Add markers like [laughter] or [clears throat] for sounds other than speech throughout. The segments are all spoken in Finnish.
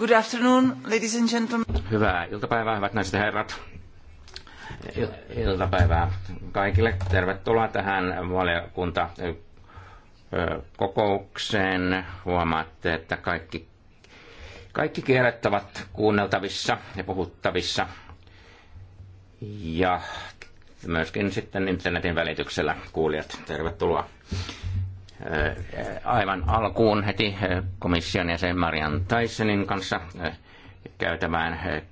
Good afternoon, ladies and gentlemen. Hyvää iltapäivää, hyvät naiset ja herrat. iltapäivää kaikille. Tervetuloa tähän valiokunta kokoukseen. Huomaatte, että kaikki, kaikki kielet ovat kuunneltavissa ja puhuttavissa. Ja myöskin sitten internetin välityksellä kuulijat, tervetuloa. Äh, aivan alkuun heti äh, komission jäsen Marian Tysonin kanssa äh, käytävään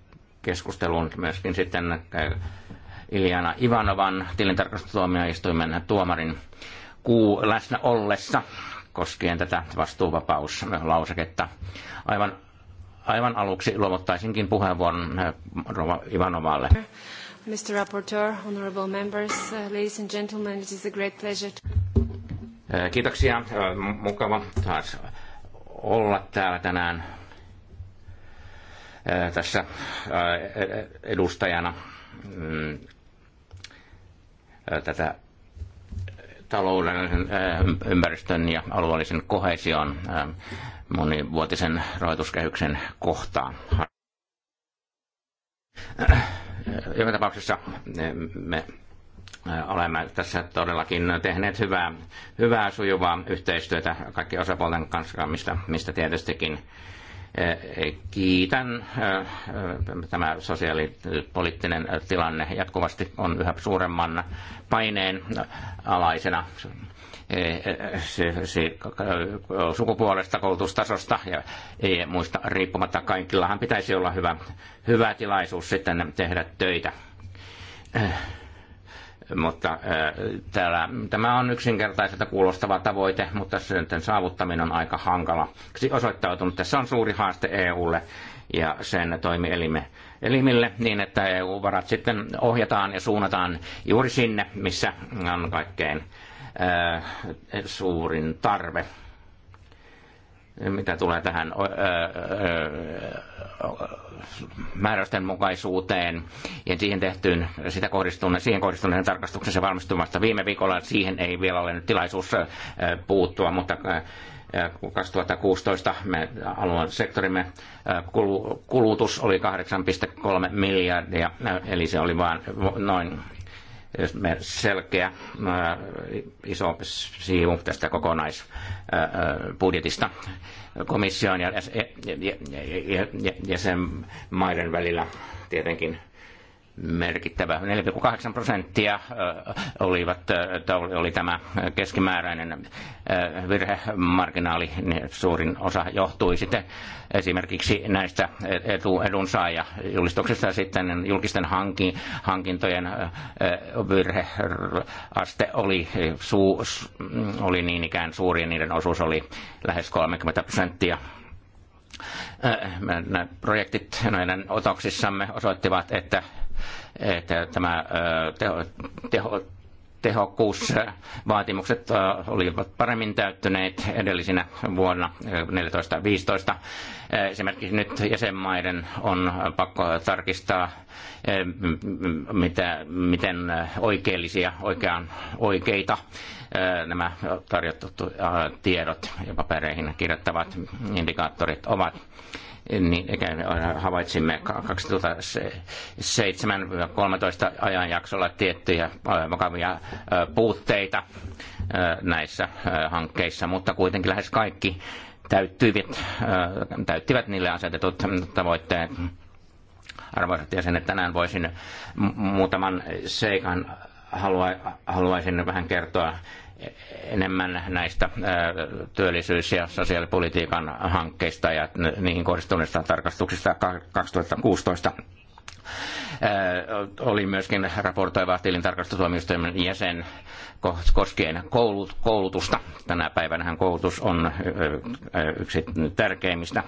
keskusteluun myöskin sitten Iljana Ivanovan tilintarkastustuomioistuimen tuomarin kuu läsnä ollessa koskien tätä vastuuvapauslauseketta. Aivan, aivan aluksi luovuttaisinkin puheenvuoron Rova Ivanovalle. Mr. Rapporteur, honorable members, uh, ladies and gentlemen, it is a great pleasure to... Kiitoksia. Mukava taas olla täällä tänään tässä e-, e-, edustajana mm, tätä talouden, ympäristön ja alueellisen kohesion monivuotisen rahoituskehyksen kohtaan. Joka tapauksessa me olemme tässä todellakin tehneet hyvää, hyvää sujuvaa yhteistyötä kaikki osapuolten kanssa, mistä, mistä tietystikin kiitän. Tämä sosiaalipoliittinen tilanne jatkuvasti on yhä suuremman paineen alaisena e, sukupuolesta, koulutustasosta ja ei muista riippumatta kaikillahan pitäisi olla hyvä, hyvä tilaisuus sitten tehdä töitä mutta täällä, tämä on yksinkertaiselta kuulostava tavoite, mutta sen saavuttaminen on aika hankala. Osoittautunut, tässä on suuri haaste EUlle ja sen toimielimille, elimille niin, että EU-varat sitten ohjataan ja suunnataan juuri sinne, missä on kaikkein suurin tarve mitä tulee tähän määräysten mukaisuuteen ja siihen tehtyyn, sitä kohdistuneen, siihen kohdistuneen tarkastuksen se valmistumasta viime viikolla. Siihen ei vielä ole nyt tilaisuus puuttua, mutta 2016 me, alueen sektorimme kulutus oli 8,3 miljardia, eli se oli vain noin selkeä äh, iso siivu tästä kokonaisbudjetista komission ja jäsenmaiden välillä tietenkin merkittävä. 4,8 prosenttia olivat, oli tämä keskimääräinen virhemarginaali. Niin suurin osa johtui sitten esimerkiksi näistä etu, edunsaajajulistuksista sitten julkisten hankin, hankintojen virheaste oli, su, oli niin ikään suuri ja niiden osuus oli lähes 30 prosenttia nämä projektit näiden otoksissamme osoittivat, että että tämä teho, teho, tehokkuusvaatimukset olivat paremmin täyttyneet edellisinä vuonna 14-15. Esimerkiksi nyt jäsenmaiden on pakko tarkistaa, mitä, miten oikeellisia, oikean, oikeita nämä tarjottut tiedot ja papereihin kirjattavat indikaattorit ovat niin havaitsimme 2007-2013 ajanjaksolla tiettyjä vakavia puutteita näissä hankkeissa, mutta kuitenkin lähes kaikki täyttyivät täyttivät niille asetetut tavoitteet. Arvoisat jäsenet, tänään voisin muutaman seikan haluaisin vähän kertoa enemmän näistä työllisyys- ja sosiaalipolitiikan hankkeista ja niihin kohdistuneista tarkastuksista 2016 oli myöskin raportoiva tilintarkastustoimistojen jäsen koskien koulutusta. Tänä päivänä koulutus on yksi tärkeimmistä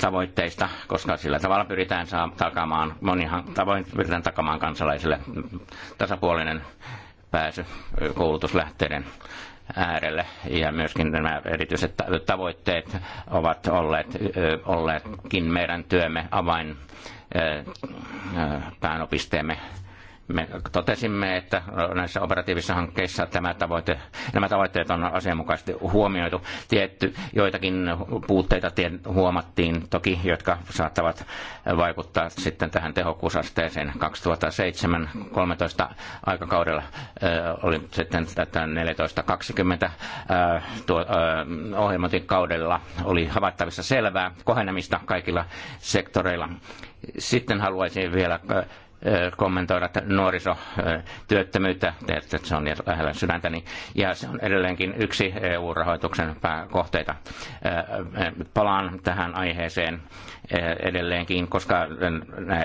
tavoitteista, koska sillä tavalla pyritään takamaan, monin tavoin pyritään takamaan kansalaisille tasapuolinen pääsy koulutuslähteiden äärelle ja myöskin nämä erityiset tavoitteet ovat olleet, olleetkin meidän työmme avain päänopisteemme me totesimme, että näissä operatiivisissa hankkeissa tämä tavoite, nämä tavoitteet on asianmukaisesti huomioitu. Tietty, joitakin puutteita huomattiin toki, jotka saattavat vaikuttaa sitten tähän tehokkuusasteeseen 2007-2013 aikakaudella. Äh, oli sitten tätä 14-20 äh, tuo, äh, ohjelmointikaudella oli havaittavissa selvää kohenemista kaikilla sektoreilla. Sitten haluaisin vielä Eh, kommentoida nuorisotyöttömyyttä, eh, että se on lähellä sydäntäni, niin- ja se on edelleenkin yksi EU-rahoituksen pääkohteita. Eh, palaan tähän aiheeseen Eh, edelleenkin, koska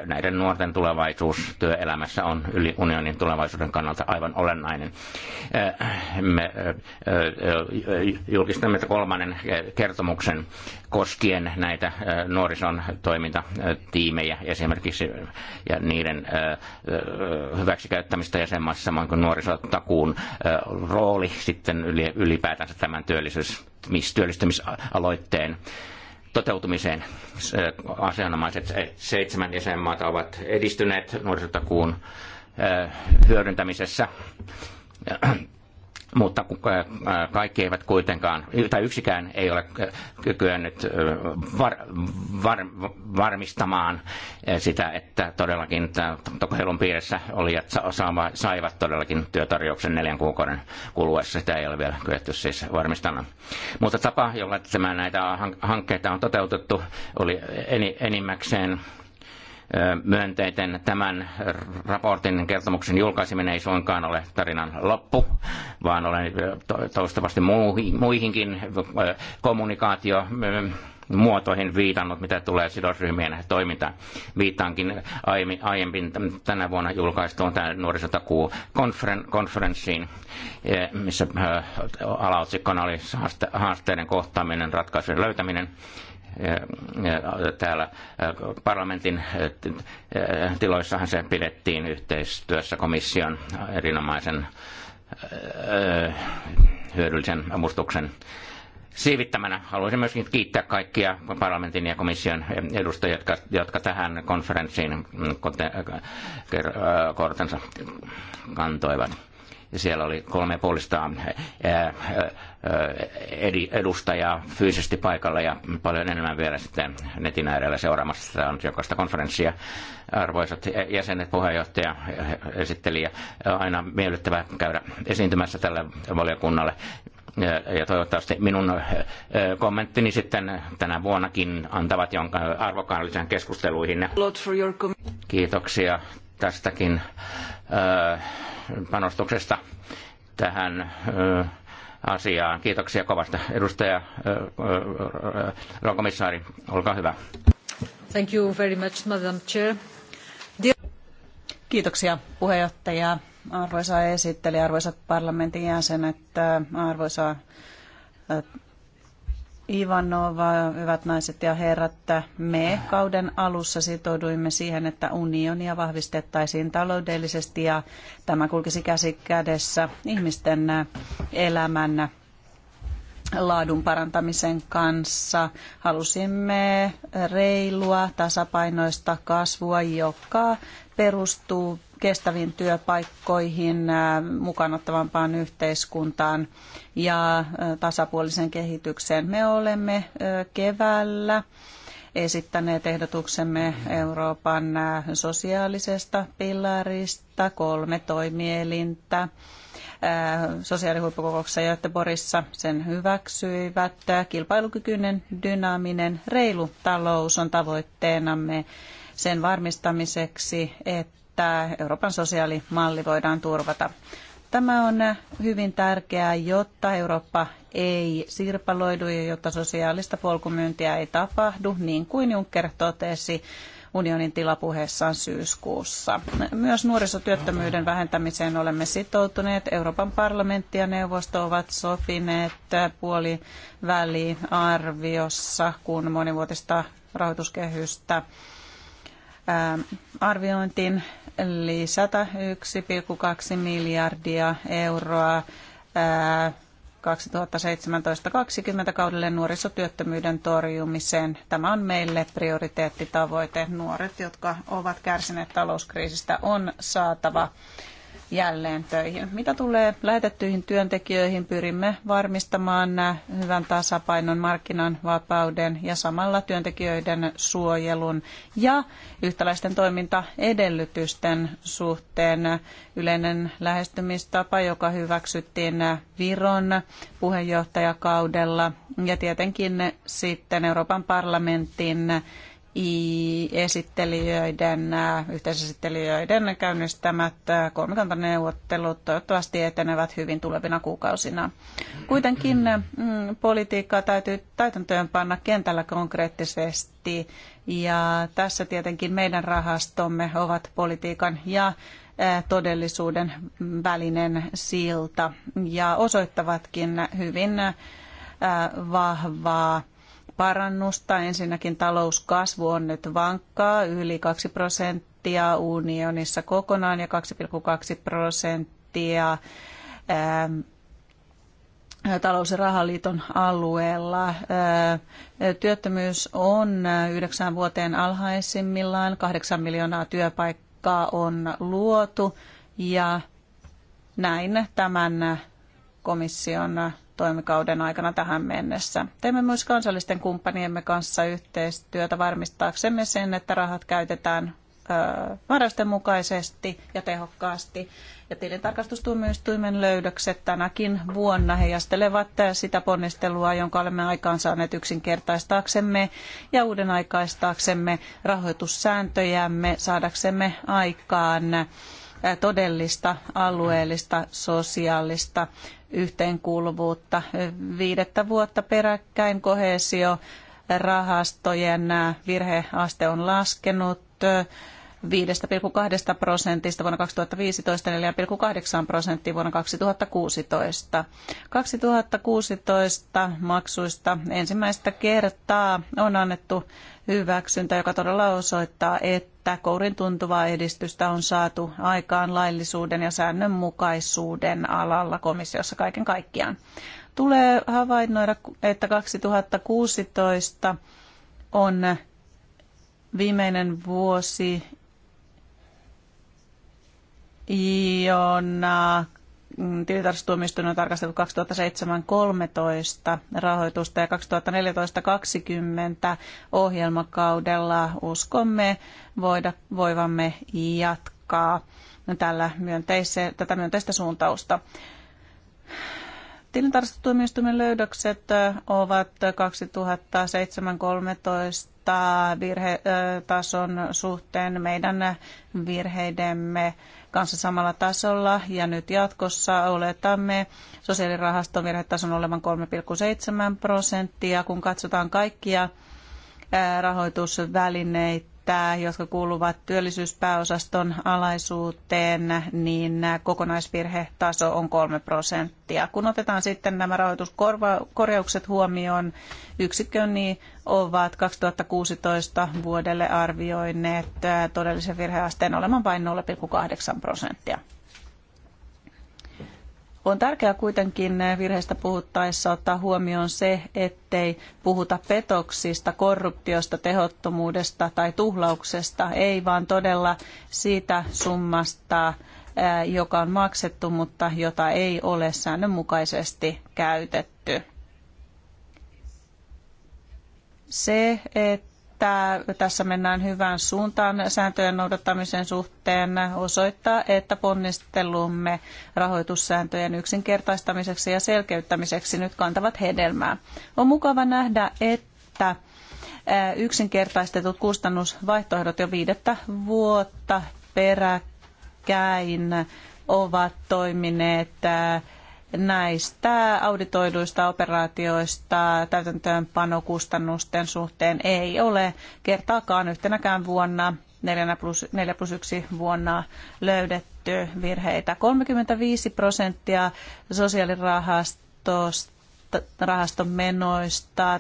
näiden nuorten tulevaisuus työelämässä on yli unionin tulevaisuuden kannalta aivan olennainen. Eh, me eh, julkistamme kolmannen kertomuksen koskien näitä nuorison toimintatiimejä esimerkiksi ja niiden hyväksikäyttämistä jäsenmaissa samoin kuin nuorisotakuun rooli sitten ylipäätänsä tämän työllisyys, työllistymisaloitteen toteutumiseen. Asianomaiset seitsemän jäsenmaata ovat edistyneet nuorisotakuun hyödyntämisessä mutta äh, äh, kaikki eivät kuitenkaan, tai yksikään ei ole kyennyt äh, var, var, varmistamaan sitä, että todellakin kokeilun piirissä olijat saivat todellakin työtarjouksen neljän kuukauden kuluessa. Sitä ei ole vielä kyetty siis varmistamaan. Mutta tapa, jolla tämä näitä hankkeita on toteutettu, oli enimmäkseen myönteiten tämän raportin kertomuksen julkaiseminen ei suinkaan ole tarinan loppu, vaan olen toistavasti muihinkin kommunikaatio muotoihin viitannut, mitä tulee sidosryhmien toimintaan. Viittaankin aiemmin tänä vuonna julkaistuun tämän konferenssiin, missä alaotsikkona oli haasteiden kohtaaminen, ratkaisujen löytäminen täällä parlamentin tiloissahan se pidettiin yhteistyössä komission erinomaisen hyödyllisen avustuksen siivittämänä. Haluaisin myöskin kiittää kaikkia parlamentin ja komission edustajia, jotka, jotka tähän konferenssiin kortensa kantoivat. Siellä oli kolme puolista edustajaa fyysisesti paikalla ja paljon enemmän vielä sitten netin äärellä seuraamassa sitä on jokaista konferenssia. Arvoisat jäsenet, puheenjohtaja, esittelijä, aina miellyttävää käydä esiintymässä tälle valiokunnalle. Ja toivottavasti minun kommenttini sitten tänä vuonnakin antavat arvokkaan lisän keskusteluihin. Kiitoksia tästäkin panostuksesta tähän asiaan. Kiitoksia kovasti. Edustaja komissaari, olkaa hyvä. Thank you very much, Madam Chair. Kiitoksia puheenjohtaja, arvoisa esittelijä, arvoisat parlamentin jäsenet, arvoisa Ivanova, hyvät naiset ja herrat, me kauden alussa sitouduimme siihen, että unionia vahvistettaisiin taloudellisesti ja tämä kulkisi käsi kädessä ihmisten elämän laadun parantamisen kanssa. Halusimme reilua, tasapainoista kasvua, joka perustuu kestäviin työpaikkoihin, äh, mukanottavampaan yhteiskuntaan ja äh, tasapuolisen kehitykseen. Me olemme äh, keväällä esittäneet ehdotuksemme Euroopan sosiaalisesta pilarista, kolme toimielintä sosiaalihuippukokouksessa Göteborgissa sen hyväksyivät. Kilpailukykyinen, dynaaminen, reilu talous on tavoitteenamme sen varmistamiseksi, että että Euroopan sosiaalimalli voidaan turvata. Tämä on hyvin tärkeää, jotta Eurooppa ei sirpaloidu ja jotta sosiaalista polkumyyntiä ei tapahdu, niin kuin Juncker totesi unionin tilapuheessaan syyskuussa. Myös nuorisotyöttömyyden vähentämiseen olemme sitoutuneet. Euroopan parlamentti ja neuvosto ovat sopineet puoliväliarviossa, kun monivuotista rahoituskehystä arviointiin lisätä 1,2 miljardia euroa 2017-2020 kaudelle nuorisotyöttömyyden torjumiseen. Tämä on meille prioriteettitavoite. Nuoret, jotka ovat kärsineet talouskriisistä, on saatava jälleen töihin. Mitä tulee lähetettyihin työntekijöihin, pyrimme varmistamaan hyvän tasapainon markkinan vapauden ja samalla työntekijöiden suojelun ja yhtäläisten toimintaedellytysten suhteen. Yleinen lähestymistapa, joka hyväksyttiin Viron puheenjohtajakaudella ja tietenkin sitten Euroopan parlamentin esittelijöiden, äh, yhteisesittelijöiden käynnistämät äh, kolmikantaneuvottelut toivottavasti etenevät hyvin tulevina kuukausina. Kuitenkin mm, politiikkaa täytyy täytäntöön panna kentällä konkreettisesti ja tässä tietenkin meidän rahastomme ovat politiikan ja äh, todellisuuden välinen silta ja osoittavatkin hyvin vahvaa parannusta. Ensinnäkin talouskasvu on nyt vankkaa, yli 2 prosenttia unionissa kokonaan ja 2,2 prosenttia ähm, talous- ja rahaliiton alueella. Äh, työttömyys on yhdeksän vuoteen alhaisimmillaan, kahdeksan miljoonaa työpaikkaa on luotu ja näin tämän komission toimikauden aikana tähän mennessä. Teemme myös kansallisten kumppaniemme kanssa yhteistyötä varmistaaksemme sen, että rahat käytetään varausten mukaisesti ja tehokkaasti. Ja tilintarkastustuomioistuimen löydökset tänäkin vuonna heijastelevat sitä ponnistelua, jonka olemme aikaansaaneet yksinkertaistaaksemme ja uuden aikaistaaksemme rahoitussääntöjämme saadaksemme aikaan todellista alueellista, sosiaalista yhteenkuuluvuutta. Viidettä vuotta peräkkäin kohesio rahastojen virheaste on laskenut 5,2 prosentista vuonna 2015 4,8 prosenttia vuonna 2016. 2016 maksuista ensimmäistä kertaa on annettu hyväksyntä, joka todella osoittaa, että että kourin tuntuvaa edistystä on saatu aikaan laillisuuden ja säännönmukaisuuden alalla komissiossa kaiken kaikkiaan. Tulee havainnoida, että 2016 on viimeinen vuosi, jona tilintarkastustuomioistuin on tarkastellut 2007-2013 rahoitusta ja 2014-2020 ohjelmakaudella uskomme voida, voivamme jatkaa tällä myönteise, tätä myönteistä suuntausta. Tilintarkastustuomioistuimen löydökset ovat 2007-2013 virhetason suhteen meidän virheidemme kanssa samalla tasolla ja nyt jatkossa oletamme sosiaalirahaston virhetason olevan 3,7 prosenttia. Kun katsotaan kaikkia rahoitusvälineitä, jotka kuuluvat työllisyyspääosaston alaisuuteen, niin kokonaisvirhetaso on 3 prosenttia. Kun otetaan sitten nämä rahoituskorjaukset huomioon, yksikön niin ovat 2016 vuodelle arvioineet todellisen virheasteen olevan vain 0,8 prosenttia. On tärkeää kuitenkin virheistä puhuttaessa ottaa huomioon se, ettei puhuta petoksista, korruptiosta, tehottomuudesta tai tuhlauksesta, ei vaan todella siitä summasta, joka on maksettu, mutta jota ei ole säännönmukaisesti käytetty. Se, että että tässä mennään hyvään suuntaan sääntöjen noudattamisen suhteen osoittaa, että ponnistelumme rahoitussääntöjen yksinkertaistamiseksi ja selkeyttämiseksi nyt kantavat hedelmää. On mukava nähdä, että eh, yksinkertaistetut kustannusvaihtoehdot jo viidettä vuotta peräkkäin ovat toimineet eh, näistä auditoiduista operaatioista täytäntöönpanokustannusten suhteen ei ole kertaakaan yhtenäkään vuonna 4 plus, 4 plus 1 vuonna löydetty virheitä. 35 prosenttia sosiaalirahastosta rahaston menoista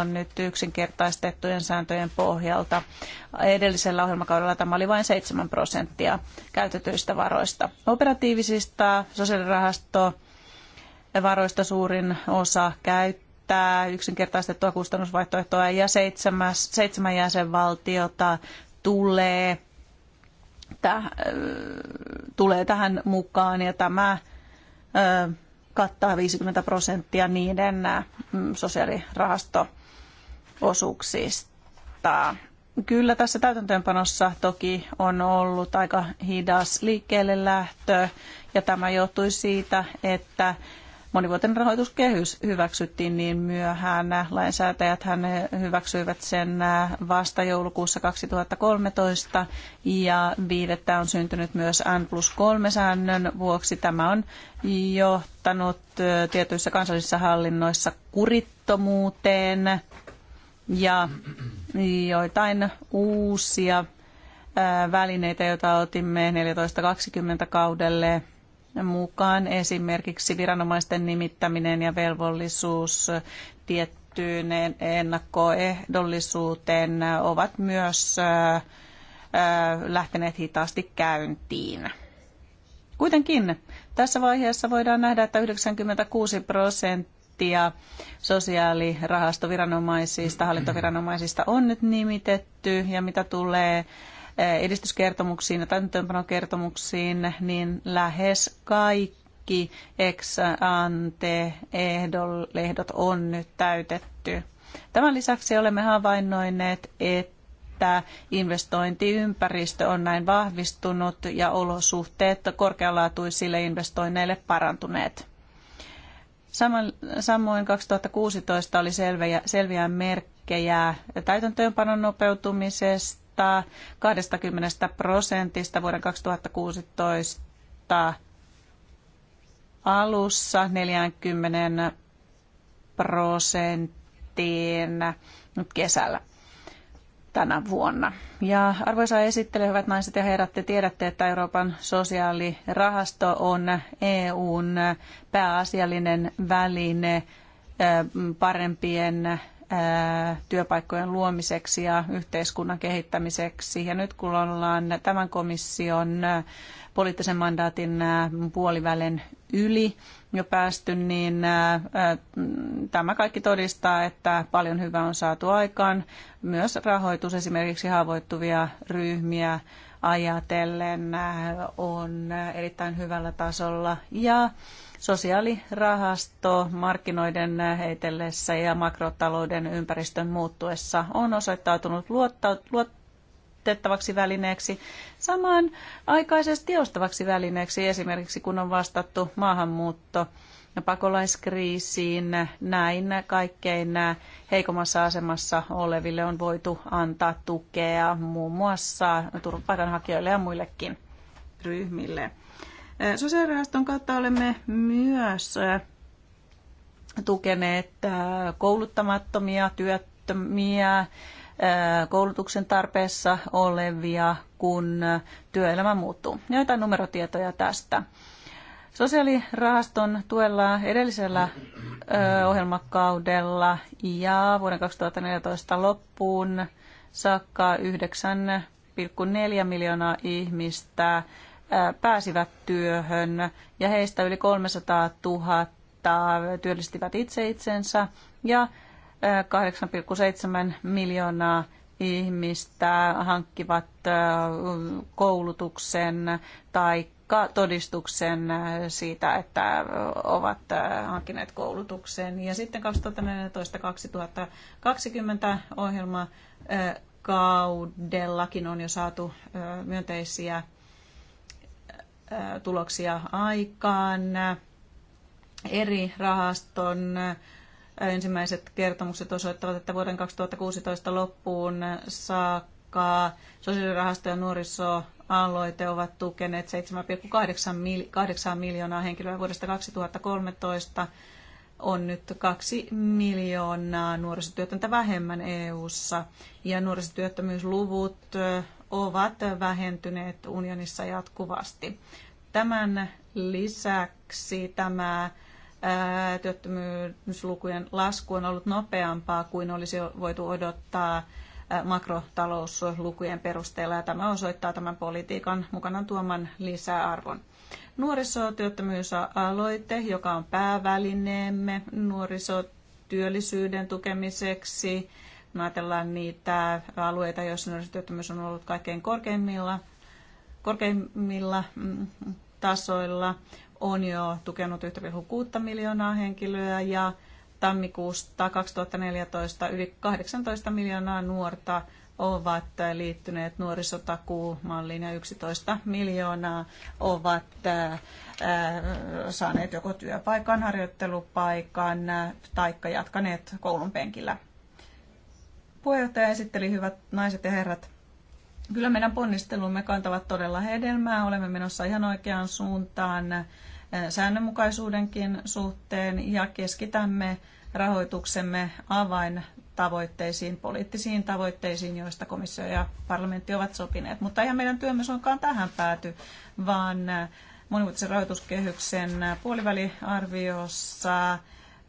on nyt yksinkertaistettujen sääntöjen pohjalta. Edellisellä ohjelmakaudella tämä oli vain 7 prosenttia käytetyistä varoista. Operatiivisista sosiaalirahasto varoista suurin osa käyttää yksinkertaistettua kustannusvaihtoehtoa ja seitsemäs, seitsemän jäsenvaltiota tulee, täh, tulee tähän mukaan ja tämä ö, kattaa 50 prosenttia niiden mm, sosiaalirahasto-osuuksista. Kyllä tässä täytäntöönpanossa toki on ollut aika hidas liikkeelle lähtö ja tämä johtui siitä, että monivuotinen rahoituskehys hyväksyttiin niin myöhään. Lainsäätäjät hän hyväksyivät sen vasta joulukuussa 2013 ja viivettä on syntynyt myös N plus 3 säännön vuoksi. Tämä on johtanut tietyissä kansallisissa hallinnoissa kurittomuuteen ja joitain uusia välineitä, joita otimme 14.20 kaudelle mukaan esimerkiksi viranomaisten nimittäminen ja velvollisuus tiettyyn ennakkoehdollisuuteen ovat myös lähteneet hitaasti käyntiin. Kuitenkin tässä vaiheessa voidaan nähdä, että 96 prosenttia sosiaalirahastoviranomaisista, hallintoviranomaisista on nyt nimitetty ja mitä tulee edistyskertomuksiin ja täytäntöönpanokertomuksiin, niin lähes kaikki ex-ante-ehdot on nyt täytetty. Tämän lisäksi olemme havainnoineet, että että investointiympäristö on näin vahvistunut ja olosuhteet korkealaatuisille investoinneille parantuneet. Samoin 2016 oli selviä, selviä merkkejä täytäntöönpanon nopeutumisesta puoltaa 20 prosentista vuoden 2016 alussa 40 prosenttiin nyt kesällä tänä vuonna. Ja arvoisa esittely, hyvät naiset ja herrat, te tiedätte, että Euroopan sosiaalirahasto on EUn pääasiallinen väline parempien työpaikkojen luomiseksi ja yhteiskunnan kehittämiseksi. Ja nyt kun ollaan tämän komission poliittisen mandaatin puolivälin yli jo päästy, niin tämä kaikki todistaa, että paljon hyvää on saatu aikaan. Myös rahoitus esimerkiksi haavoittuvia ryhmiä ajatellen on erittäin hyvällä tasolla. Ja Sosiaalirahasto markkinoiden heitellessä ja makrotalouden ympäristön muuttuessa on osoittautunut luotettavaksi välineeksi, samaan aikaisesti ostavaksi välineeksi esimerkiksi kun on vastattu maahanmuutto pakolaiskriisiin näin kaikkein heikommassa asemassa oleville on voitu antaa tukea muun muassa turvapaikanhakijoille ja muillekin ryhmille. Sosiaalirahaston kautta olemme myös tukeneet kouluttamattomia, työttömiä, koulutuksen tarpeessa olevia, kun työelämä muuttuu. Joitain numerotietoja tästä. Sosiaalirahaston tuella edellisellä ohjelmakaudella ja vuoden 2014 loppuun saakka 9,4 miljoonaa ihmistä pääsivät työhön ja heistä yli 300 000 työllistivät itse itsensä ja 8,7 miljoonaa ihmistä hankkivat koulutuksen tai todistuksen siitä, että ovat hankkineet koulutuksen. Ja sitten 2014-2020 ohjelma kaudellakin on jo saatu myönteisiä tuloksia aikaan. Eri rahaston ensimmäiset kertomukset osoittavat, että vuoden 2016 loppuun saakka sosiaalirahasto ja nuorisoaloite ovat tukeneet 7,8 miljoonaa henkilöä vuodesta 2013 on nyt kaksi miljoonaa nuorisotyötöntä vähemmän EU:ssa ja nuorisotyöttömyysluvut ovat vähentyneet unionissa jatkuvasti. Tämän lisäksi tämä työttömyyslukujen lasku on ollut nopeampaa kuin olisi voitu odottaa makrotalouslukujen perusteella ja tämä osoittaa tämän politiikan mukanaan tuoman lisäarvon. Nuorisotyöttömyysaloite, joka on päävälineemme nuorisotyöllisyyden tukemiseksi, me ajatellaan niitä alueita, joissa nuorisotyöttömyys on ollut kaikkein korkeimmilla, korkeimmilla mm, tasoilla, on jo tukenut 1,6 miljoonaa henkilöä ja tammikuusta 2014 yli 18 miljoonaa nuorta ovat liittyneet nuorisotakuumalliin ja 11 miljoonaa ovat saaneet joko työpaikan, harjoittelupaikan tai jatkaneet koulun penkillä puheenjohtaja esitteli, hyvät naiset ja herrat. Kyllä meidän ponnistelumme kantavat todella hedelmää. Olemme menossa ihan oikeaan suuntaan eh, säännönmukaisuudenkin suhteen ja keskitämme rahoituksemme avain tavoitteisiin poliittisiin tavoitteisiin, joista komissio ja parlamentti ovat sopineet. Mutta eihän meidän työmme suinkaan tähän pääty, vaan eh, monimuotoisen rahoituskehyksen puoliväliarviossa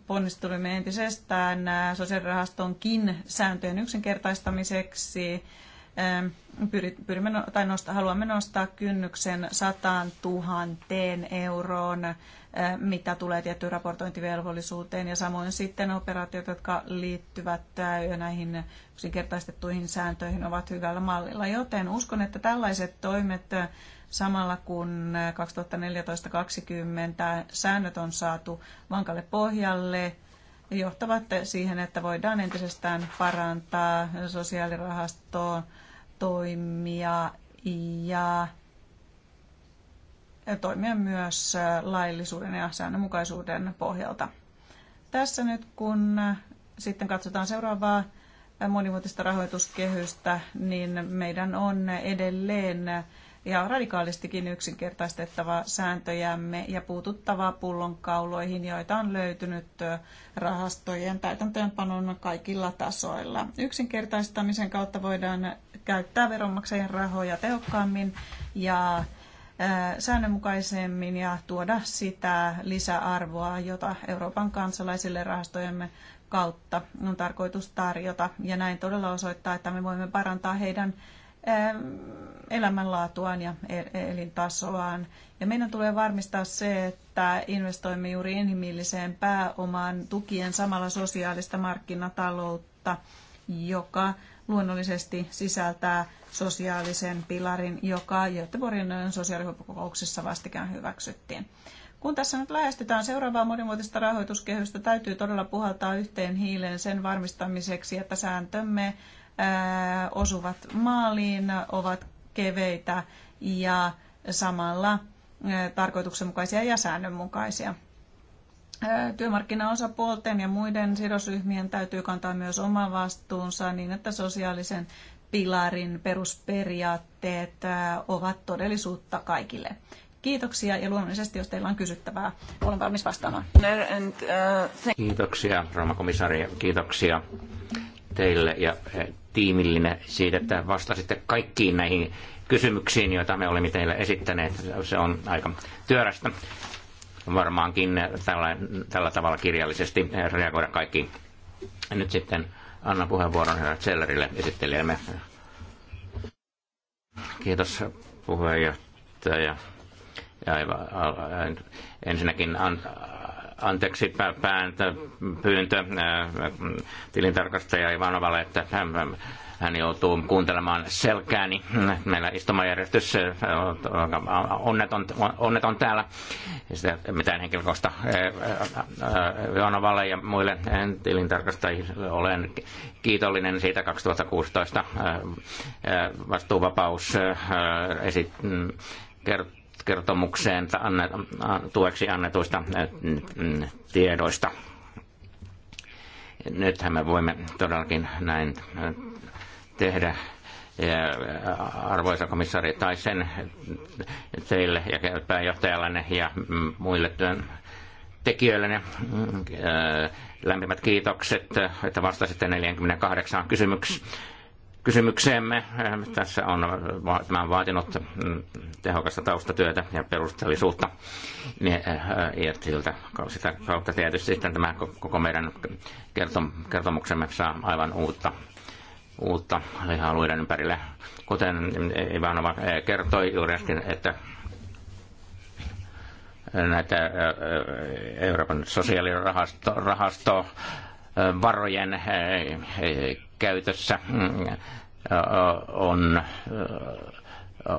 ponnistelimme entisestään äh, sosiaalirahastonkin sääntöjen yksinkertaistamiseksi. Ähm, pyrimme, no-, tai nostaa, haluamme nostaa kynnyksen 100 000 euroon Eh, mitä tulee tiettyyn raportointivelvollisuuteen ja samoin sitten operaatiot, jotka liittyvät eh, näihin yksinkertaistettuihin sääntöihin ovat hyvällä mallilla. Joten uskon, että tällaiset toimet eh, samalla kun 2014-2020 säännöt on saatu vankalle pohjalle, johtavat siihen, että voidaan entisestään parantaa sosiaalirahastoon toimia ja toimia myös äh, laillisuuden ja säännönmukaisuuden pohjalta. Tässä nyt kun äh, sitten katsotaan seuraavaa äh, monimuotista rahoituskehystä, niin meidän on edelleen ja radikaalistikin yksinkertaistettava sääntöjämme ja puututtava pullonkauloihin, joita on löytynyt rahastojen täytäntöönpanon kaikilla tasoilla. Yksinkertaistamisen kautta voidaan käyttää veronmaksajien rahoja tehokkaammin ja säännönmukaisemmin ja tuoda sitä lisäarvoa, jota Euroopan kansalaisille rahastojemme kautta on tarkoitus tarjota. Ja näin todella osoittaa, että me voimme parantaa heidän elämänlaatuaan ja e-, elintasoaan. Ja meidän tulee varmistaa se, että investoimme juuri inhimilliseen pääomaan tukien samalla sosiaalista markkinataloutta, joka luonnollisesti sisältää sosiaalisen pilarin, joka Göteborgin sosiaalihuippukokouksessa vastikään hyväksyttiin. Kun tässä nyt lähestytään seuraavaa monimuotista rahoituskehystä, täytyy todella puhaltaa yhteen hiileen sen varmistamiseksi, että sääntömme osuvat maaliin, ovat keveitä ja samalla tarkoituksenmukaisia ja säännönmukaisia. Työmarkkinaosapuolten ja muiden sidosryhmien täytyy kantaa myös oma vastuunsa niin, että sosiaalisen pilarin perusperiaatteet ovat todellisuutta kaikille. Kiitoksia ja luonnollisesti, jos teillä on kysyttävää, olen valmis vastaamaan. Kiitoksia, Rooma komissaari. Kiitoksia teille ja e, tiimillinen siitä, että vastasitte kaikkiin näihin kysymyksiin, joita me olemme teille esittäneet. Se on aika työrästä varmaankin tällä, tällä tavalla kirjallisesti reagoida kaikkiin. Nyt sitten annan puheenvuoron herra Zellerille esittelijämme. Kiitos puheenjohtaja. Ja ensinnäkin an, anteeksi pään, pyyntö tilintarkastaja Ivanovalle, että hän hän joutuu kuuntelemaan selkääni. Meillä istumajärjestys onneton, onneton täällä. Sitä mitään henkilökohtaista Vionovalle ja muille tilintarkastajille olen kiitollinen siitä 2016 vastuuvapaus esit, kertomukseen tueksi annetuista tiedoista. Nythän me voimme todellakin näin tehdä arvoisa komissaari tai sen teille ja pääjohtajallanne ja mm, muille työn tekijöille mm, äh, lämpimät kiitokset, että vastasitte 48 kysymyks- kysymykseemme. Tässä on, tämä on vaatinut mm, tehokasta taustatyötä ja perusteellisuutta. Äh, ja siltä, sitä kautta tietysti sitten tämä koko meidän kertomuksemme saa aivan uutta uutta lihaluiden ympärille. Kuten Ivanova eh, kertoi juuri äsken, että näitä eh, eh, Euroopan sosiaalirahasto varojen käytössä mm, on,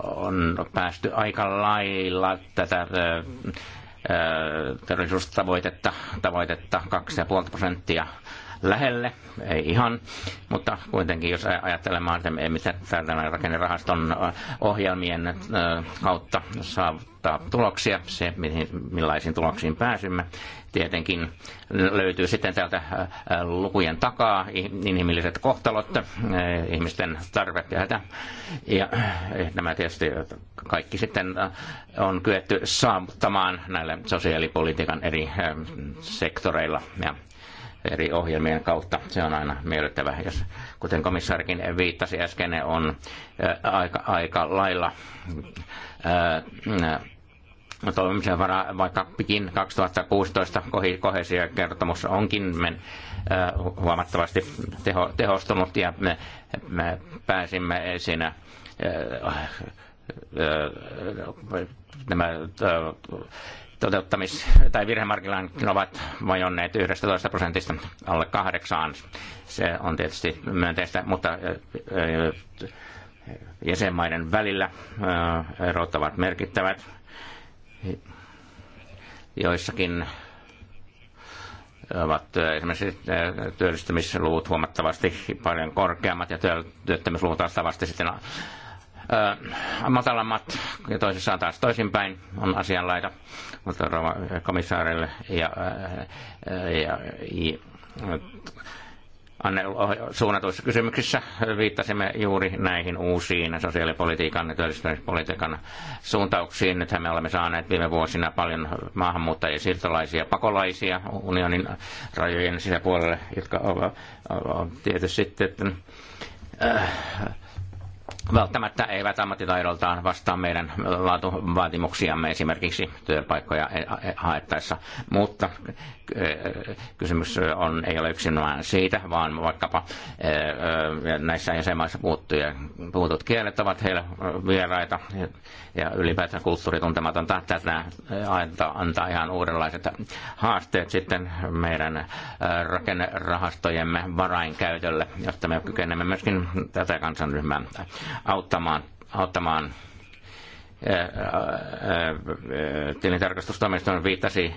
on päästy aika lailla tätä teollisuustavoitetta tavoitetta 2,5 prosenttia lähelle, ei ihan, mutta kuitenkin jos ajattelemaan, että mitä tämän rakennerahaston ohjelmien kautta saavuttaa tuloksia, se millaisiin tuloksiin pääsymme, tietenkin löytyy sitten täältä lukujen takaa inhimilliset kohtalot, ihmisten tarve ja hätä. Eh, ja nämä tietysti kaikki sitten on kyetty saavuttamaan näillä sosiaalipolitiikan eri sektoreilla. Ja eri ohjelmien kautta. Se on aina miellyttävä, jos kuten komissaarikin viittasi äsken, on aika, aika lailla ää, toimimisen varaa, pikin 2016 kohesiokertomus onkin men, ää, huomattavasti teho, tehostunut ja me, me pääsimme siinä ää, nämä toteuttamis- tai virhemarginaalit ovat vajonneet 11 prosentista alle kahdeksaan. Se on tietysti myönteistä, mutta jäsenmaiden välillä erot ovat merkittävät. Joissakin ovat esimerkiksi työllistymisluvut huomattavasti paljon korkeammat ja työttömyysluvut vastaavasti sitten matalammat ja toisissaan taas toisinpäin on asianlaita, mutta komissaarille ja, ja, ja suunnatuissa kysymyksissä viittasimme juuri näihin uusiin sosiaalipolitiikan ja työllistämispolitiikan suuntauksiin. Nythän me olemme saaneet viime vuosina paljon maahanmuuttajia, siirtolaisia, pakolaisia unionin rajojen sisäpuolelle, jotka ovat tietysti sitten äh, välttämättä eivät ammattitaidoltaan vastaa meidän laatuvaatimuksiamme esimerkiksi työpaikkoja e- e- haettaessa, mutta kysymys on, ei ole yksinomaan siitä, vaan vaikkapa näissä jäsenmaissa puhutut kielet ovat heille vieraita ja ylipäätään kulttuurituntematonta tätä antaa, antaa ihan uudenlaiset haasteet sitten meidän rakennerahastojemme varainkäytölle, jotta me kykenemme myöskin tätä kansanryhmää auttamaan, auttamaan tilintarkastustoimiston viittasi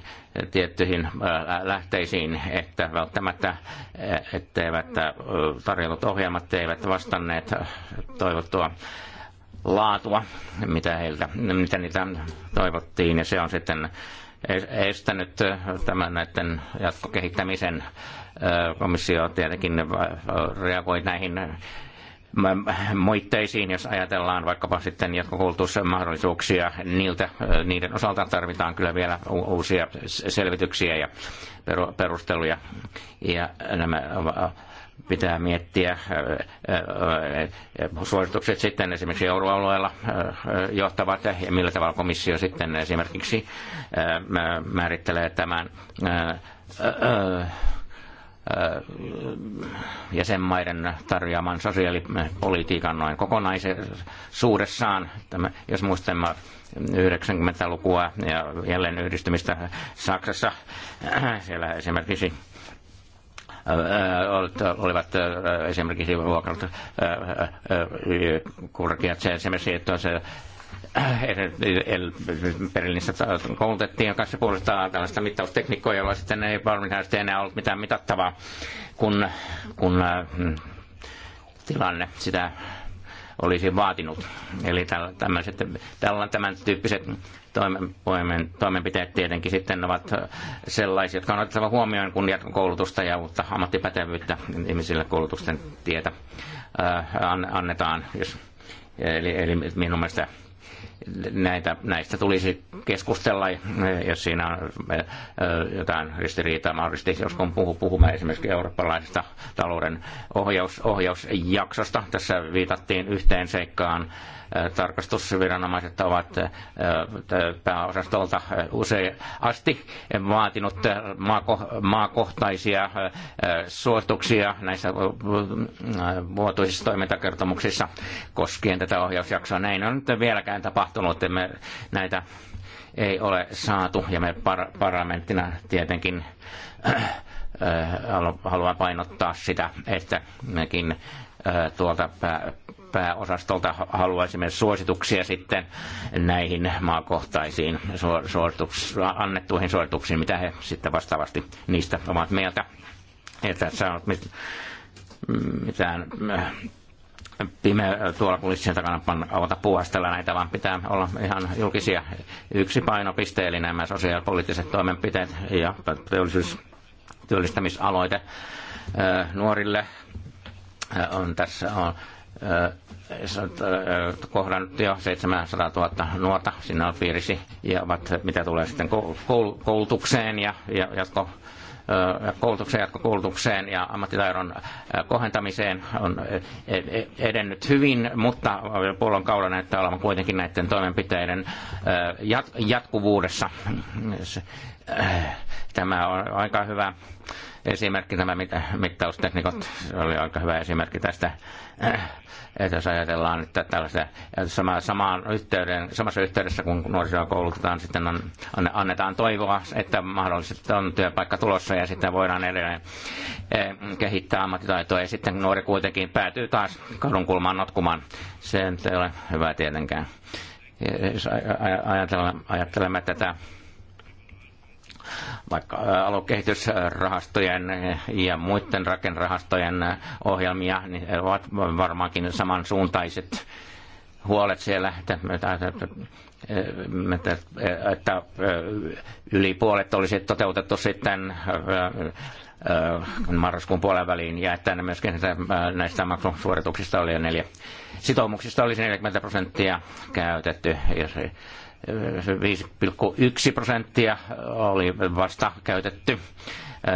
tiettyihin lähteisiin, että välttämättä etteivät tarjotut ohjelmat eivät vastanneet toivottua laatua, mitä, heiltä, mitä niitä toivottiin, ja se on sitten estänyt tämän näiden jatkokehittämisen. Komissio tietenkin reagoi näihin moitteisiin, jos ajatellaan vaikkapa sitten jatkokoulutusmahdollisuuksia, niiltä, niiden osalta tarvitaan kyllä vielä uusia selvityksiä ja perusteluja. Ja nämä pitää miettiä suositukset sitten esimerkiksi euroalueella johtavat ja millä tavalla komissio sitten esimerkiksi määrittelee tämän jäsenmaiden tarjoaman sosiaalipolitiikan noin kokonaisuudessaan. Tämä, jos muistamme 90-lukua ja jälleen yhdistymistä Saksassa, [clears throat] siellä esimerkiksi olivat esimerkiksi vuokrat korkeat se esimerkiksi, että se Berliinissä koulutettiin kanssa puolestaan tällaista mittaustekniikkoa, jolla sitten ei varmasti enää ollut mitään mitattavaa, kun, kun äh, tilanne sitä olisi vaatinut. Eli tämmöiset, tämän tyyppiset toimen, toimenpiteet tietenkin sitten ovat äh, sellaisia, jotka on otettava huomioon, kun koulutusta ja uutta ammattipätevyyttä ihmisille koulutusten tietä äh, annetaan. Jos, eli, eli minun mielestä näitä, näistä tulisi keskustella, jos siinä on jotain ristiriitaa mahdollisesti, jos kun puhu, puhumme esimerkiksi eurooppalaisesta talouden ohjaus, ohjausjaksosta. Tässä viitattiin yhteen seikkaan tarkastusviranomaiset ovat pääosastolta usein asti vaatinut maakohtaisia suosituksia näissä vuotuisissa toimintakertomuksissa koskien tätä ohjausjaksoa. Näin on nyt vieläkään tapahtunut, me näitä ei ole saatu ja me par- parlamenttina tietenkin haluan painottaa sitä, että mekin tuolta pääosastolta haluaisimme suosituksia sitten näihin maakohtaisiin annettuihin suosituksiin, mitä he sitten vastaavasti niistä ovat mieltä. Ei tässä ole mitään pimeä tuolla kulissien takana avata puuhastella näitä, vaan pitää olla ihan julkisia yksi painopiste, eli nämä sosiaalipoliittiset toimenpiteet ja teollisuus, työllistämisaloite nuorille on tässä on Äh, kohdannut jo 700 000 nuorta sinne on piirisi, ja ovat, mitä tulee sitten koulutukseen ja, ja jatko, äh, koulutukseen, jatkokoulutukseen ja ammattitaidon äh, kohentamiseen on e, e, e, edennyt hyvin, mutta puolon kaula näyttää olevan kuitenkin näiden toimenpiteiden jatkuvuudessa. Tämä on aika hyvä esimerkki, nämä mittaustekniikot oli aika hyvä esimerkki tästä. Että jos ajatellaan että sama, samaan yhteyden, samassa yhteydessä, kun nuorisoa koulutetaan, sitten on, annetaan toivoa, että mahdollisesti on työpaikka tulossa ja sitten voidaan edelleen eh, kehittää ammattitaitoa ja sitten nuori kuitenkin päätyy taas kadun kulmaan notkumaan. Se ei ole hyvä tietenkään. Jos ajatellaan, ajattelemme tätä vaikka alokehitysrahastojen ja muiden rakenrahastojen ohjelmia, niin ovat varmaankin samansuuntaiset huolet siellä, että, että, että, että yli puolet olisi toteutettu sitten marraskuun puolen väliin ja että myöskin näistä maksusuorituksista oli jo neljä sitoumuksista olisi 40 prosenttia käytetty. Jos 5,1 prosenttia oli vasta käytetty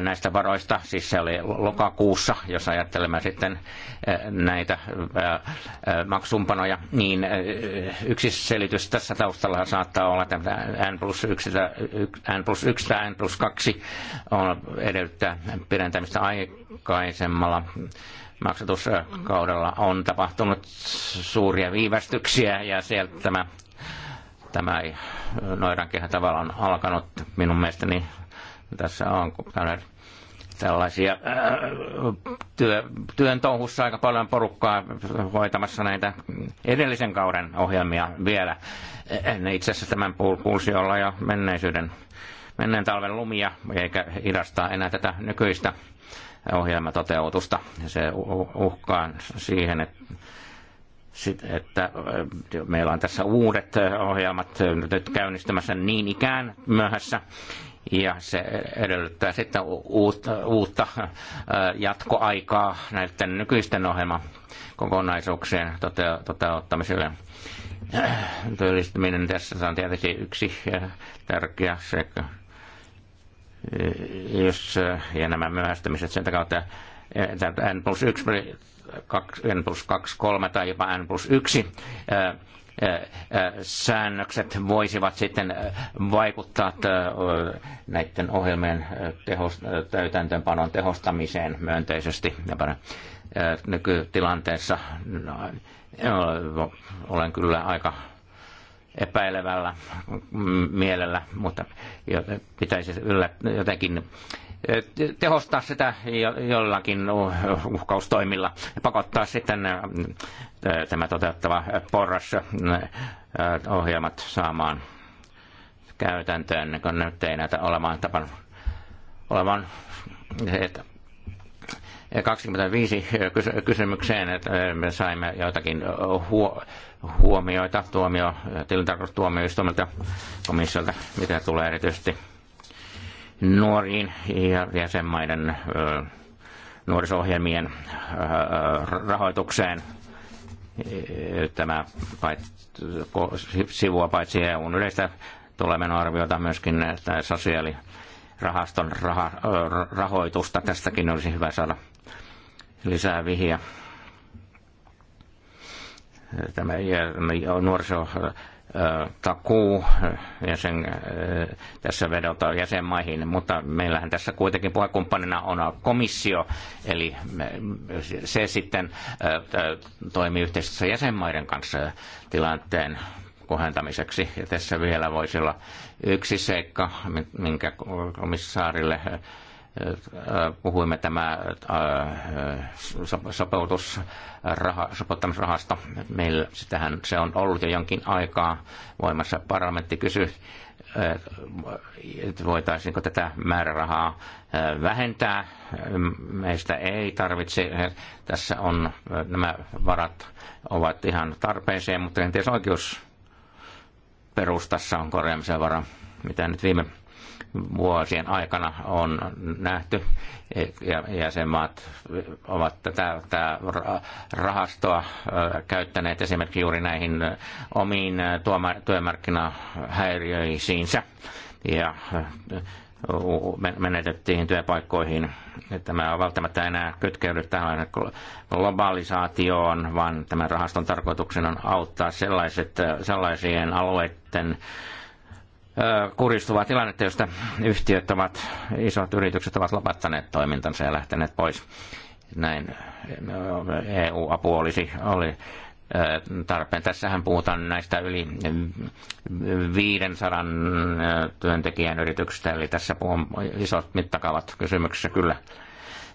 näistä varoista, siis se oli lokakuussa, jos ajattelemme sitten eh, näitä eh, eh, maksumpanoja, niin yksi selitys tässä taustalla saattaa olla, että N plus 1, N plus tai N plus 2 on edellyttää pidentämistä aikaisemmalla maksatuskaudella on tapahtunut suuria viivästyksiä ja sieltä tämä tämä noidankehän tavallaan on alkanut minun mielestäni. Tässä on tällaisia äh, työ, työn touhussa aika paljon porukkaa hoitamassa näitä edellisen kauden ohjelmia vielä. ne itse asiassa tämän kuulsi olla jo menneisyyden, menneen talven lumia, eikä hidastaa enää tätä nykyistä ohjelmatoteutusta. Se uhkaa siihen, että sit, että äh, meillä on tässä uudet äh, ohjelmat äh, nyt käynnistämässä niin ikään myöhässä. Ja se edellyttää sitten uutta, uutta jatkoaikaa näiden nykyisten ohjelmakokonaisuuksien tote, toteuttamiselle. Työllistyminen tässä on tietysti yksi tärkeä sekä jos, ja nämä myöhästymiset sen kautta, että N plus 1 kaksi N plus 2, 3 tai jopa N plus 1 säännökset voisivat sitten vaikuttaa näiden ohjelmien tehost, täytäntöönpanon tehostamiseen myönteisesti nykytilanteessa. No, olen kyllä aika epäilevällä mielellä, mutta pitäisi yllä, jotenkin tehostaa sitä jollakin uhkaustoimilla ja pakottaa sitten tämä toteuttava porras ohjelmat saamaan käytäntöön, kun nyt ei näitä olemaan tapan olevan 25 kysymykseen, että me saimme joitakin huomioita tuomio, tilintarkastustuomioistuimelta komissiolta, mitä tulee erityisesti nuoriin ja jäsenmaiden nuorisohjelmien rahoitukseen. Tämä sivua paitsi EUn yleistä arviota myöskin sosiaalirahaston rahoitusta. Tästäkin olisi hyvä saada lisää vihiä. Tämä nuoriso takuu, ja sen, tässä vedotaan jäsenmaihin, mutta meillähän tässä kuitenkin puhekumppanina on komissio, eli se sitten toimii yhteistyössä jäsenmaiden kanssa tilanteen kohentamiseksi. Ja tässä vielä voisi olla yksi seikka, minkä komissaarille puhuimme tämä äh, äh, sopeutusrahasta. Meillä sitähän se on ollut jo jonkin aikaa voimassa. Parlamentti kysyi, että äh, voitaisiinko tätä määrärahaa vähentää. Meistä ei tarvitse. Tässä on nämä varat ovat ihan tarpeeseen, mutta kenties oikeus perustassa on korjaamisen vara, mitä nyt viime vuosien aikana on nähty, ja jäsenmaat ovat tätä, tätä rahastoa käyttäneet esimerkiksi juuri näihin omiin työmarkkinahäiriöisiinsä, ja menetettiin työpaikkoihin. Tämä on välttämättä enää kytkeydy tähän globalisaatioon, vaan tämän rahaston tarkoituksena on auttaa sellaiset, sellaisien alueiden kuristuvaa tilannetta, josta yhtiöt ovat, isot yritykset ovat lopettaneet toimintansa ja lähteneet pois. Näin EU-apu olisi, oli tarpeen. Tässähän puhutaan näistä yli 500 työntekijän yrityksistä, eli tässä on isot mittakaavat kysymyksessä kyllä.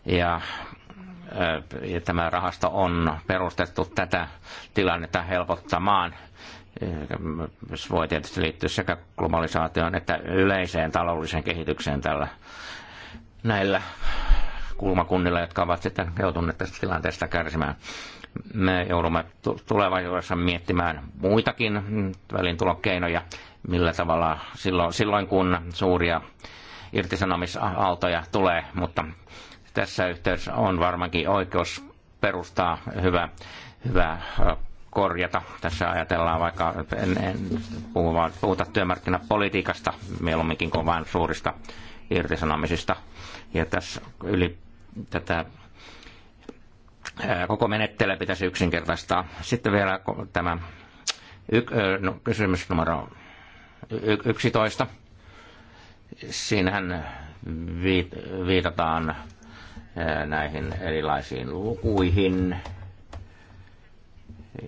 Ja ja tämä rahasto on perustettu tätä tilannetta helpottamaan. Se voi tietysti liittyä sekä globalisaatioon että yleiseen taloudelliseen kehitykseen tällä näillä kulmakunnilla, jotka ovat sitten joutuneet tästä tilanteesta kärsimään. Me joudumme tulevaisuudessa miettimään muitakin välintulokeinoja, millä tavalla silloin, silloin kun suuria irtisanomisaaltoja tulee, mutta tässä yhteydessä on varmaankin oikeus perustaa hyvä, hyvä korjata. Tässä ajatellaan vaikka, en, en puhu vaan, puhuta työmarkkinapolitiikasta, mieluumminkin kuin vain suurista irtisanomisista. Ja tässä yli tätä koko menettelyä pitäisi yksinkertaistaa. Sitten vielä tämä y, no, kysymys numero 11. Siinähän viitataan näihin erilaisiin lukuihin.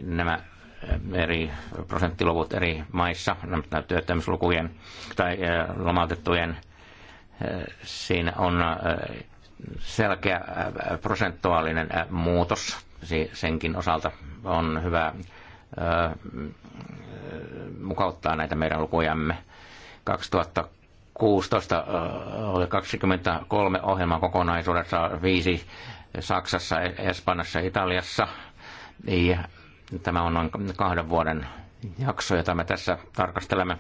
Nämä eri prosenttiluvut eri maissa, työttömyyslukujen tai lomautettujen, siinä on selkeä prosentuaalinen muutos. Senkin osalta on hyvä mukauttaa näitä meidän lukujamme. 2000 16 oli 23 ohjelmaa kokonaisuudessa, viisi Saksassa, e- Espanjassa ja Italiassa. Ja tämä on noin kahden vuoden jakso, jota me tässä tarkastelemme.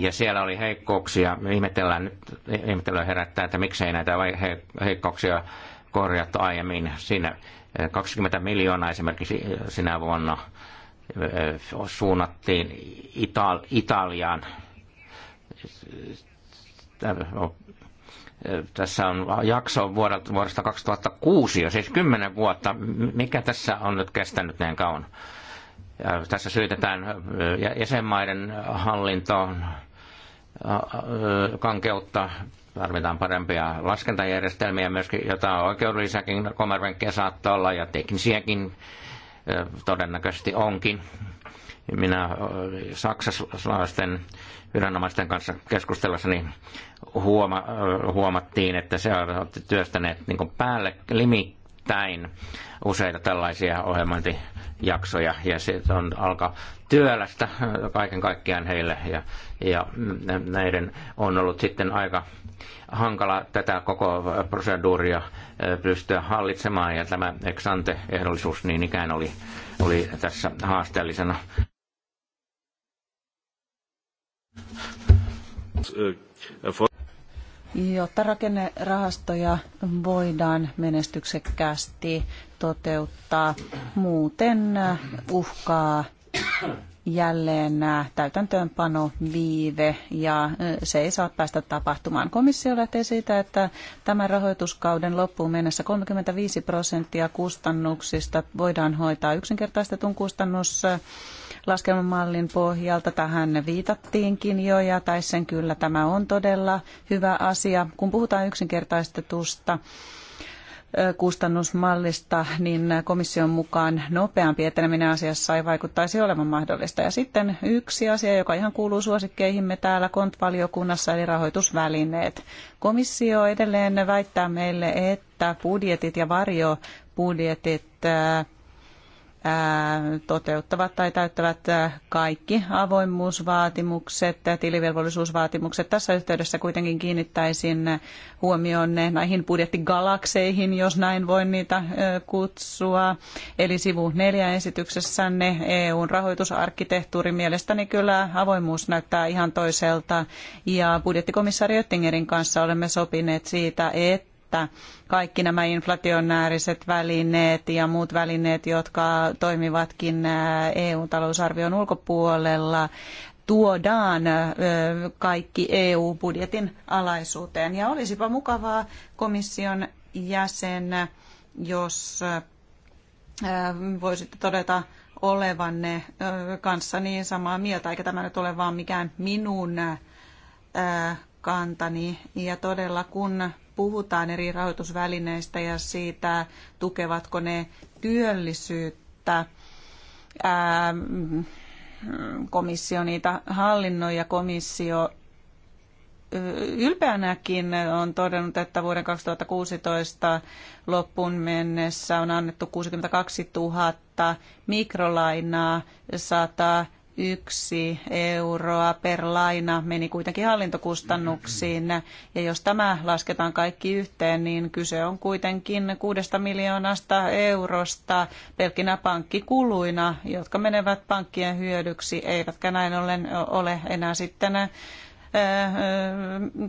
Ja siellä oli heikkouksia. Ihmetellään nyt, ihmetellään herättää, että miksei näitä heikkouksia korjattu aiemmin. Siinä 20 miljoonaa esimerkiksi sinä vuonna suunnattiin Italiaan tässä on jakso vuodelta, vuodesta 2006 jo, siis 10 vuotta. Mikä tässä on nyt kestänyt näin kauan? Ja tässä syytetään jäsenmaiden hallintoon kankeutta, tarvitaan parempia laskentajärjestelmiä myöskin, jota oikeudellisiakin komervenkkejä saattaa olla ja teknisiäkin todennäköisesti onkin minä saksalaisten viranomaisten kanssa keskustellessani huoma, huomattiin, että se on työstäneet niin päälle limittäin useita tällaisia ohjelmointijaksoja ja se on alkaa työlästä kaiken kaikkiaan heille ja, ja näiden on ollut sitten aika hankala tätä koko proseduuria pystyä hallitsemaan ja tämä ex ehdollisuus niin ikään oli, oli tässä haasteellisena Jotta rakennerahastoja voidaan menestyksekkäästi toteuttaa, muuten uhkaa jälleen täytäntöönpano viive ja se ei saa päästä tapahtumaan. Komissio lähtee siitä, että tämän rahoituskauden loppuun mennessä 35 prosenttia kustannuksista voidaan hoitaa yksinkertaistetun kustannus laskelmamallin pohjalta. Tähän viitattiinkin jo ja tai sen kyllä tämä on todella hyvä asia. Kun puhutaan yksinkertaistetusta kustannusmallista, niin komission mukaan nopeampi eteneminen asiassa ei vaikuttaisi olevan mahdollista. Ja sitten yksi asia, joka ihan kuuluu suosikkeihimme täällä kontvaliokunnassa, eli rahoitusvälineet. Komissio edelleen väittää meille, että budjetit ja varjobudjetit toteuttavat tai täyttävät kaikki avoimuusvaatimukset, tilivelvollisuusvaatimukset. Tässä yhteydessä kuitenkin kiinnittäisin huomioon näihin budjettigalakseihin, jos näin voin niitä kutsua. Eli sivu neljä esityksessänne EUn rahoitusarkkitehtuuri mielestäni kyllä avoimuus näyttää ihan toiselta. Ja budjettikomissaari Oettingerin kanssa olemme sopineet siitä, että että kaikki nämä inflationääriset välineet ja muut välineet, jotka toimivatkin äh, EU-talousarvion ulkopuolella, tuodaan äh, kaikki EU-budjetin alaisuuteen. Ja olisipa mukavaa komission jäsen, jos äh, voisitte todeta olevanne kanssa niin samaa mieltä, eikä tämä nyt ole vaan mikään minun kantani. Ja todella kun puhutaan eri rahoitusvälineistä ja siitä, tukevatko ne työllisyyttä. Ää, ähm, komissio niitä hallinnoi ja komissio ylpeänäkin on todennut, että vuoden 2016 loppuun mennessä on annettu 62 000 mikrolainaa, 100 yksi euroa per laina meni kuitenkin hallintokustannuksiin. Ja jos tämä lasketaan kaikki yhteen, niin kyse on kuitenkin kuudesta miljoonasta eurosta pelkinä pankkikuluina, jotka menevät pankkien hyödyksi, eivätkä näin ollen ole enää sitten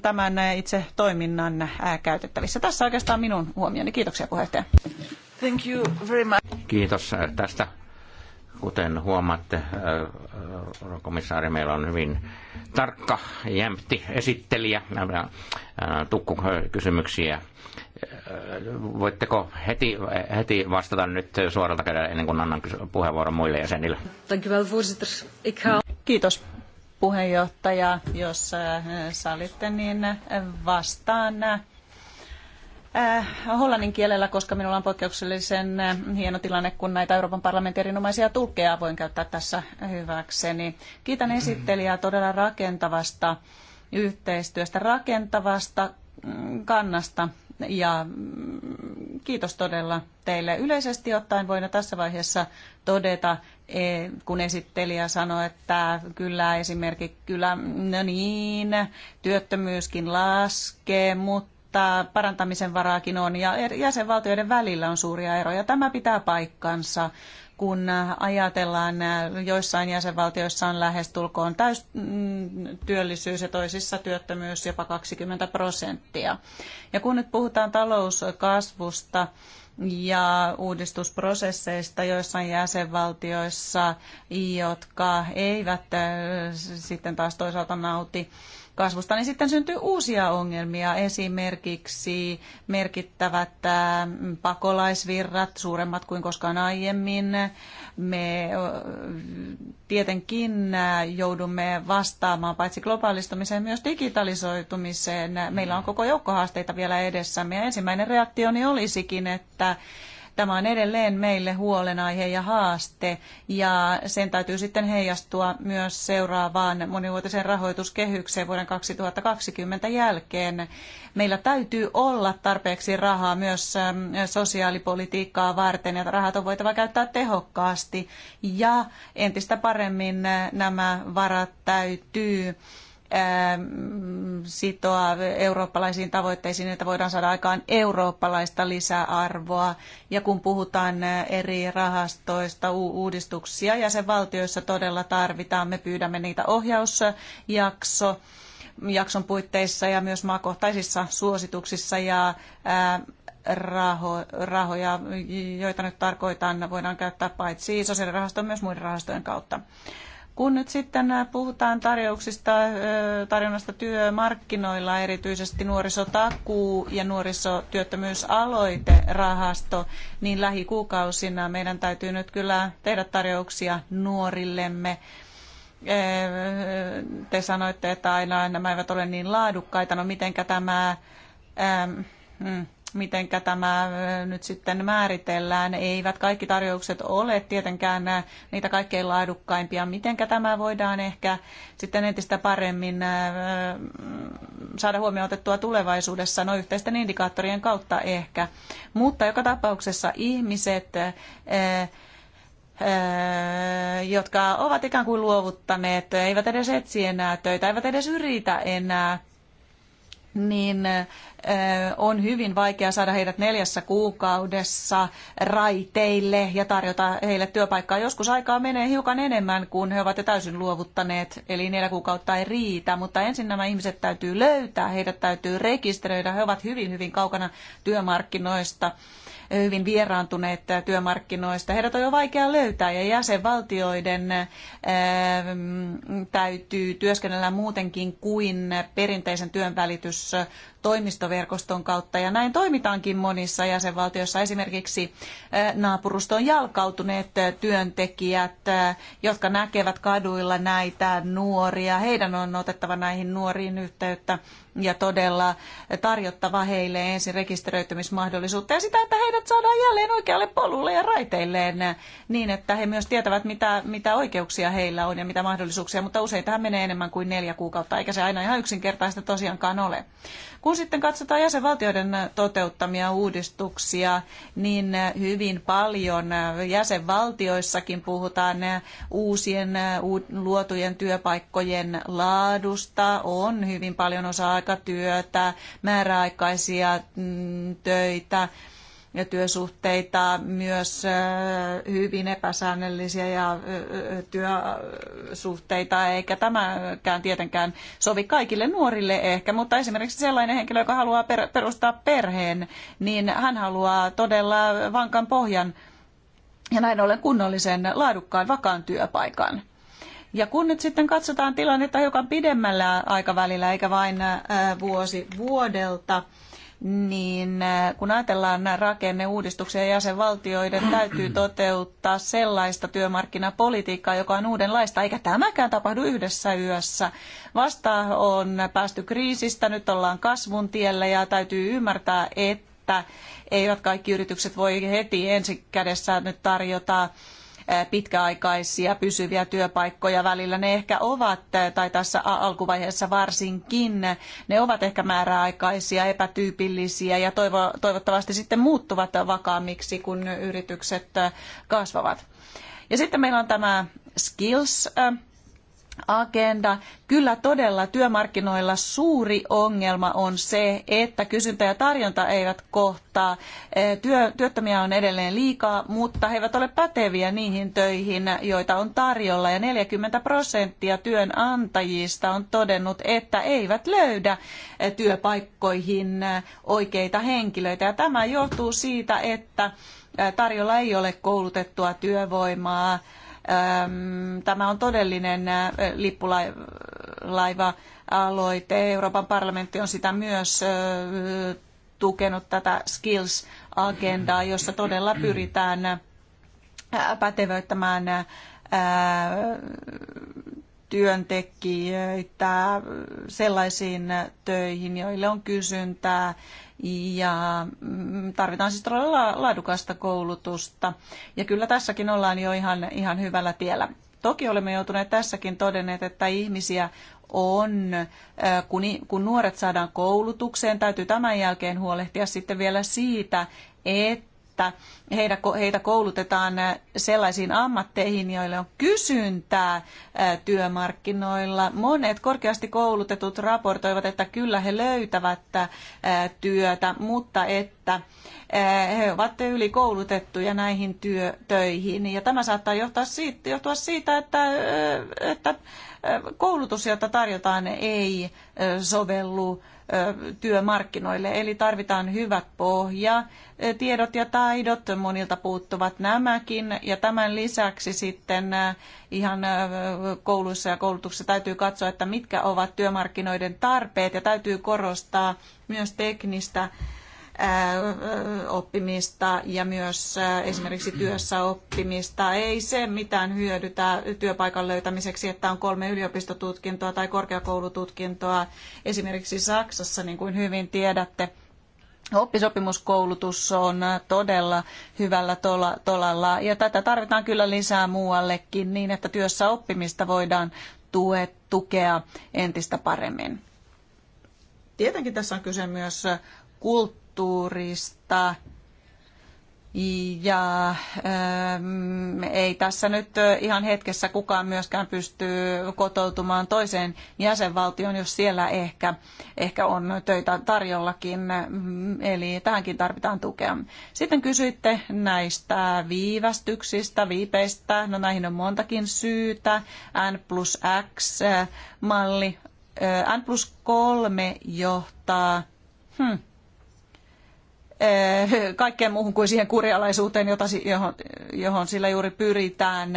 tämän itse toiminnan käytettävissä. Tässä oikeastaan minun huomioni. Kiitoksia puheenjohtaja. Thank you very much. Kiitos tästä Kuten huomaatte, äh, äh, komissaari, meillä on hyvin tarkka, jämpti esittelijä, äh, tukku kysymyksiä. Voitteko heti, heti vastata nyt suoralta kädellä ennen kuin annan puheenvuoron muille jäsenille? Kiitos puheenjohtaja. Jos sallitte, niin vastaan Äh, hollannin kielellä, koska minulla on poikkeuksellisen äh, hieno tilanne, kun näitä Euroopan parlamentin erinomaisia tulkkeja voin käyttää tässä hyväkseni. Kiitän esittelijää todella rakentavasta yhteistyöstä, rakentavasta mm, kannasta ja mm, kiitos todella teille. Yleisesti ottaen voin tässä vaiheessa todeta, e, kun esittelijä sanoi, että kyllä esimerkiksi kyllä, no niin, työttömyyskin laskee, mutta mutta parantamisen varaakin on ja jäsenvaltioiden välillä on suuria eroja. Tämä pitää paikkansa kun ajatellaan, äh, joissain jäsenvaltioissa on lähestulkoon täystyöllisyys mm, ja toisissa työttömyys jopa 20 prosenttia. Ja kun nyt puhutaan talouskasvusta, ja uudistusprosesseista joissain jäsenvaltioissa, jotka eivät äh, sitten taas toisaalta nauti kasvusta, niin sitten syntyy uusia ongelmia, esimerkiksi merkittävät pakolaisvirrat, suuremmat kuin koskaan aiemmin. Me tietenkin joudumme vastaamaan paitsi globaalistumiseen myös digitalisoitumiseen. Meillä on koko joukko haasteita vielä edessämme ja ensimmäinen reaktioni niin olisikin, että Tämä on edelleen meille huolenaihe ja haaste ja sen täytyy sitten heijastua myös seuraavaan monivuotiseen rahoituskehykseen vuoden 2020 jälkeen. Meillä täytyy olla tarpeeksi rahaa myös ähm, sosiaalipolitiikkaa varten ja rahat on voitava käyttää tehokkaasti ja entistä paremmin äh, nämä varat täytyy Ähm, sitoa eurooppalaisiin tavoitteisiin, että voidaan saada aikaan eurooppalaista lisäarvoa. Ja kun puhutaan äh, eri rahastoista, uudistuksia jäsenvaltioissa todella tarvitaan, me pyydämme niitä ohjausjakso jakson puitteissa ja myös maakohtaisissa suosituksissa ja äh, raho, rahoja, joita nyt tarkoitan, voidaan käyttää paitsi sosiaalirahaston myös muiden rahastojen kautta. Kun nyt sitten puhutaan tarjouksista, tarjonnasta työmarkkinoilla, erityisesti nuorisotakuu ja nuorisotyöttömyysaloiterahasto, niin lähikuukausina meidän täytyy nyt kyllä tehdä tarjouksia nuorillemme. Te sanoitte, että aina nämä eivät ole niin laadukkaita. No mitenkä tämä mm, miten tämä nyt sitten määritellään. Eivät kaikki tarjoukset ole tietenkään niitä kaikkein laadukkaimpia. Miten tämä voidaan ehkä sitten entistä paremmin saada huomioon otettua tulevaisuudessa, no yhteisten indikaattorien kautta ehkä. Mutta joka tapauksessa ihmiset jotka ovat ikään kuin luovuttaneet, eivät edes etsi enää töitä, eivät edes yritä enää, niin on hyvin vaikea saada heidät neljässä kuukaudessa raiteille ja tarjota heille työpaikkaa. Joskus aikaa menee hiukan enemmän, kun he ovat jo täysin luovuttaneet, eli neljä kuukautta ei riitä, mutta ensin nämä ihmiset täytyy löytää, heidät täytyy rekisteröidä, he ovat hyvin, hyvin kaukana työmarkkinoista hyvin vieraantuneet työmarkkinoista. Heidät on jo vaikea löytää ja jäsenvaltioiden täytyy työskennellä muutenkin kuin perinteisen työnvälitys toimistoverkoston kautta ja näin toimitaankin monissa jäsenvaltioissa. Esimerkiksi eh, naapurustoon jalkautuneet eh, työntekijät, eh, jotka näkevät kaduilla näitä nuoria, heidän on otettava näihin nuoriin yhteyttä ja todella tarjottava heille ensin rekisteröitymismahdollisuutta ja sitä, että heidät saadaan jälleen oikealle polulle ja raiteilleen niin, että he myös tietävät, mitä, mitä oikeuksia heillä on ja mitä mahdollisuuksia, mutta usein tähän menee enemmän kuin neljä kuukautta, eikä se aina ihan yksinkertaista tosiaankaan ole. Kun sitten katsotaan jäsenvaltioiden toteuttamia uudistuksia, niin hyvin paljon jäsenvaltioissakin puhutaan uusien luotujen työpaikkojen laadusta, on hyvin paljon osa osa-aikatyötä, määräaikaisia mm, töitä ja työsuhteita, myös hyvin epäsäännöllisiä ja työsuhteita, eikä tämäkään tietenkään sovi kaikille nuorille ehkä, mutta esimerkiksi sellainen henkilö, joka haluaa perustaa perheen, niin hän haluaa todella vankan pohjan ja näin ollen kunnollisen, laadukkaan, vakaan työpaikan. Ja kun nyt sitten katsotaan tilannetta hiukan pidemmällä aikavälillä, eikä vain äh, vuosi vuodelta, niin äh, kun ajatellaan rakenneuudistuksia, jäsenvaltioiden [clears throat] täytyy toteuttaa sellaista työmarkkinapolitiikkaa, joka on uudenlaista, eikä tämäkään tapahdu yhdessä yössä. Vasta on päästy kriisistä, nyt ollaan kasvun tiellä ja täytyy ymmärtää, että eivät kaikki yritykset voi heti ensi kädessä nyt tarjota pitkäaikaisia pysyviä työpaikkoja välillä. Ne ehkä ovat, tai tässä alkuvaiheessa varsinkin, ne ovat ehkä määräaikaisia, epätyypillisiä ja toivo, toivottavasti sitten muuttuvat vakaammiksi, kun yritykset kasvavat. Ja sitten meillä on tämä skills agenda. Kyllä todella työmarkkinoilla suuri ongelma on se, että kysyntä ja tarjonta eivät kohtaa. Eh, työ, työttömiä on edelleen liikaa, mutta he eivät ole päteviä niihin töihin, joita on tarjolla. Ja 40 prosenttia työnantajista on todennut, että eivät löydä eh, työpaikkoihin eh, oikeita henkilöitä. Ja tämä johtuu siitä, että tarjolla ei ole koulutettua työvoimaa Tämä on todellinen äh, lippulaiva-aloite. Euroopan parlamentti on sitä myös äh, tukenut tätä skills-agendaa, jossa todella pyritään äh, pätevöittämään työntekijöitä sellaisiin töihin, joille on kysyntää ja mm, tarvitaan siis todella laadukasta koulutusta. Ja kyllä tässäkin ollaan jo ihan, ihan hyvällä tiellä. Toki olemme joutuneet tässäkin todenneet, että ihmisiä on, kun, kun nuoret saadaan koulutukseen, täytyy tämän jälkeen huolehtia sitten vielä siitä, että että heitä koulutetaan sellaisiin ammatteihin, joille on kysyntää työmarkkinoilla. Monet korkeasti koulutetut raportoivat, että kyllä he löytävät työtä, mutta että he ovat ylikoulutettuja näihin työtöihin. Ja tämä saattaa johtaa siitä, johtua siitä, että, että koulutus, jota tarjotaan, ei sovellu työmarkkinoille. Eli tarvitaan hyvät pohja, tiedot ja taidot, monilta puuttuvat nämäkin. Ja tämän lisäksi sitten ihan kouluissa ja koulutuksessa täytyy katsoa, että mitkä ovat työmarkkinoiden tarpeet ja täytyy korostaa myös teknistä oppimista ja myös esimerkiksi työssä oppimista. Ei se mitään hyödytä työpaikan löytämiseksi, että on kolme yliopistotutkintoa tai korkeakoulututkintoa esimerkiksi Saksassa, niin kuin hyvin tiedätte. Oppisopimuskoulutus on todella hyvällä tolalla ja tätä tarvitaan kyllä lisää muuallekin niin, että työssä oppimista voidaan tue, tukea entistä paremmin. Tietenkin tässä on kyse myös kulttuurista kulttuurista. Ja ähm, ei tässä nyt äh, ihan hetkessä kukaan myöskään pysty kotoutumaan toiseen jäsenvaltioon, jos siellä ehkä, ehkä on töitä tarjollakin. Mm, eli tähänkin tarvitaan tukea. Sitten kysyitte näistä viivästyksistä, viipeistä. No näihin on montakin syytä. N plus X-malli. Äh, äh, N plus 3 johtaa... Hmm Eh, kaikkeen muuhun kuin siihen kurjalaisuuteen, jota, johon, johon sillä juuri pyritään.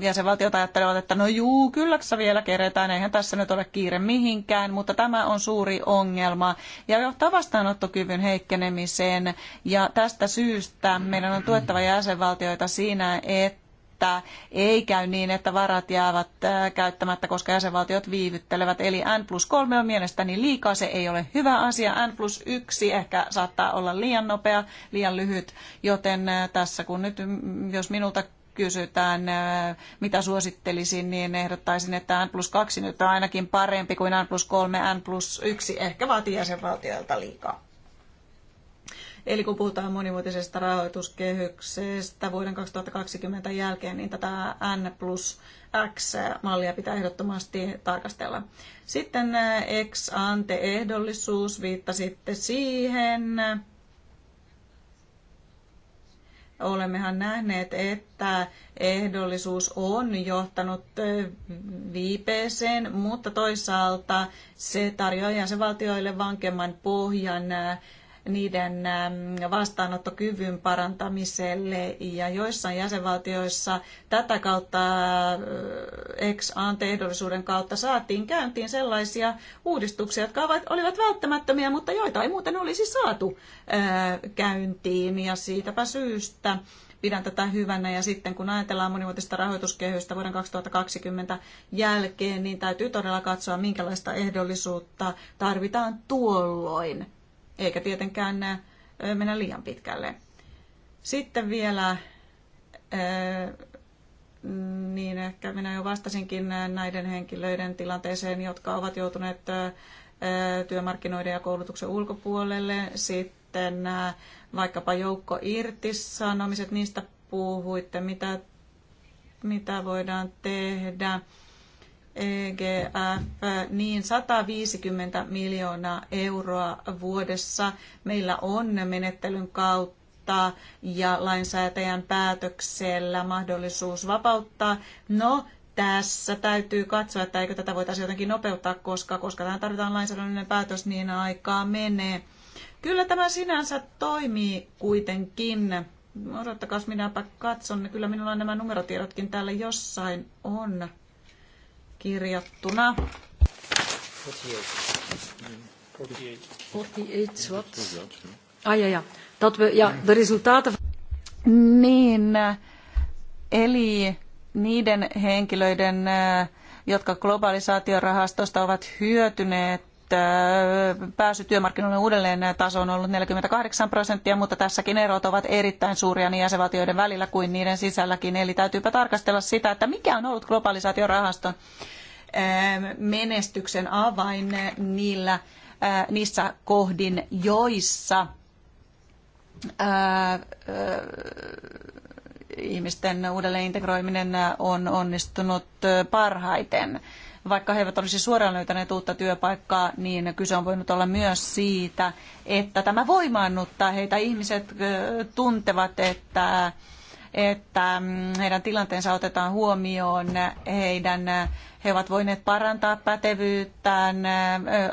Jäsenvaltiot ajattelevat, että no juu, kylläksä vielä keretään, eihän tässä nyt ole kiire mihinkään, mutta tämä on suuri ongelma ja johtaa vastaanottokyvyn heikkenemiseen. Ja tästä syystä meidän on tuettava jäsenvaltioita siinä, että että ei käy niin, että varat jäävät äh, käyttämättä, koska jäsenvaltiot viivyttelevät. Eli N plus 3 on mielestäni liikaa, se ei ole hyvä asia. N plus 1 ehkä saattaa olla liian nopea, liian lyhyt, joten äh, tässä kun nyt, mm, jos minulta kysytään, äh, mitä suosittelisin, niin ehdottaisin, että N plus 2 nyt on ainakin parempi kuin N plus 3, N plus 1 ehkä vaatii jäsenvaltioilta liikaa. Eli kun puhutaan monivuotisesta rahoituskehyksestä vuoden 2020 jälkeen, niin tätä N plus X-mallia pitää ehdottomasti tarkastella. Sitten eh, x ante ehdollisuus viittasitte siihen. Olemmehan nähneet, että ehdollisuus on johtanut eh, viipeeseen, mutta toisaalta se tarjoaa jäsenvaltioille vankemman pohjan eh, niiden vastaanottokyvyn parantamiselle ja joissain jäsenvaltioissa tätä kautta äh, ex ante ehdollisuuden kautta saatiin käyntiin sellaisia uudistuksia, jotka olivat välttämättömiä, mutta joita ei muuten olisi saatu äh, käyntiin ja siitäpä syystä pidän tätä hyvänä. Ja sitten kun ajatellaan monivuotista rahoituskehystä vuoden 2020 jälkeen, niin täytyy todella katsoa, minkälaista ehdollisuutta tarvitaan tuolloin eikä tietenkään mennä liian pitkälle. Sitten vielä, niin ehkä minä jo vastasinkin näiden henkilöiden tilanteeseen, jotka ovat joutuneet työmarkkinoiden ja koulutuksen ulkopuolelle. Sitten vaikkapa joukko irtisanomiset, niistä puhuitte, mitä, mitä voidaan tehdä EGF, niin 150 miljoonaa euroa vuodessa meillä on menettelyn kautta ja lainsäätäjän päätöksellä mahdollisuus vapauttaa. No, tässä täytyy katsoa, että eikö tätä voitaisiin jotenkin nopeuttaa, koska, koska tähän tarvitaan lainsäädännöllinen päätös, niin aikaa menee. Kyllä tämä sinänsä toimii kuitenkin. Odottakaa, minäpä katson. Kyllä minulla on nämä numerotiedotkin täällä jossain on kirjattuna. 48 48, wat? Ah ja ja. Dat we, ja, de resultaten... Niin, eli niiden henkilöiden, eh, jotka globalisaatiorahastosta ovat hyötyneet, Äh, pääsy työmarkkinoille uudelleen taso on ollut 48 prosenttia, mutta tässäkin erot ovat erittäin suuria niin jäsenvaltioiden välillä kuin niiden sisälläkin. Eli täytyypä tarkastella sitä, että mikä on ollut globalisaatiorahaston ähm, menestyksen avain niillä, äh, niissä kohdin, joissa äh, ihmisten uudelleen integroiminen on onnistunut parhaiten vaikka he eivät olisi suoraan löytäneet uutta työpaikkaa, niin kyse on voinut olla myös siitä, että tämä voimaannuttaa heitä. Ihmiset tuntevat, että, että mm, heidän tilanteensa otetaan huomioon, heidän he ovat voineet parantaa pätevyyttään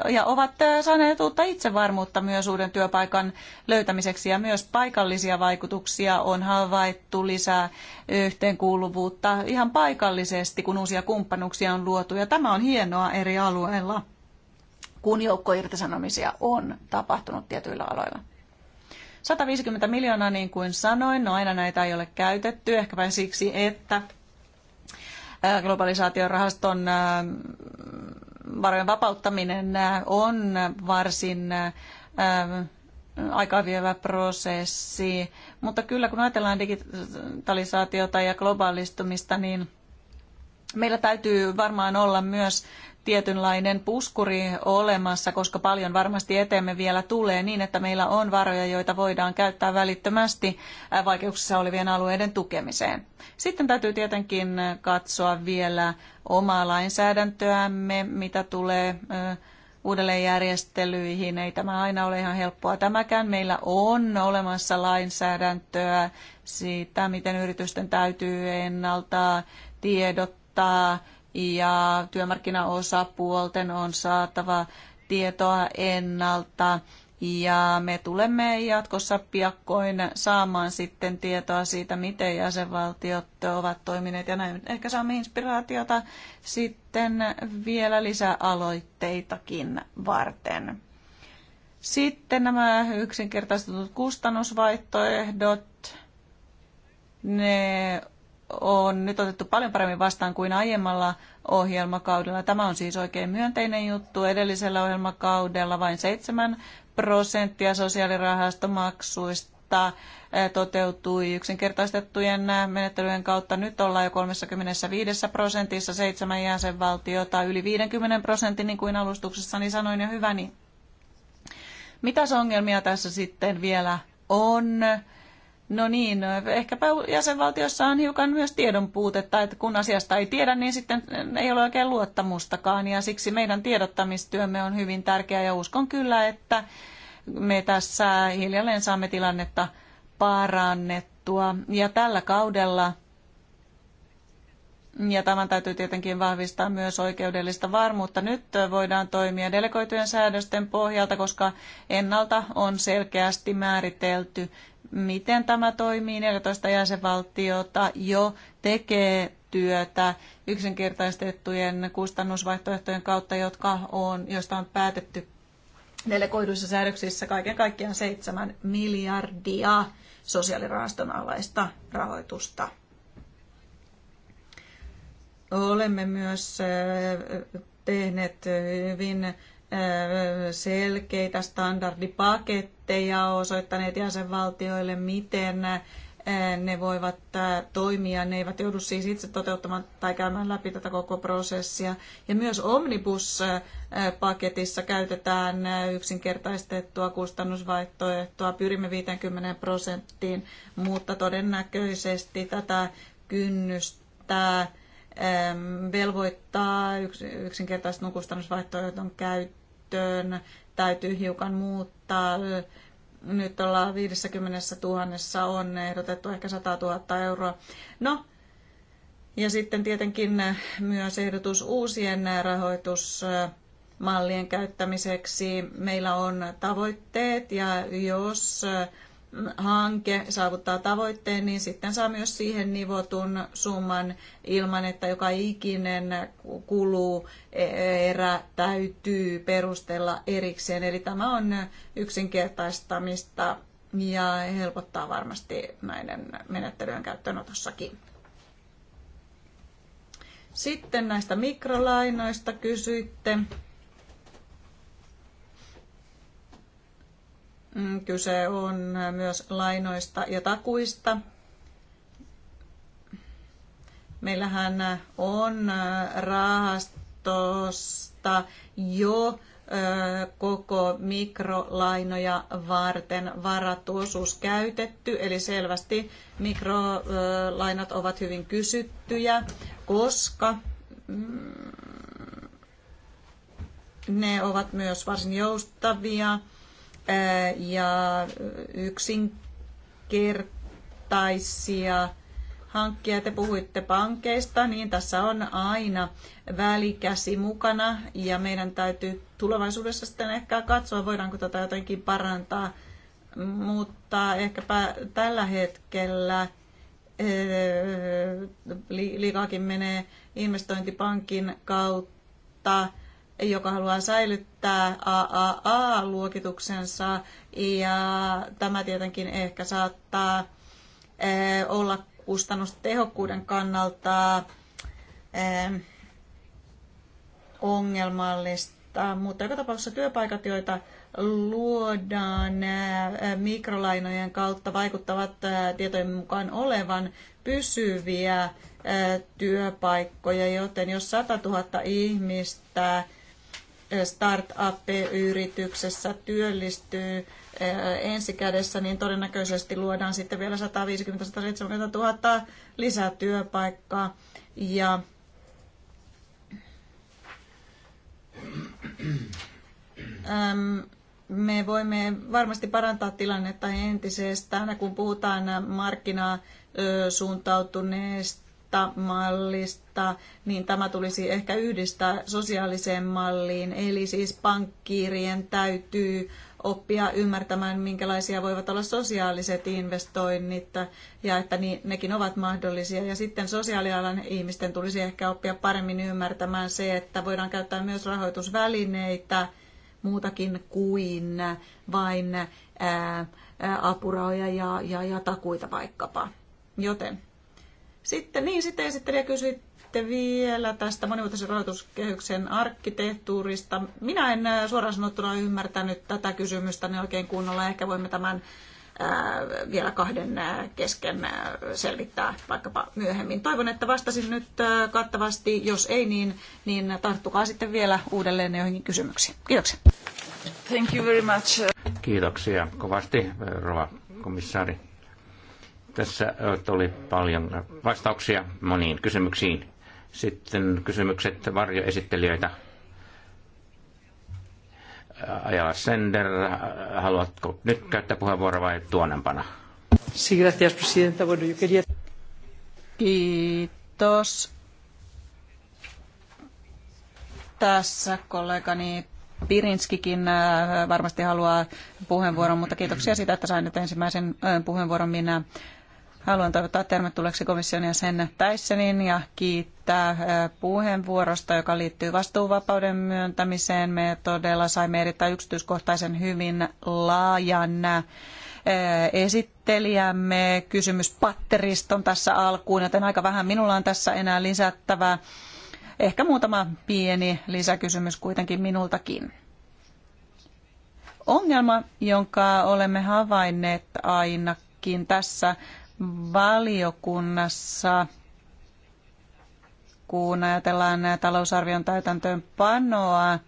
ja ovat saaneet uutta itsevarmuutta myös uuden työpaikan löytämiseksi ja myös paikallisia vaikutuksia on havaittu lisää yhteenkuuluvuutta ihan paikallisesti, kun uusia kumppanuuksia on luotu ja tämä on hienoa eri alueilla kun joukkoirtisanomisia on tapahtunut tietyillä aloilla. 150 miljoonaa, niin kuin sanoin, no aina näitä ei ole käytetty, ehkäpä siksi, että Äh, globalisaation rahaston äh, varojen vapauttaminen äh, on varsin aikaa vievä prosessi, mutta kyllä kun ajatellaan digitalisaatiota ja globaalistumista, niin meillä täytyy varmaan olla myös tietynlainen puskuri olemassa, koska paljon varmasti eteemme vielä tulee niin, että meillä on varoja, joita voidaan käyttää välittömästi vaikeuksissa olevien alueiden tukemiseen. Sitten täytyy tietenkin katsoa vielä omaa lainsäädäntöämme, mitä tulee uudelleenjärjestelyihin. Ei tämä aina ole ihan helppoa. Tämäkään meillä on olemassa lainsäädäntöä siitä, miten yritysten täytyy ennalta tiedottaa ja työmarkkinaosapuolten on saatava tietoa ennalta. Ja me tulemme jatkossa piakkoin saamaan sitten tietoa siitä, miten jäsenvaltiot ovat toimineet ja näin. Ehkä saamme inspiraatiota sitten vielä lisäaloitteitakin varten. Sitten nämä yksinkertaistetut kustannusvaihtoehdot, ne on nyt otettu paljon paremmin vastaan kuin aiemmalla ohjelmakaudella. Tämä on siis oikein myönteinen juttu. Edellisellä ohjelmakaudella vain 7 prosenttia sosiaalirahastomaksuista eh, toteutui yksinkertaistettujen eh, menettelyjen kautta. Nyt ollaan jo 35 prosentissa seitsemän jäsenvaltiota, yli 50 prosentin, niin kuin alustuksessani sanoin ja Niin. Mitäs ongelmia tässä sitten vielä on? No niin, ehkäpä jäsenvaltiossa on hiukan myös tiedon puutetta, että kun asiasta ei tiedä, niin sitten ei ole oikein luottamustakaan ja siksi meidän tiedottamistyömme on hyvin tärkeä ja uskon kyllä, että me tässä hiljalleen saamme tilannetta parannettua ja tällä kaudella ja tämän täytyy tietenkin vahvistaa myös oikeudellista varmuutta. Nyt voidaan toimia delegoitujen säädösten pohjalta, koska ennalta on selkeästi määritelty, miten tämä toimii. 14 jäsenvaltiota jo tekee työtä yksinkertaistettujen kustannusvaihtoehtojen kautta, jotka on, joista on päätetty kohduissa säädöksissä kaiken kaikkiaan 7 miljardia sosiaalirahaston alaista rahoitusta. Olemme myös eh, tehneet hyvin selkeitä standardipaketteja osoittaneet jäsenvaltioille, miten ne voivat toimia, ne eivät joudu siis itse toteuttamaan tai käymään läpi tätä koko prosessia. Ja myös Omnibus-paketissa käytetään yksinkertaistettua kustannusvaihtoehtoa, pyrimme 50 prosenttiin, mutta todennäköisesti tätä kynnystä velvoittaa yksinkertaisen kustannusvaihtoehton käyttöön käyttöön täytyy hiukan muuttaa. Nyt ollaan 50 000 on ehdotettu ehkä 100 000 euroa. No, ja sitten tietenkin myös ehdotus uusien rahoitusmallien käyttämiseksi. Meillä on tavoitteet ja jos hanke saavuttaa tavoitteen, niin sitten saa myös siihen nivotun summan ilman, että joka ikinen kuluu e-, erä täytyy perustella erikseen. Eli tämä on yksinkertaistamista ja helpottaa varmasti näiden menettelyjen käyttöönotossakin. Sitten näistä mikrolainoista kysyitte. Mm, kyse on myös lainoista ja takuista. Meillähän on rahastosta jo koko mikrolainoja varten varattu osuus käytetty, eli selvästi mikrolainat ovat hyvin kysyttyjä, koska mm, ne ovat myös varsin joustavia ja yksinkertaisia hankkia. Te puhuitte pankeista, niin tässä on aina välikäsi mukana ja meidän täytyy tulevaisuudessa sitten ehkä katsoa, voidaanko tätä jotenkin parantaa. Mutta ehkäpä tällä hetkellä liikaakin menee investointipankin kautta joka haluaa säilyttää AAA-luokituksensa ja tämä tietenkin ehkä saattaa eh, olla kustannustehokkuuden kannalta eh, ongelmallista, mutta joka tapauksessa työpaikat, joita luodaan eh, mikrolainojen kautta, vaikuttavat tietojen mukaan olevan pysyviä työpaikkoja, joten jos 100 000 ihmistä startup-yrityksessä työllistyy eh, ensikädessä, niin todennäköisesti luodaan sitten vielä 150-170 000 lisää työpaikkaa. Ja me voimme varmasti parantaa tilannetta entisestään, kun puhutaan markkinaa suuntautuneesta mallista, niin tämä tulisi ehkä yhdistää sosiaaliseen malliin. Eli siis pankkiirien täytyy oppia ymmärtämään, minkälaisia voivat olla sosiaaliset investoinnit ja että nekin ovat mahdollisia. Ja sitten sosiaalialan ihmisten tulisi ehkä oppia paremmin ymmärtämään se, että voidaan käyttää myös rahoitusvälineitä muutakin kuin vain ää, ää, apurahoja ja, ja, ja takuita vaikkapa. Joten sitten, niin, sitten esittelijä kysyi vielä tästä monimuotoisen rahoituskehyksen arkkitehtuurista. Minä en äh, suoraan sanottuna ymmärtänyt tätä kysymystä niin oikein kunnolla. Ehkä voimme tämän äh, vielä kahden äh, kesken selvittää vaikkapa myöhemmin. Toivon, että vastasin nyt kattavasti. Jos ei, niin, niin tarttukaa sitten vielä uudelleen joihinkin kysymyksiin. Kiitoksia. Thank you very much. Kiitoksia kovasti, rouva komissaari. Tässä tuli paljon vastauksia moniin kysymyksiin. Sitten kysymykset varjoesittelijöitä. Ajala Sender, haluatko nyt käyttää puheenvuoroa vai tuonempana? Sí, gracias, presidenta. Bueno, yo quería... Kiitos. Tässä kollegani Pirinskikin varmasti haluaa puheenvuoron, mutta kiitoksia siitä, että sain nyt ensimmäisen puheenvuoron. Minä Haluan toivottaa tervetulleeksi komission jäsen Täissenin ja kiittää äh, puheenvuorosta, joka liittyy vastuuvapauden myöntämiseen. Me todella saimme erittäin yksityiskohtaisen hyvin laajan äh, esittelijämme kysymyspatteriston tässä alkuun, joten aika vähän minulla on tässä enää lisättävää. Ehkä muutama pieni lisäkysymys kuitenkin minultakin. Ongelma, jonka olemme havainneet ainakin tässä valiokunnassa, kun ajatellaan talousarvion täytäntöönpanoa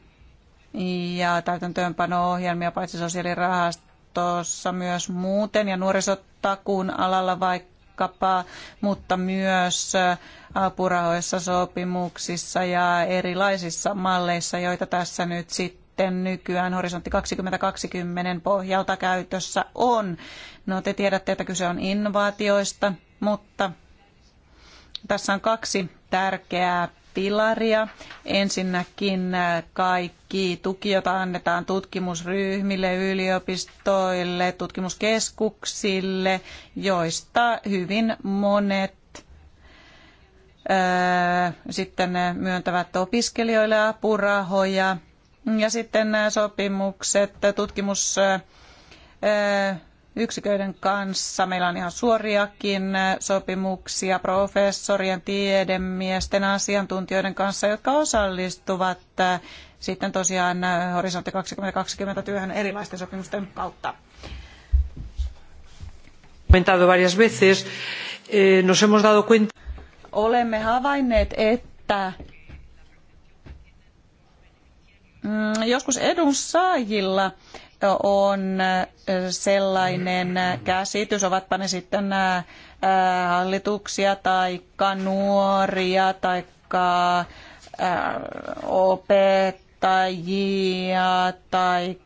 ja täytäntöönpano-ohjelmia paitsi sosiaalirahastossa myös muuten ja nuorisotakuun alalla vaikkapa, mutta myös apurahoissa, sopimuksissa ja erilaisissa malleissa, joita tässä nyt sitten sitten nykyään horisontti 2020 pohjalta käytössä on. No te tiedätte, että kyse on innovaatioista, mutta tässä on kaksi tärkeää pilaria. Ensinnäkin kaikki tuki, jota annetaan tutkimusryhmille, yliopistoille, tutkimuskeskuksille, joista hyvin monet sitten myöntävät opiskelijoille apurahoja ja sitten äh, sopimukset äh, tutkimusyksiköiden äh, kanssa. Meillä on ihan suoriakin sopimuksia professorien, tiedemiesten, asiantuntijoiden kanssa, jotka osallistuvat sitten tosiaan Horisontti 2020 työhön erilaisten sopimusten kautta. Eh, Olemme havainneet, että Mm, joskus edunsaajilla on sellainen käsitys, ovatpa ne sitten hallituksia tai nuoria tai opettajia tai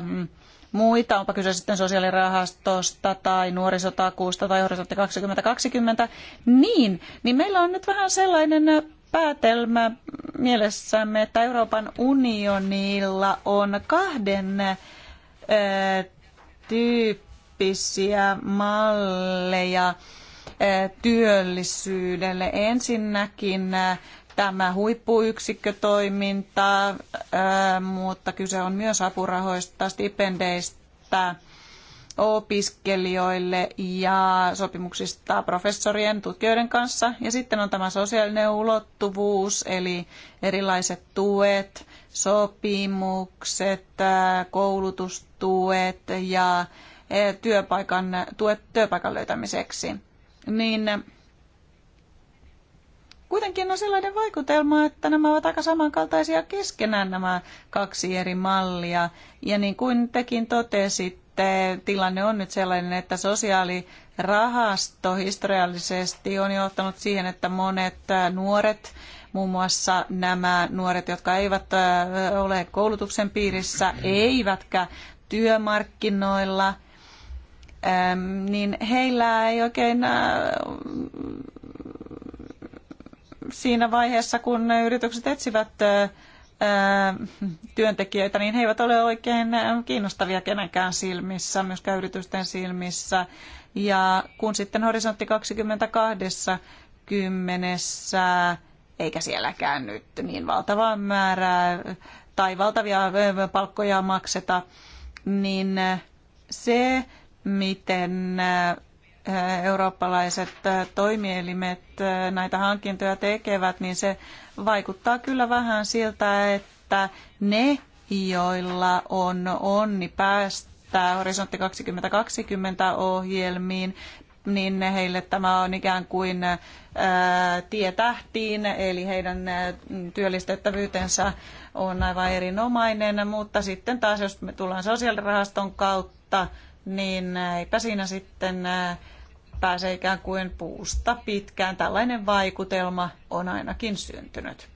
mm, muita, onpa kyse sitten sosiaalirahastosta tai nuorisotakuusta tai horisontti 2020, niin, niin meillä on nyt vähän sellainen päätelmä mielessämme, että Euroopan unionilla on kahden tyyppisiä malleja työllisyydelle. Ensinnäkin tämä huippuyksikkötoiminta, mutta kyse on myös apurahoista, stipendeistä, opiskelijoille ja sopimuksista professorien, tutkijoiden kanssa. Ja sitten on tämä sosiaalinen ulottuvuus, eli erilaiset tuet, sopimukset, koulutustuet ja työpaikan, tuet työpaikan löytämiseksi. Niin Kuitenkin on sellainen vaikutelma, että nämä ovat aika samankaltaisia keskenään nämä kaksi eri mallia. Ja niin kuin tekin totesitte, tilanne on nyt sellainen, että sosiaalirahasto historiallisesti on johtanut siihen, että monet nuoret muun muassa nämä nuoret, jotka eivät ole koulutuksen piirissä, eivätkä työmarkkinoilla, niin heillä ei oikein siinä vaiheessa, kun yritykset etsivät työntekijöitä, niin he eivät ole oikein kiinnostavia kenenkään silmissä, myöskään yritysten silmissä. Ja kun sitten horisontti 22 kymmenessä, eikä sielläkään nyt niin valtavaa määrää tai valtavia palkkoja makseta, niin se, miten Äh, eurooppalaiset äh, toimielimet äh, näitä hankintoja tekevät, niin se vaikuttaa kyllä vähän siltä, että ne, joilla on onni päästä Horisontti 2020 ohjelmiin, niin heille tämä on ikään kuin tietähtiin, eli heidän työllistettävyytensä on aivan erinomainen, mutta sitten taas jos me tullaan sosiaalirahaston kautta, niin eipä siinä sitten Pääsee ikään kuin puusta pitkään. Tällainen vaikutelma on ainakin syntynyt.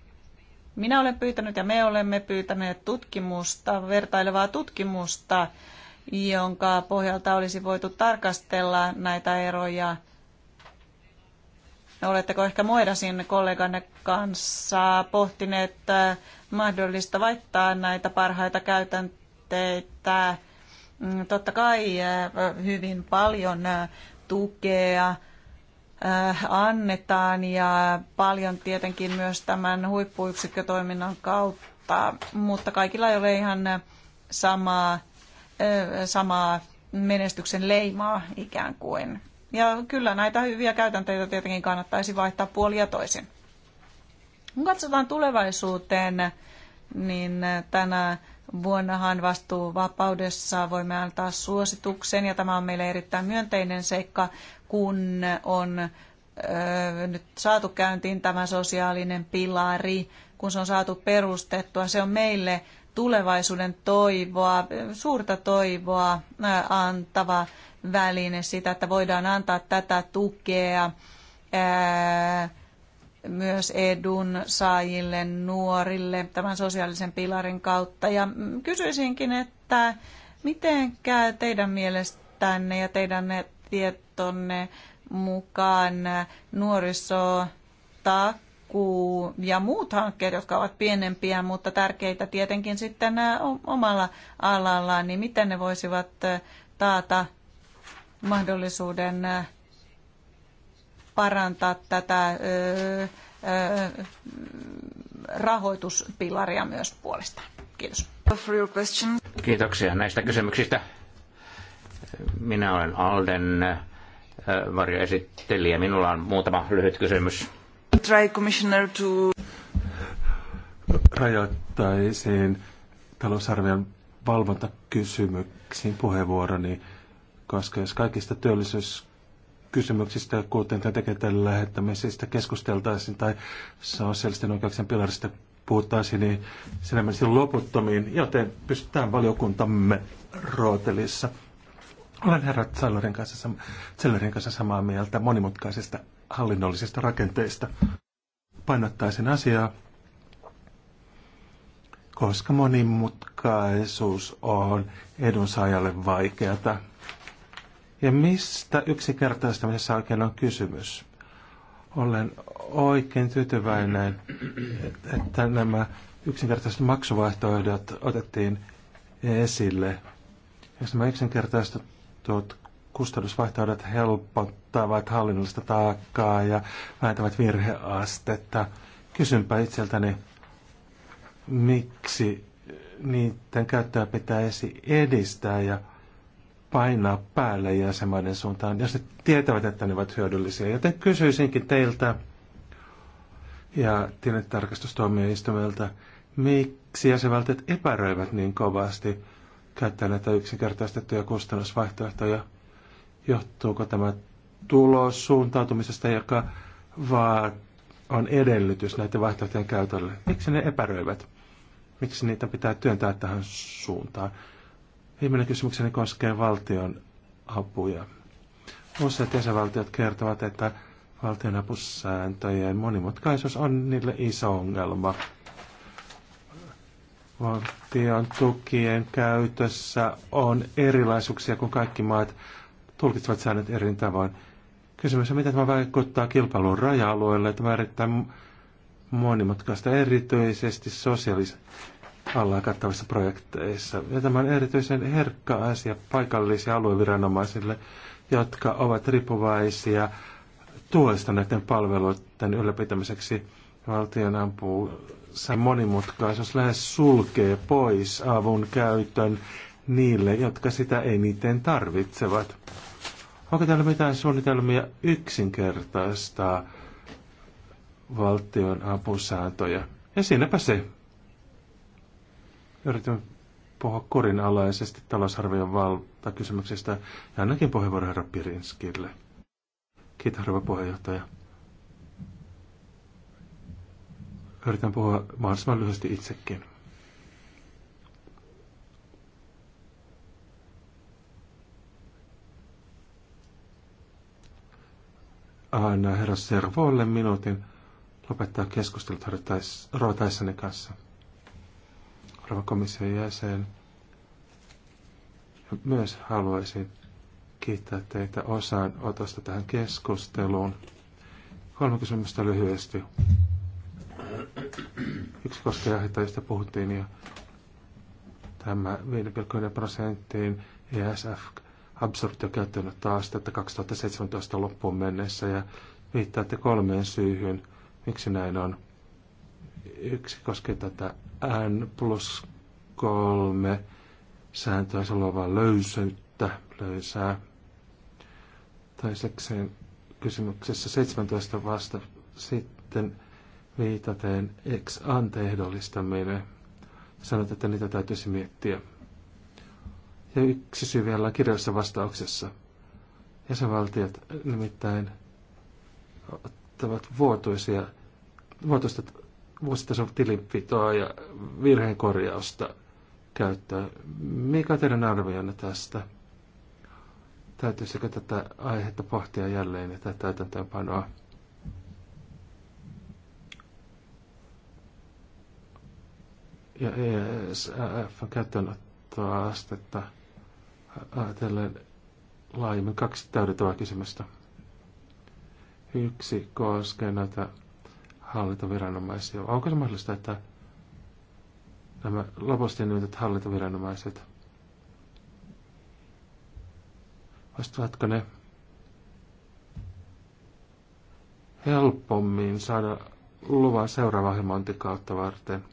Minä olen pyytänyt ja me olemme pyytäneet tutkimusta, vertailevaa tutkimusta, jonka pohjalta olisi voitu tarkastella näitä eroja. Oletteko ehkä Moedasin kolleganne kanssa pohtineet äh, mahdollista vaihtaa näitä parhaita käytänteitä? Mm, totta kai äh, hyvin paljon äh, tukea äh, annetaan ja paljon tietenkin myös tämän huippuyksikkötoiminnan kautta, mutta kaikilla ei ole ihan samaa, äh, samaa menestyksen leimaa ikään kuin. Ja kyllä näitä hyviä käytänteitä tietenkin kannattaisi vaihtaa puoli ja toisin. Kun katsotaan tulevaisuuteen, niin tänä vuonnahan vastuuvapaudessa voimme antaa suosituksen ja tämä on meille erittäin myönteinen seikka, kun on nyt saatu käyntiin tämä sosiaalinen pilari, kun se on saatu perustettua. Se on meille tulevaisuuden toivoa, suurta toivoa antava väline sitä, että voidaan antaa tätä tukea myös edun saajille, nuorille tämän sosiaalisen pilarin kautta. Ja mm, kysyisinkin, että miten teidän mielestänne ja teidän tietonne mukaan nuoriso ja muut hankkeet, jotka ovat pienempiä, mutta tärkeitä tietenkin sitten omalla alallaan, niin miten ne voisivat taata mahdollisuuden parantaa tätä rahoituspilaria myös puolestaan. Kiitos. Kiitoksia näistä kysymyksistä. Minä olen Alden varjoesittelijä. Minulla on muutama lyhyt kysymys. Try commissioner to... Rajoittaisin talousarvion valvontakysymyksiin puheenvuoroni, koska jos kaikista työllisyys kysymyksistä, kuten tekemättä lähettämisestä keskusteltaisiin tai sosiaalisten oikeuksien pilarista puhuttaisiin, niin sinä menisi loputtomiin, joten pystytään valiokuntamme rootelissa. Olen herra Zellerin kanssa, Zellerin kanssa samaa mieltä monimutkaisista hallinnollisista rakenteista. Painottaisin asiaa, koska monimutkaisuus on edunsaajalle vaikeata. Ja mistä yksinkertaistamisessa oikein on kysymys? Olen oikein tyytyväinen, että nämä yksinkertaiset maksuvaihtoehdot otettiin esille. Jos nämä yksinkertaistetut kustannusvaihtoehdot helpottavat hallinnollista taakkaa ja vähentävät virheastetta, kysynpä itseltäni, miksi niiden käyttöä pitäisi edistää ja painaa päälle jäsenmaiden suuntaan, jos ne tietävät, että ne ovat hyödyllisiä. Joten kysyisinkin teiltä ja tilintarkastustuomioistuimelta, miksi jäsenvaltiot epäröivät niin kovasti käyttää näitä yksinkertaistettuja kustannusvaihtoehtoja? Johtuuko tämä tulos suuntautumisesta, joka vaan on edellytys näiden vaihtoehtojen käytölle? Miksi ne epäröivät? Miksi niitä pitää työntää tähän suuntaan? Viimeinen kysymykseni koskee valtion apuja. Useat jäsenvaltiot kertovat, että valtionapusääntöjen monimutkaisuus on niille iso ongelma. Valtion tukien käytössä on erilaisuuksia, kun kaikki maat tulkitsevat säännöt eri tavoin. Kysymys on, miten tämä vaikuttaa kilpailun raja-alueelle, että määrittää monimutkaista erityisesti sosiaalisen alla kattavissa projekteissa. Ja tämä on erityisen herkka asia paikallisille alueviranomaisille, jotka ovat riippuvaisia tuesta näiden palveluiden ylläpitämiseksi. Valtion ampuu se monimutkaisuus lähes sulkee pois avun käytön niille, jotka sitä eniten tarvitsevat. Onko täällä mitään suunnitelmia yksinkertaistaa valtion apusääntöjä? Ja siinäpä se. Yritimme puhua kurinalaisesti talousarvion valtakysymyksestä ja ainakin puheenvuoron herra Pirinskille. Kiitos, rouva puheenjohtaja. Yritän puhua mahdollisimman lyhyesti itsekin. Anna herra Servolle minuutin lopettaa keskustelut Rotaissanin kanssa rouva komission jäsen. Myös haluaisin kiittää teitä osanotosta tähän keskusteluun. Kolme kysymystä lyhyesti. Yksi koskee aiheita, josta puhuttiin jo. Tämä 5,1 prosenttiin ESF absorptio käyttänyt taas tätä 2017 loppuun mennessä ja viittaatte kolmeen syyhyn, miksi näin on Yksi koskee tätä N plus kolme sääntöä, se luovaa löysyyttä, löysää. Toisekseen kysymyksessä 17 vasta sitten viitaten X ante meille Sanot, että niitä täytyisi miettiä. Ja yksi syy vielä on kirjallisessa vastauksessa. Jäsenvaltiot nimittäin ottavat vuotuisia, vuotuista vuositason tilinpitoa ja virheen korjausta käyttää. Mikä on teidän arvionne tästä? Täytyisikö tätä aihetta pohtia jälleen ja tätä täytäntöönpanoa? Ja ESF käyttöönottoa astetta ajatellen laajemmin kaksi täydentävää kysymystä. Yksi koskee näitä hallintoviranomaisia. Onko se mahdollista, että nämä lopusti nimetyt hallintoviranomaiset, vastaavatko ne helpommin saada luvan seuraavaa hemointikautta varten?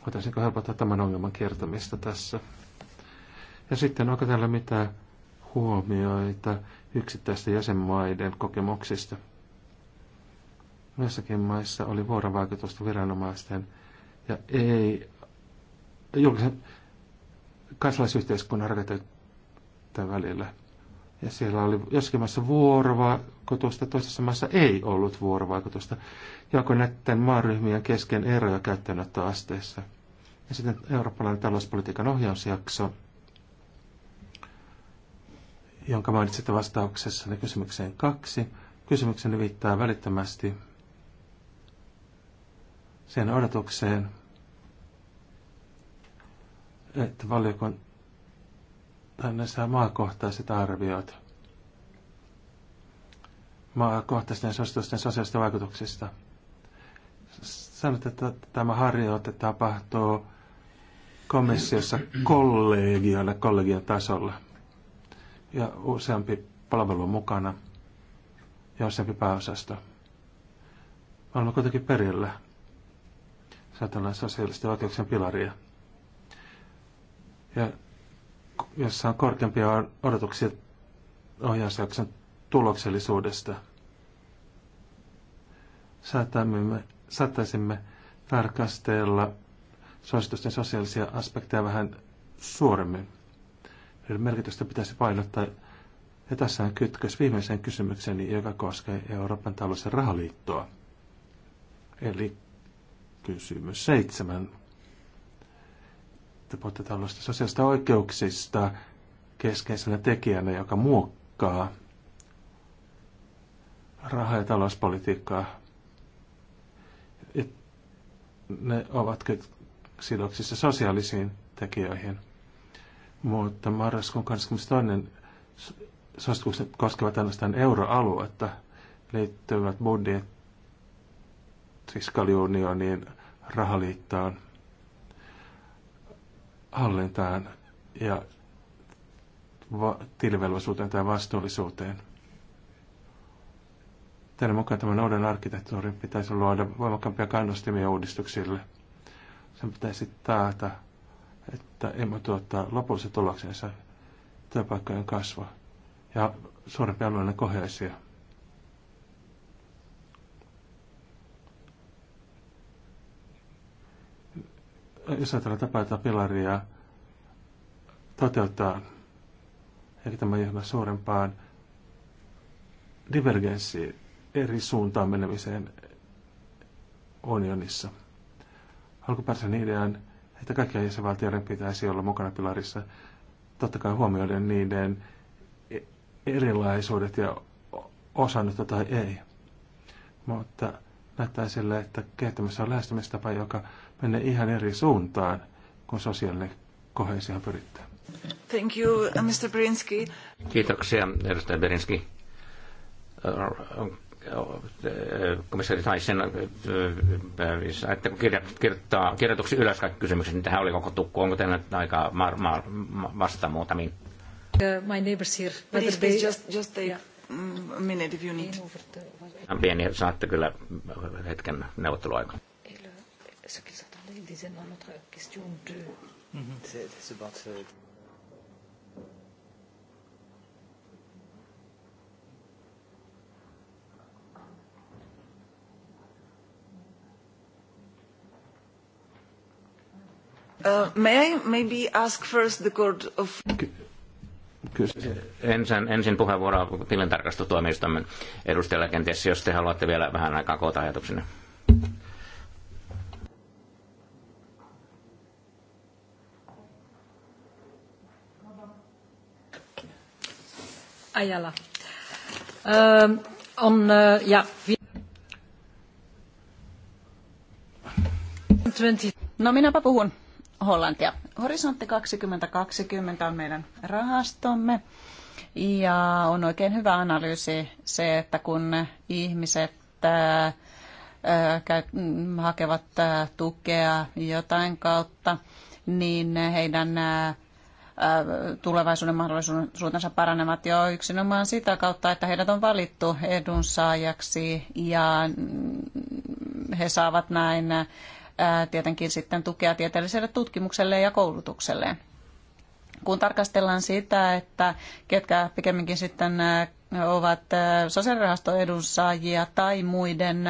Voitaisinko helpottaa tämän ongelman kiertämistä tässä? Ja sitten onko täällä mitään huomioita yksittäisten jäsenmaiden kokemuksista. Joissakin maissa oli vuorovaikutusta viranomaisten ja ei julkisen kansalaisyhteiskunnan rakenteiden välillä. Ja siellä oli jossakin maassa vuorovaikutusta, toisessa maassa ei ollut vuorovaikutusta. Ja onko näiden maaryhmien kesken eroja käyttöönottoasteessa? Ja sitten eurooppalainen talouspolitiikan ohjausjakso – jonka mainitsitte vastauksessanne niin kysymykseen kaksi. Kysymykseni viittaa välittömästi sen odotukseen, että valiokunta saa maakohtaiset arviot maakohtaisten suositusten sosiaalisten vaikutuksista. Sanoit, että tämä harjoite tapahtuu komissiossa kollegioilla, kollegion tasolla ja useampi palvelu mukana ja useampi pääosasto. Olemme kuitenkin perillä säätellään sosiaalisten oikeuksien pilaria. Ja jossa on korkeampia odotuksia ohjausjakson tuloksellisuudesta. Saattaisimme, saattaisimme tarkastella suositusten sosiaalisia aspekteja vähän suoremmin merkitystä pitäisi painottaa. Ja tässä on kytkös viimeiseen kysymykseen, joka koskee Euroopan talous- ja rahaliittoa. Eli kysymys seitsemän. Te puhutte tällaista sosiaalista oikeuksista keskeisenä tekijänä, joka muokkaa raha- ja talouspolitiikkaa. ne ovat sidoksissa sosiaalisiin tekijöihin mutta marraskuun 22. suositukset koskevat ainoastaan euroaluetta liittyvät budjet fiskaliunioniin, rahaliittoon, hallintaan ja va- tilivelvollisuuteen tai vastuullisuuteen. Tämän mukaan tämän uuden arkkitehtuurin pitäisi luoda voimakkaampia kannustimia uudistuksille. Sen pitäisi taata – että emme tuottaa lopulliset tuloksensa työpaikkojen kasvua ja suurempi alueellinen kohesio. Jos ajatellaan tapaa, että pilaria toteuttaa, eikä tämä johda suurempaan divergenssiin eri suuntaan menemiseen unionissa. Alkuperäisen idean että kaikkien jäsenvaltioiden pitäisi olla mukana pilarissa, totta kai huomioiden niiden e- erilaisuudet ja osannetta tai ei. Mutta näyttää sille, että kehittämässä on lähestymistapa, joka menee ihan eri suuntaan, kun sosiaalinen kohesioon pyrittää. Thank you, Mr. Brinski. Kiitoksia, edustaja Berinski komissaari Tyson äh, kirjoittaa kirjoituksi ylös kaikki kysymykset, niin tähän oli koko tukku. Onko teillä aikaa mar, mar, vastata muutamiin? Uh, my neighbors here. Please, please, just, just take yeah. a minute if you need. Pieni, saatte kyllä hetken neuvotteluaikaa. No, mm-hmm. C'est, c'est Uh, may I maybe ask first the court of... Ky ensin, ensin puheenvuoroa tilintarkastustuomioistamme edustajalle kenties, jos te haluatte vielä vähän aikaa koota ajatuksenne. Ajala. Öö, on, öö, ja... 20. No minäpä puhun. Hollantia. Horisontti 2020 on meidän rahastomme ja on oikein hyvä analyysi se, että kun ihmiset äh, mm, hakevat äh, tukea jotain kautta, niin heidän äh, tulevaisuuden mahdollisuutensa paranevat jo yksinomaan sitä kautta, että heidät on valittu edunsaajaksi ja mm, he saavat näin tietenkin sitten tukea tieteelliselle tutkimukselle ja koulutukselle. Kun tarkastellaan sitä, että ketkä pikemminkin sitten ovat sosiaalirahaston edunsaajia tai muiden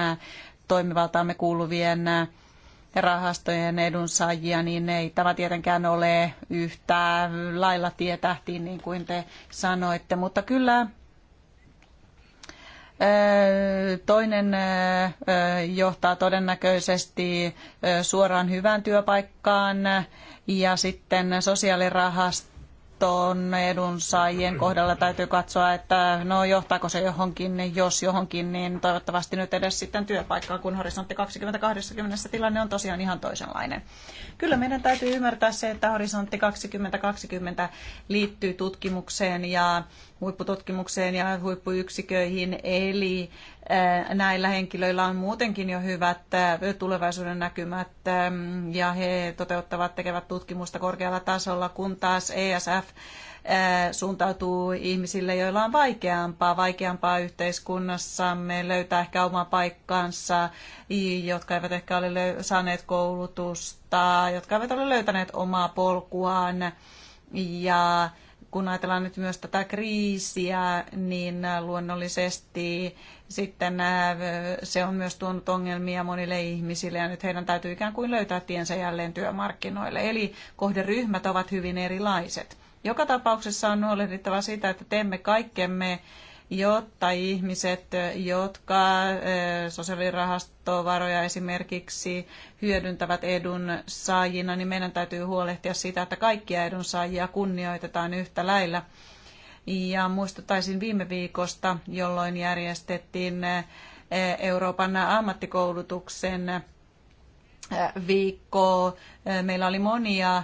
toimivaltaamme kuuluvien rahastojen edunsaajia, niin ei tämä tietenkään ole yhtä lailla tietähtiin, niin kuin te sanoitte, mutta kyllä Toinen johtaa todennäköisesti suoraan hyvään työpaikkaan ja sitten sosiaalirahasto tuoton edunsaajien kohdalla täytyy katsoa, että no johtaako se johonkin, jos johonkin, niin toivottavasti nyt edes sitten työpaikkaa, kun horisontti 2020 tilanne on tosiaan ihan toisenlainen. Kyllä meidän täytyy ymmärtää se, että horisontti 2020 liittyy tutkimukseen ja huippututkimukseen ja huippuyksiköihin, eli näillä henkilöillä on muutenkin jo hyvät tulevaisuuden näkymät ja he toteuttavat, tekevät tutkimusta korkealla tasolla, kun taas ESF suuntautuu ihmisille, joilla on vaikeampaa, vaikeampaa yhteiskunnassamme löytää ehkä oma paikkansa, jotka eivät ehkä ole saaneet koulutusta, jotka eivät ole löytäneet omaa polkuaan ja kun ajatellaan nyt myös tätä kriisiä, niin luonnollisesti sitten äh, se on myös tuonut ongelmia monille ihmisille ja nyt heidän täytyy ikään kuin löytää tiensä jälleen työmarkkinoille. Eli kohderyhmät ovat hyvin erilaiset. Joka tapauksessa on huolehdittava siitä, että teemme kaikkemme jotta ihmiset, jotka sosiaalirahastovaroja esimerkiksi hyödyntävät edunsaajina, niin meidän täytyy huolehtia siitä, että kaikkia edunsaajia kunnioitetaan yhtä lailla. Ja muistuttaisin viime viikosta, jolloin järjestettiin Euroopan ammattikoulutuksen viikko. Meillä oli monia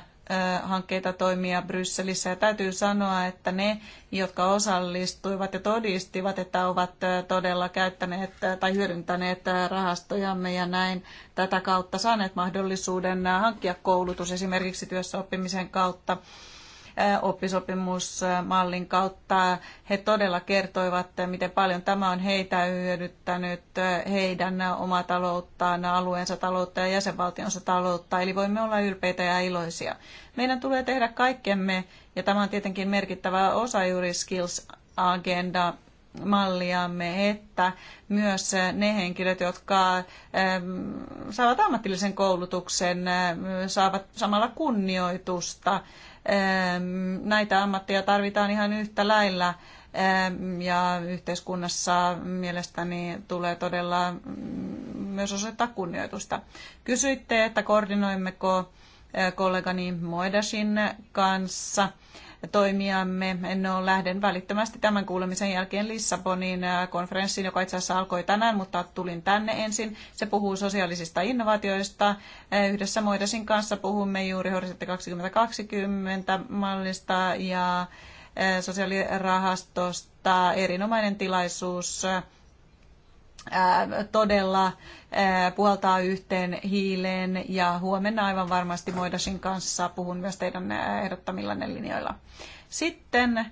hankkeita toimia Brysselissä. Ja täytyy sanoa, että ne, jotka osallistuivat ja todistivat, että ovat todella käyttäneet tai hyödyntäneet rahastojamme ja näin tätä kautta saaneet mahdollisuuden hankkia koulutus esimerkiksi työssäoppimisen kautta, oppisopimusmallin kautta. He todella kertoivat, miten paljon tämä on heitä hyödyttänyt, heidän omaa talouttaan, alueensa taloutta ja jäsenvaltionsa taloutta. Eli voimme olla ylpeitä ja iloisia. Meidän tulee tehdä kaikkemme, ja tämä on tietenkin merkittävä osa juuri Skills Agenda malliamme, että myös ne henkilöt, jotka saavat ammatillisen koulutuksen, saavat samalla kunnioitusta Näitä ammattia tarvitaan ihan yhtä lailla ja yhteiskunnassa mielestäni tulee todella mm, myös osoittaa kunnioitusta. Kysyitte, että koordinoimmeko eh, kollegani Moedasin kanssa – en ole lähden välittömästi tämän kuulemisen jälkeen Lissabonin äh, konferenssiin, joka itse asiassa alkoi tänään, mutta tulin tänne ensin. Se puhuu sosiaalisista innovaatioista. Äh, yhdessä Moidasin kanssa puhumme juuri Horisontti 2020 mallista ja äh, sosiaalirahastosta. Erinomainen tilaisuus todella puhaltaa yhteen hiileen ja huomenna aivan varmasti Moidasin kanssa puhun myös teidän ehdottamillanne linjoilla. Sitten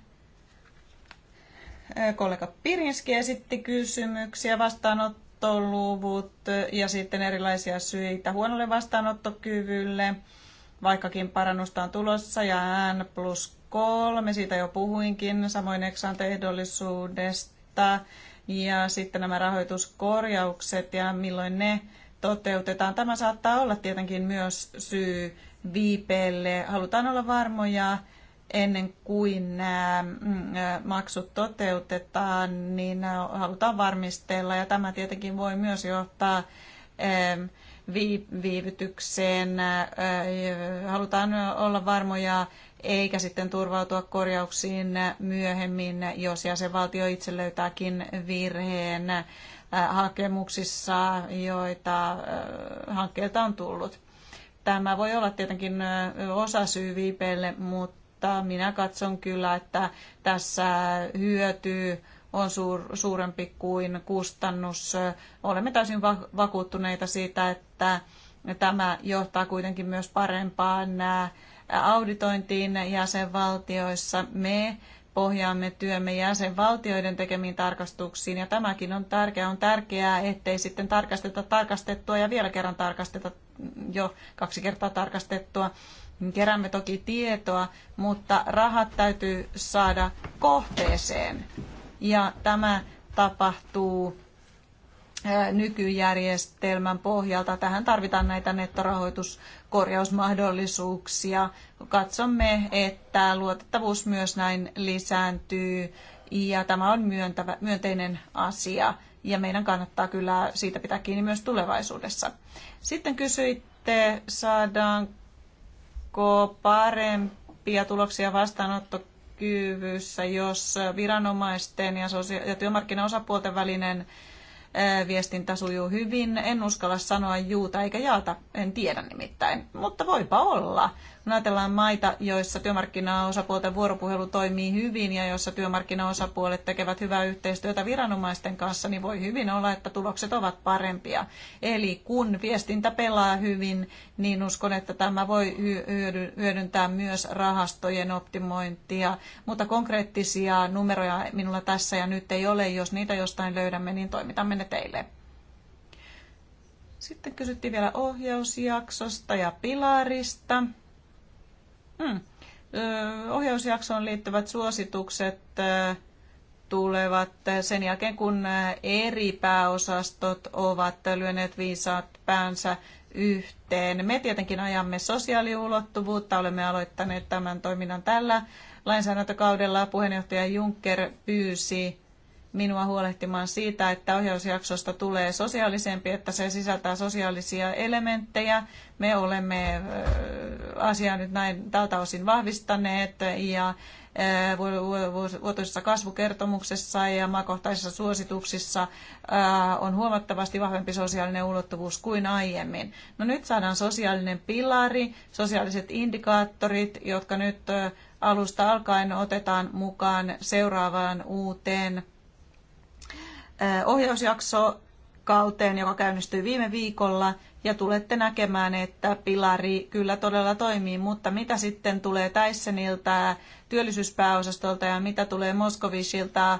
kollega Pirinski esitti kysymyksiä, vastaanottoluvut ja sitten erilaisia syitä huonolle vastaanottokyvylle, vaikkakin parannusta on tulossa ja N plus kolme, siitä jo puhuinkin, samoin eksantehdollisuudesta. ehdollisuudesta ja sitten nämä rahoituskorjaukset ja milloin ne toteutetaan. Tämä saattaa olla tietenkin myös syy viipeelle. Halutaan olla varmoja ennen kuin nämä mm, maksut toteutetaan, niin halutaan varmistella ja tämä tietenkin voi myös johtaa viivytykseen. Halutaan olla varmoja eikä sitten turvautua korjauksiin myöhemmin, jos jäsenvaltio itse löytääkin virheen äh, hakemuksissa, joita äh, hankkeelta on tullut. Tämä voi olla tietenkin äh, osa syy viipeille, mutta minä katson kyllä, että tässä hyötyy on suur, suurempi kuin kustannus. Olemme täysin va- vakuuttuneita siitä, että tämä johtaa kuitenkin myös parempaan auditointiin jäsenvaltioissa. Me pohjaamme työmme jäsenvaltioiden tekemiin tarkastuksiin ja tämäkin on tärkeää. On tärkeää, ettei sitten tarkasteta tarkastettua ja vielä kerran tarkasteta jo kaksi kertaa tarkastettua. Keräämme toki tietoa, mutta rahat täytyy saada kohteeseen. Ja tämä tapahtuu nykyjärjestelmän pohjalta. Tähän tarvitaan näitä nettorahoituskorjausmahdollisuuksia. Katsomme, että luotettavuus myös näin lisääntyy ja tämä on myöntävä, myönteinen asia ja meidän kannattaa kyllä siitä pitää kiinni myös tulevaisuudessa. Sitten kysyitte, saadaanko parempia tuloksia vastaanottokyvyssä, jos viranomaisten ja, sosia- ja työmarkkinaosapuolten välinen viestintä sujuu hyvin. En uskalla sanoa juuta eikä jaata, en tiedä nimittäin, mutta voipa olla. Kun ajatellaan maita, joissa työmarkkinaosapuolten vuoropuhelu toimii hyvin ja joissa työmarkkinaosapuolet tekevät hyvää yhteistyötä viranomaisten kanssa, niin voi hyvin olla, että tulokset ovat parempia. Eli kun viestintä pelaa hyvin, niin uskon, että tämä voi hyödyntää myös rahastojen optimointia. Mutta konkreettisia numeroja minulla tässä ja nyt ei ole. Jos niitä jostain löydämme, niin toimitamme ne teille. Sitten kysyttiin vielä ohjausjaksosta ja pilarista. Hmm. Ohjausjaksoon liittyvät suositukset tulevat sen jälkeen, kun eri pääosastot ovat lyöneet viisaat päänsä yhteen. Me tietenkin ajamme sosiaaliulottuvuutta, olemme aloittaneet tämän toiminnan tällä lainsäädäntökaudella. Puheenjohtaja Juncker pyysi minua huolehtimaan siitä, että ohjausjaksosta tulee sosiaalisempi, että se sisältää sosiaalisia elementtejä. Me olemme asiaa nyt näin tältä osin vahvistaneet ja vuotuisessa kasvukertomuksessa ja maakohtaisissa suosituksissa on huomattavasti vahvempi sosiaalinen ulottuvuus kuin aiemmin. No nyt saadaan sosiaalinen pilari, sosiaaliset indikaattorit, jotka nyt alusta alkaen otetaan mukaan seuraavaan uuteen ohjausjakso kauteen, joka käynnistyi viime viikolla, ja tulette näkemään, että pilari kyllä todella toimii, mutta mitä sitten tulee Tysseniltä, työllisyyspääosastolta ja mitä tulee Moskovisilta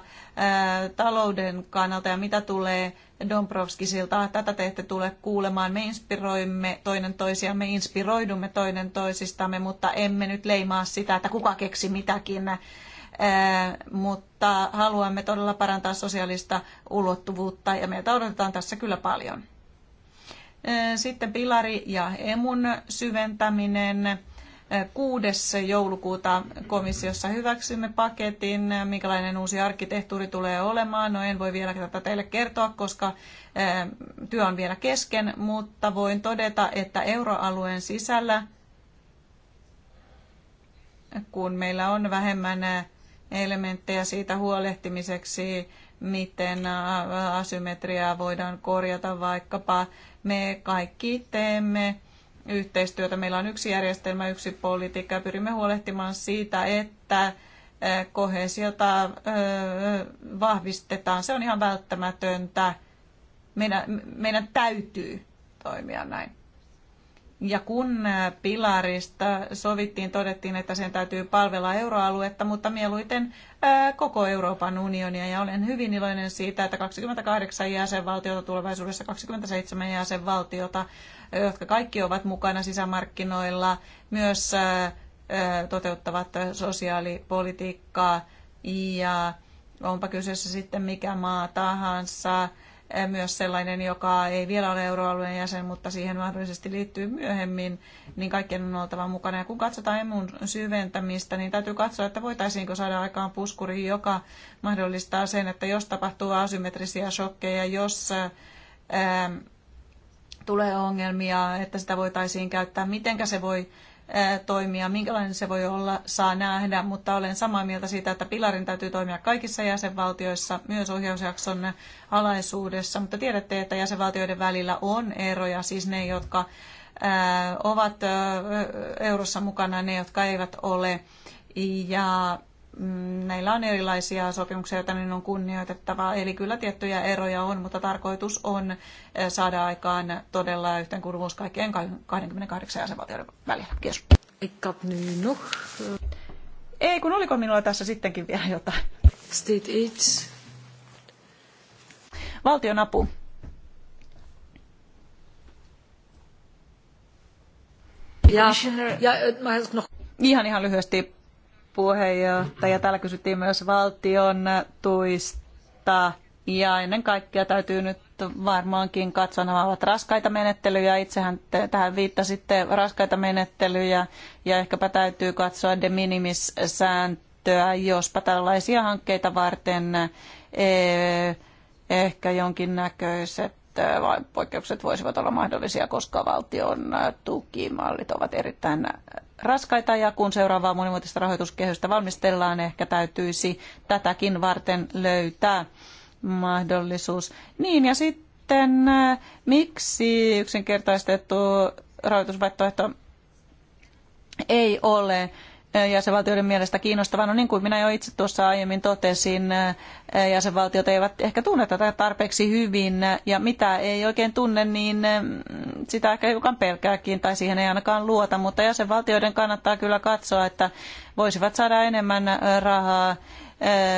talouden kannalta ja mitä tulee Dombrovskisilta, tätä te ette tule kuulemaan. Me inspiroimme toinen toisia, me inspiroidumme toinen toisistamme, mutta emme nyt leimaa sitä, että kuka keksi mitäkin mutta haluamme todella parantaa sosiaalista ulottuvuutta ja meiltä odotetaan tässä kyllä paljon. Sitten pilari ja emun syventäminen. 6. joulukuuta komissiossa hyväksymme paketin, minkälainen uusi arkkitehtuuri tulee olemaan. No en voi vielä tätä teille kertoa, koska työ on vielä kesken, mutta voin todeta, että euroalueen sisällä, kun meillä on vähemmän elementtejä siitä huolehtimiseksi, miten asymmetriaa voidaan korjata vaikkapa. Me kaikki teemme yhteistyötä. Meillä on yksi järjestelmä, yksi politiikka ja pyrimme huolehtimaan siitä, että kohesiota vahvistetaan. Se on ihan välttämätöntä. Meidän, meidän täytyy toimia näin. Ja kun pilarista sovittiin, todettiin, että sen täytyy palvella euroaluetta, mutta mieluiten koko Euroopan unionia. Ja olen hyvin iloinen siitä, että 28 jäsenvaltiota, tulevaisuudessa 27 jäsenvaltiota, jotka kaikki ovat mukana sisämarkkinoilla, myös toteuttavat sosiaalipolitiikkaa. Ja onpa kyseessä sitten mikä maa tahansa, myös sellainen, joka ei vielä ole euroalueen jäsen, mutta siihen mahdollisesti liittyy myöhemmin, niin kaikkien on oltava mukana. Ja kun katsotaan emun syventämistä, niin täytyy katsoa, että voitaisiinko saada aikaan puskuri, joka mahdollistaa sen, että jos tapahtuu asymmetrisiä shokkeja, jos ää, tulee ongelmia, että sitä voitaisiin käyttää, mitenkä se voi toimia, minkälainen se voi olla, saa nähdä, mutta olen samaa mieltä siitä, että pilarin täytyy toimia kaikissa jäsenvaltioissa, myös ohjausjakson alaisuudessa, mutta tiedätte, että jäsenvaltioiden välillä on eroja, siis ne, jotka ovat eurossa mukana, ne, jotka eivät ole. Ja meillä on erilaisia sopimuksia, joita niin on kunnioitettava. Eli kyllä tiettyjä eroja on, mutta tarkoitus on eh, saada aikaan todella yhteenkuuluvuus kaikkien 28 jäsenvaltioiden välillä. Kiitos. Eh, Ei, kun oliko minulla tässä sittenkin vielä jotain? State aids. Valtion apu. Ja, ja, eh, Ihan ihan lyhyesti puheenjohtaja. Täällä kysyttiin myös valtion tuista ja ennen kaikkea täytyy nyt varmaankin katsoa, nämä ovat raskaita menettelyjä. Itsehän te tähän viittasitte raskaita menettelyjä ja ehkäpä täytyy katsoa de minimis sääntöä, jospa tällaisia hankkeita varten e, ehkä jonkinnäköiset e, poikkeukset voisivat olla mahdollisia, koska valtion tukimallit ovat erittäin raskaita ja kun seuraavaa monimuotoista rahoituskehystä valmistellaan, ehkä täytyisi tätäkin varten löytää mahdollisuus. Niin ja sitten äh, miksi yksinkertaistettu rahoitusvaihtoehto ei ole jäsenvaltioiden mielestä kiinnostavaa. No niin kuin minä jo itse tuossa aiemmin totesin, jäsenvaltiot eivät ehkä tunne tätä tarpeeksi hyvin ja mitä ei oikein tunne, niin sitä ehkä hiukan pelkääkin tai siihen ei ainakaan luota, mutta jäsenvaltioiden kannattaa kyllä katsoa, että voisivat saada enemmän rahaa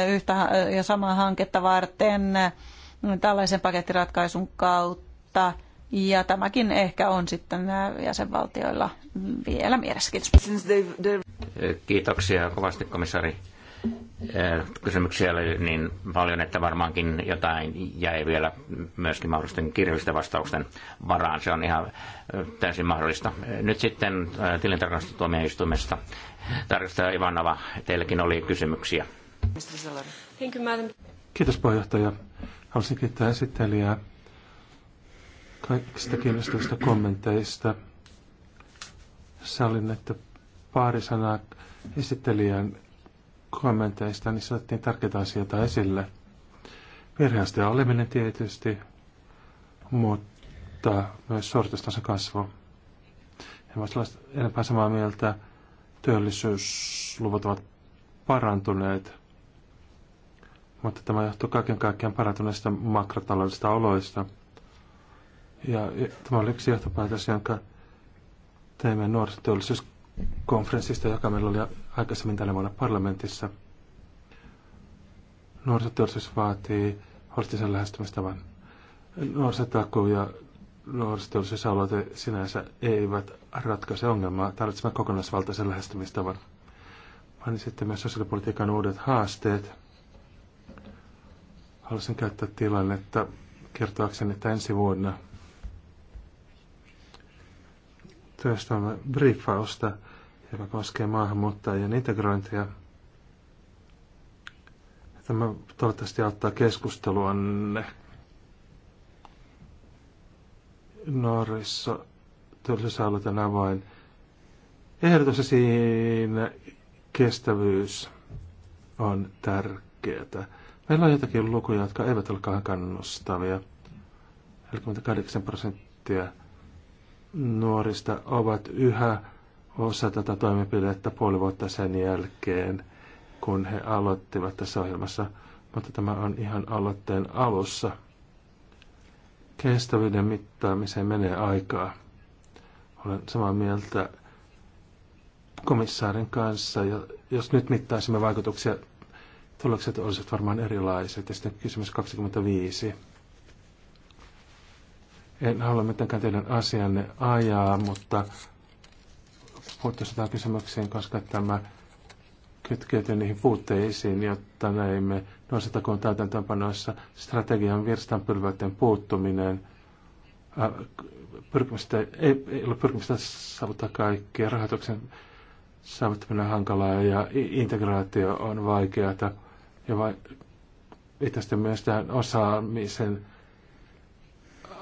yhtä ja samaa hanketta varten tällaisen pakettiratkaisun kautta ja tämäkin ehkä on sitten jäsenvaltioilla vielä mielessä. Kiitos. Kiitoksia kovasti komissari. Kysymyksiä oli niin paljon, että varmaankin jotain jäi vielä myöskin mahdollisten kirjallisten vastausten varaan. Se on ihan täysin mahdollista. Nyt sitten tilintarkastustuomioistuimesta. Tarkastaja Ivanova, teilläkin oli kysymyksiä. Kiitos puheenjohtaja. Haluaisin kiittää esittelijää kaikista kiinnostavista kommenteista. Sallin, että pari sanaa esittelijän kommenteista, niin saatiin tärkeitä asioita esille. Virheästä oleminen tietysti, mutta myös sortistansa kasvu. En ole sellaista enempää samaa mieltä. Työllisyysluvut ovat parantuneet, mutta tämä johtuu kaiken kaikkiaan parantuneista makrotaloudellisista oloista – ja tämä oli yksi johtopäätös, jonka teimme nuorisoteollisuuskonferenssista, joka meillä oli aikaisemmin tänä vuonna parlamentissa. Nuorisoteollisuus vaatii holistisen lähestymistavan. nuorisotaku ja nuorisoteollisuusaloite sinänsä eivät ratkaise ongelmaa. Tarvitsemme kokonaisvaltaisen lähestymistavan. Vaan sitten myös sosiaalipolitiikan uudet haasteet. Haluaisin käyttää tilannetta kertoakseni, että ensi vuonna – työstämme briefausta, joka koskee maahanmuuttajien integrointia. Tämä toivottavasti auttaa keskusteluanne Norissa työllisyysalueiden avoin. Ehdotus siinä kestävyys on tärkeää. Meillä on jotakin lukuja, jotka eivät olekaan kannustavia. 48 prosenttia nuorista ovat yhä osa tätä toimenpidettä puoli vuotta sen jälkeen, kun he aloittivat tässä ohjelmassa, mutta tämä on ihan aloitteen alussa. Kestävyyden mittaamiseen menee aikaa. Olen samaa mieltä komissaarin kanssa, ja jos nyt mittaisimme vaikutuksia, tulokset olisivat varmaan erilaiset. Ja sitten kysymys 25 en halua mitenkään teidän asianne ajaa, mutta puuttuisin tähän kysymykseen, koska tämä kytkeytyy niihin puutteisiin, jotta näimme nuorisotakuun täytäntöönpanoissa strategian virstanpylväiden puuttuminen. Äh, pyrkimistä, ei, ei ole pyrkimistä saavuttaa kaikkia. Rahoituksen saavuttaminen on hankalaa ja integraatio on vaikeata. Ja vai, itse myös tähän osaamisen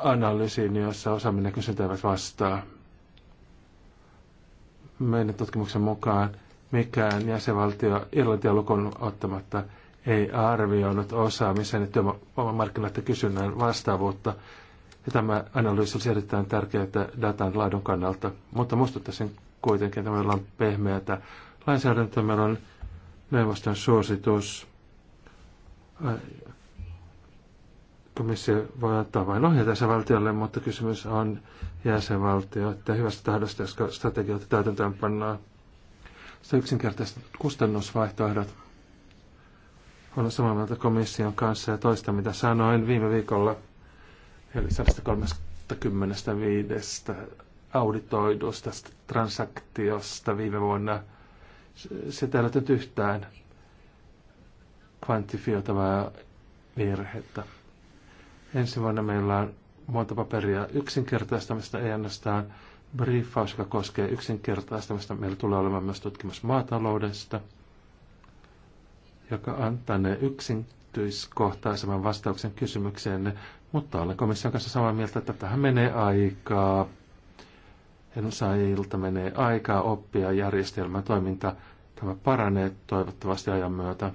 analyysiin, jossa osaaminen kysyntä eivät vastaa. Meidän tutkimuksen mukaan mikään jäsenvaltio Irlantia lukuun ottamatta ei arvioinut osaamisen ja työmarkkinoiden kysynnän vastaavuutta. Ja tämä analyysi olisi erittäin tärkeää datan laadun kannalta, mutta muistuttaisin kuitenkin, että meillä on pehmeätä lainsäädäntöä. Meillä on neuvoston suositus komissio voi antaa vain ohjeita jäsenvaltiolle, mutta kysymys on että hyvästä tahdosta, joska strategioita täytäntöön pannaan. Se yksinkertaiset kustannusvaihtoehdot. on samaa mieltä komission kanssa ja toista, mitä sanoin viime viikolla, eli 135 auditoidusta transaktiosta viime vuonna. se ei ole yhtään kvantifioitavaa virhettä. Ensi vuonna meillä on monta paperia yksinkertaistamista, ei ainoastaan briefaus, joka koskee yksinkertaistamista. Meillä tulee olemaan myös tutkimus maataloudesta, joka antaa ne yksityiskohtaisemman vastauksen kysymykseenne, mutta olen komission kanssa samaa mieltä, että tähän menee aikaa. Ensaajilta menee aikaa oppia järjestelmä toiminta. Tämä paranee toivottavasti ajan myötä.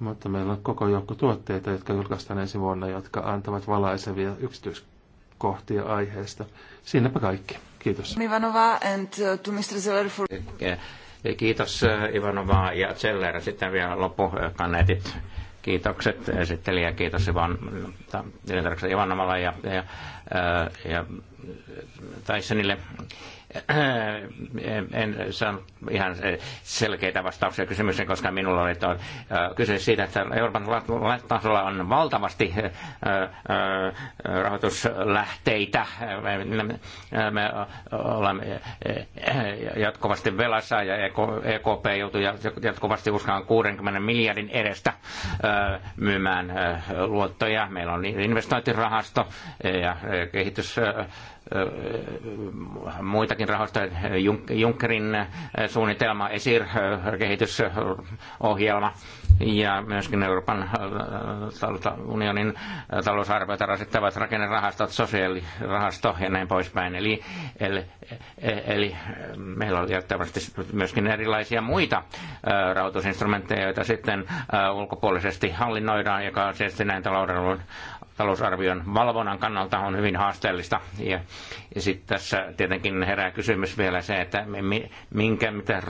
Mutta meillä on koko joukko tuotteita, jotka julkaistaan ensi vuonna, jotka antavat valaisevia yksityiskohtia aiheesta. Siinäpä kaikki. Kiitos. Ivanova and uh, to Mr. Zeller for... Eh, eh, kiitos eh, Ivanova ja Zeller. Sitten vielä loppukaneetit kiitokset esittelijä, kiitos Ivan, Ivanomalla ja, ja, ja, ja Tysonille Äh, en saanut ihan selkeitä vastauksia kysymykseen, koska minulla oli tuo, äh, kyse siitä, että Euroopan tasolla on valtavasti äh, rahoituslähteitä. Me olemme jatkuvasti velassa ja EKP e joutuu jatkuvasti uskaan 60 miljardin edestä myymään luottoja. Meillä on investointirahasto ja kehitys muitakin rahoista, Junckerin suunnitelma, ESIR-kehitysohjelma ja myöskin Euroopan unionin talousarviota rasittavat rakennerahastot, sosiaalirahasto ja näin poispäin. Eli, eli, eli meillä on jättävästi myöskin erilaisia muita rahoitusinstrumentteja, joita sitten ulkopuolisesti hallinnoidaan, joka tietysti näin talouden talousarvion valvonnan kannalta on hyvin haasteellista. Ja, ja sitten tässä tietenkin herää kysymys vielä se, että minkä mitä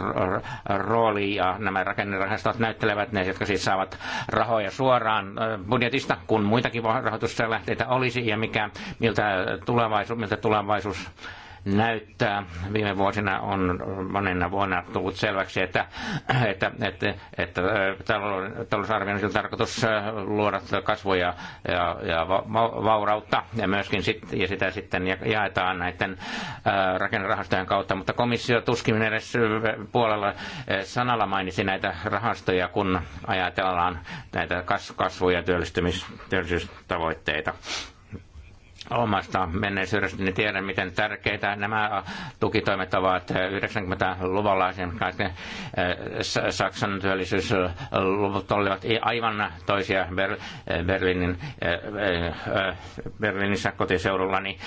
roolia nämä rakennerahastot näyttelevät, ne jotka siis saavat rahoja suoraan budjetista, kun muitakin rahoituslähteitä olisi, ja mikä, miltä, tulevaisuus, miltä tulevaisuus näyttää. Viime vuosina on monena vuonna tullut selväksi, että, että, että, että talousarvion on tarkoitus luoda kasvua ja, ja, ja vaurautta ja myöskin sit, ja sitä sitten jaetaan näiden rakennerahastojen kautta, mutta komissio tuskin edes puolella sanalla mainitsi näitä rahastoja, kun ajatellaan näitä kasvu- ja työllisyystavoitteita omasta menneisyydestä, niin tiedän, miten tärkeitä nämä tukitoimet ovat 90-luvulla. Esimerkiksi äh, Saksan työllisyysluvut olivat aivan toisia äh, Berliinin, äh, Berliinissä kotiseudulla, niin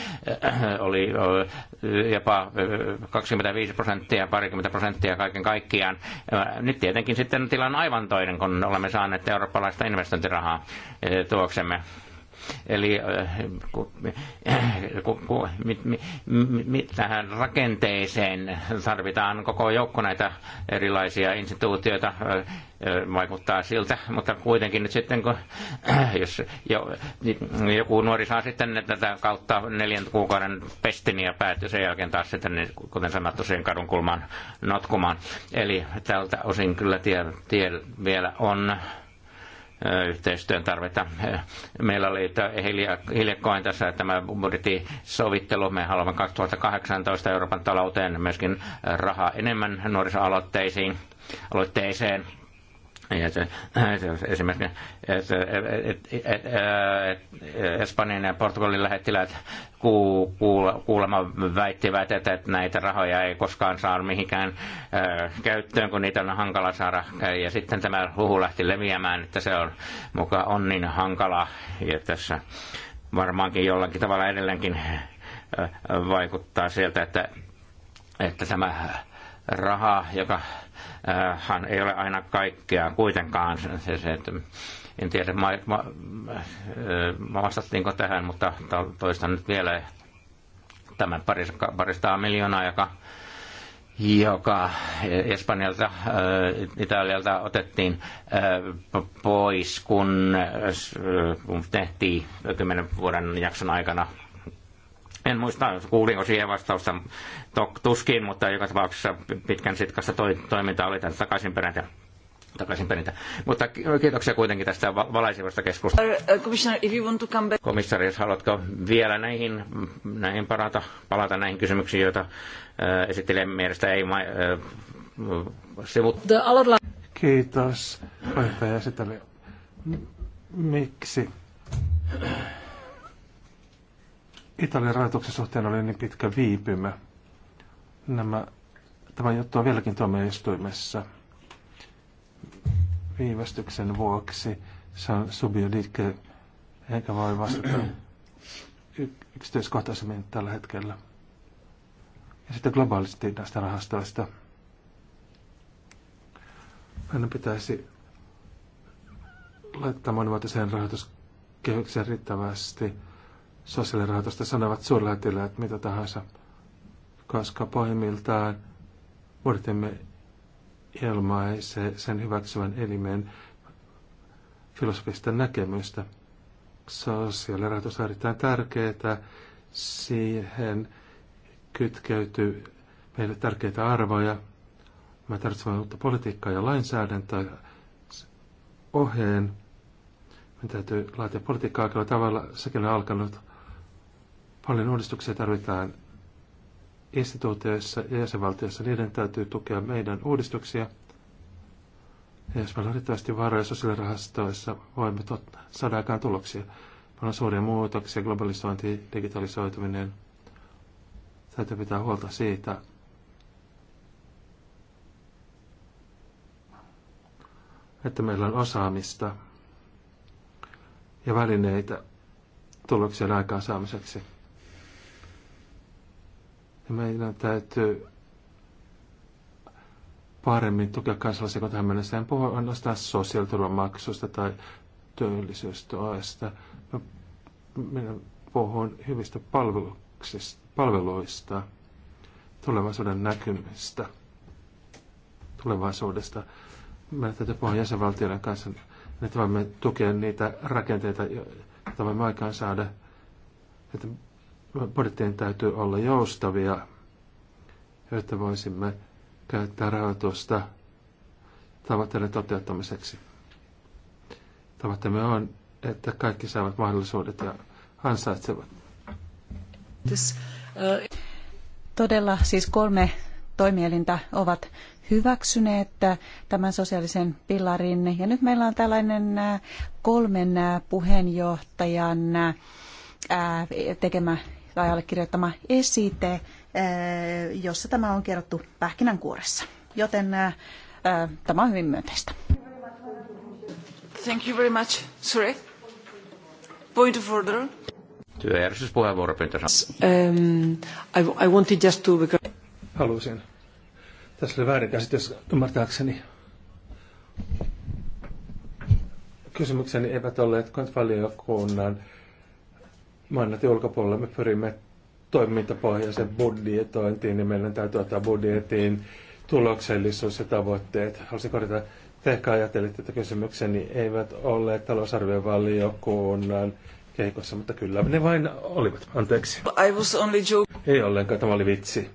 oli jopa 25 prosenttia, parikymmentä prosenttia kaiken kaikkiaan. Nyt tietenkin sitten tilanne on aivan toinen, kun olemme saaneet eurooppalaista investointirahaa tuoksemme Eli äh, ku, äh, ku, ku, mit, mit, mit, tähän rakenteeseen tarvitaan koko joukko näitä erilaisia instituutioita, äh, vaikuttaa siltä, mutta kuitenkin nyt sitten, kun, jos jo, niin joku nuori saa sitten tätä kautta neljän kuukauden pestin ja päätyy sen jälkeen taas sitten, niin kuten sanottu, siihen kadun kulmaan notkumaan. Eli tältä osin kyllä tie, tie vielä on yhteistyön tarvetta. Meillä oli hiljakkoin tässä tämä budjettisovittelu. Me haluamme 2018 Euroopan talouteen myöskin rahaa enemmän nuorisoaloitteisiin aloitteeseen se, että esimerkiksi että, et, et, et, Espanjan ja Portugalin lähettiläät ku, kuulemma väittivät, että, että näitä rahoja ei koskaan saa mihinkään käyttöön, kun niitä on hankala saada. Ja sitten tämä huhu lähti leviämään, että se on mukaan on niin hankala. Ja tässä varmaankin jollakin tavalla edelleenkin vaikuttaa sieltä, että, että tämä raha, joka hän ei ole aina kaikkea kuitenkaan. Se, se, että en tiedä, ma, ma, ma äh, vastattiinko tähän, mutta toistan nyt vielä tämän parista, paristaa miljoonaa, joka, joka Espanjalta, äh, Italialta otettiin äh, pois, kun tehtiin 10 vuoden jakson aikana en muista, kuulinko siihen vastausta, tuskin, mutta joka tapauksessa pitkän sitkassa toi, toiminta oli tässä takaisin perätä takaisin perintä. Mutta kiitoksia kuitenkin tästä valaisivasta keskustelusta. Uh, uh, Komissari, jos haluatko vielä näihin, näihin parata, palata näihin kysymyksiin, joita uh, esittelee mielestä ei äh, sivut. Kiitos, Miksi Italian rajoituksen suhteen oli niin pitkä viipymä. Nämä, tämä juttu on vieläkin tuomioistuimessa viivästyksen vuoksi. Se on subjudike, eikä voi vastata yksityiskohtaisemmin tällä hetkellä. Ja sitten globaalisti näistä rahastoista. Meidän pitäisi laittaa monivuotiseen rahoituskehykseen riittävästi sosiaalirahoitusta sanovat suurlähettiläät mitä tahansa, koska pohjimmiltaan budjettimme ilmaise sen hyväksyvän elimen filosofista näkemystä. Sosiaalirahoitus on erittäin tärkeää. Siihen kytkeytyy meille tärkeitä arvoja. Me tarvitsemme uutta politiikkaa ja lainsäädäntöä oheen. Meidän täytyy laatia politiikkaa aikalla tavalla. Sekin on alkanut Paljon uudistuksia tarvitaan instituutioissa ja jäsenvaltioissa. Niiden täytyy tukea meidän uudistuksia. Ja jos meillä on riittävästi varoja sosiaalirahastoissa, voimme totta, saada aikaan tuloksia. Meillä on suuria muutoksia, globalisointi, digitalisoituminen. Täytyy pitää huolta siitä, että meillä on osaamista ja välineitä tuloksien aikaansaamiseksi. Ja meidän täytyy paremmin tukea kansalaisia kun tähän mennessä. En puhu ainoastaan sosiaaliturvamaksusta tai työllisyystuesta. No, minä puhun hyvistä palveluista, tulevaisuuden näkymistä, tulevaisuudesta. Meidän täytyy puhua jäsenvaltioiden kanssa, että voimme tukea niitä rakenteita, joita voimme aikaan saada. Että budjettien täytyy olla joustavia, jotta voisimme käyttää rahoitusta tavoitteiden toteuttamiseksi. Tavoitteemme on, että kaikki saavat mahdollisuudet ja ansaitsevat. Uh, Todella siis kolme toimielintä ovat hyväksyneet tämän sosiaalisen pilarin. Ja nyt meillä on tällainen uh, kolmen uh, puheenjohtajan tekemä ja allekirjoittama esite, eh, jossa tämä on kerrottu pähkinänkuoressa. Joten eh, eh, tämä on hyvin myönteistä. Thank you very much. Sorry. Point of order. Työjärjestyspuheenvuoropyyntö. Um, I, I wanted just to... Halusin. Tässä oli käsitys, ymmärtääkseni. Kysymykseni eivät olleet valiokunnan mannatin ulkopuolella me pyrimme toimintapohjaisen budjetointiin, niin meidän täytyy ottaa budjetin tuloksellisuus ja tavoitteet. Haluaisin korjata, te ehkä ajattelitte, että kysymykseni eivät ole talousarviovaliokunnan kehikossa, mutta kyllä ne vain olivat. Anteeksi. I was only joke. Ei ollenkaan, tämä oli vitsi.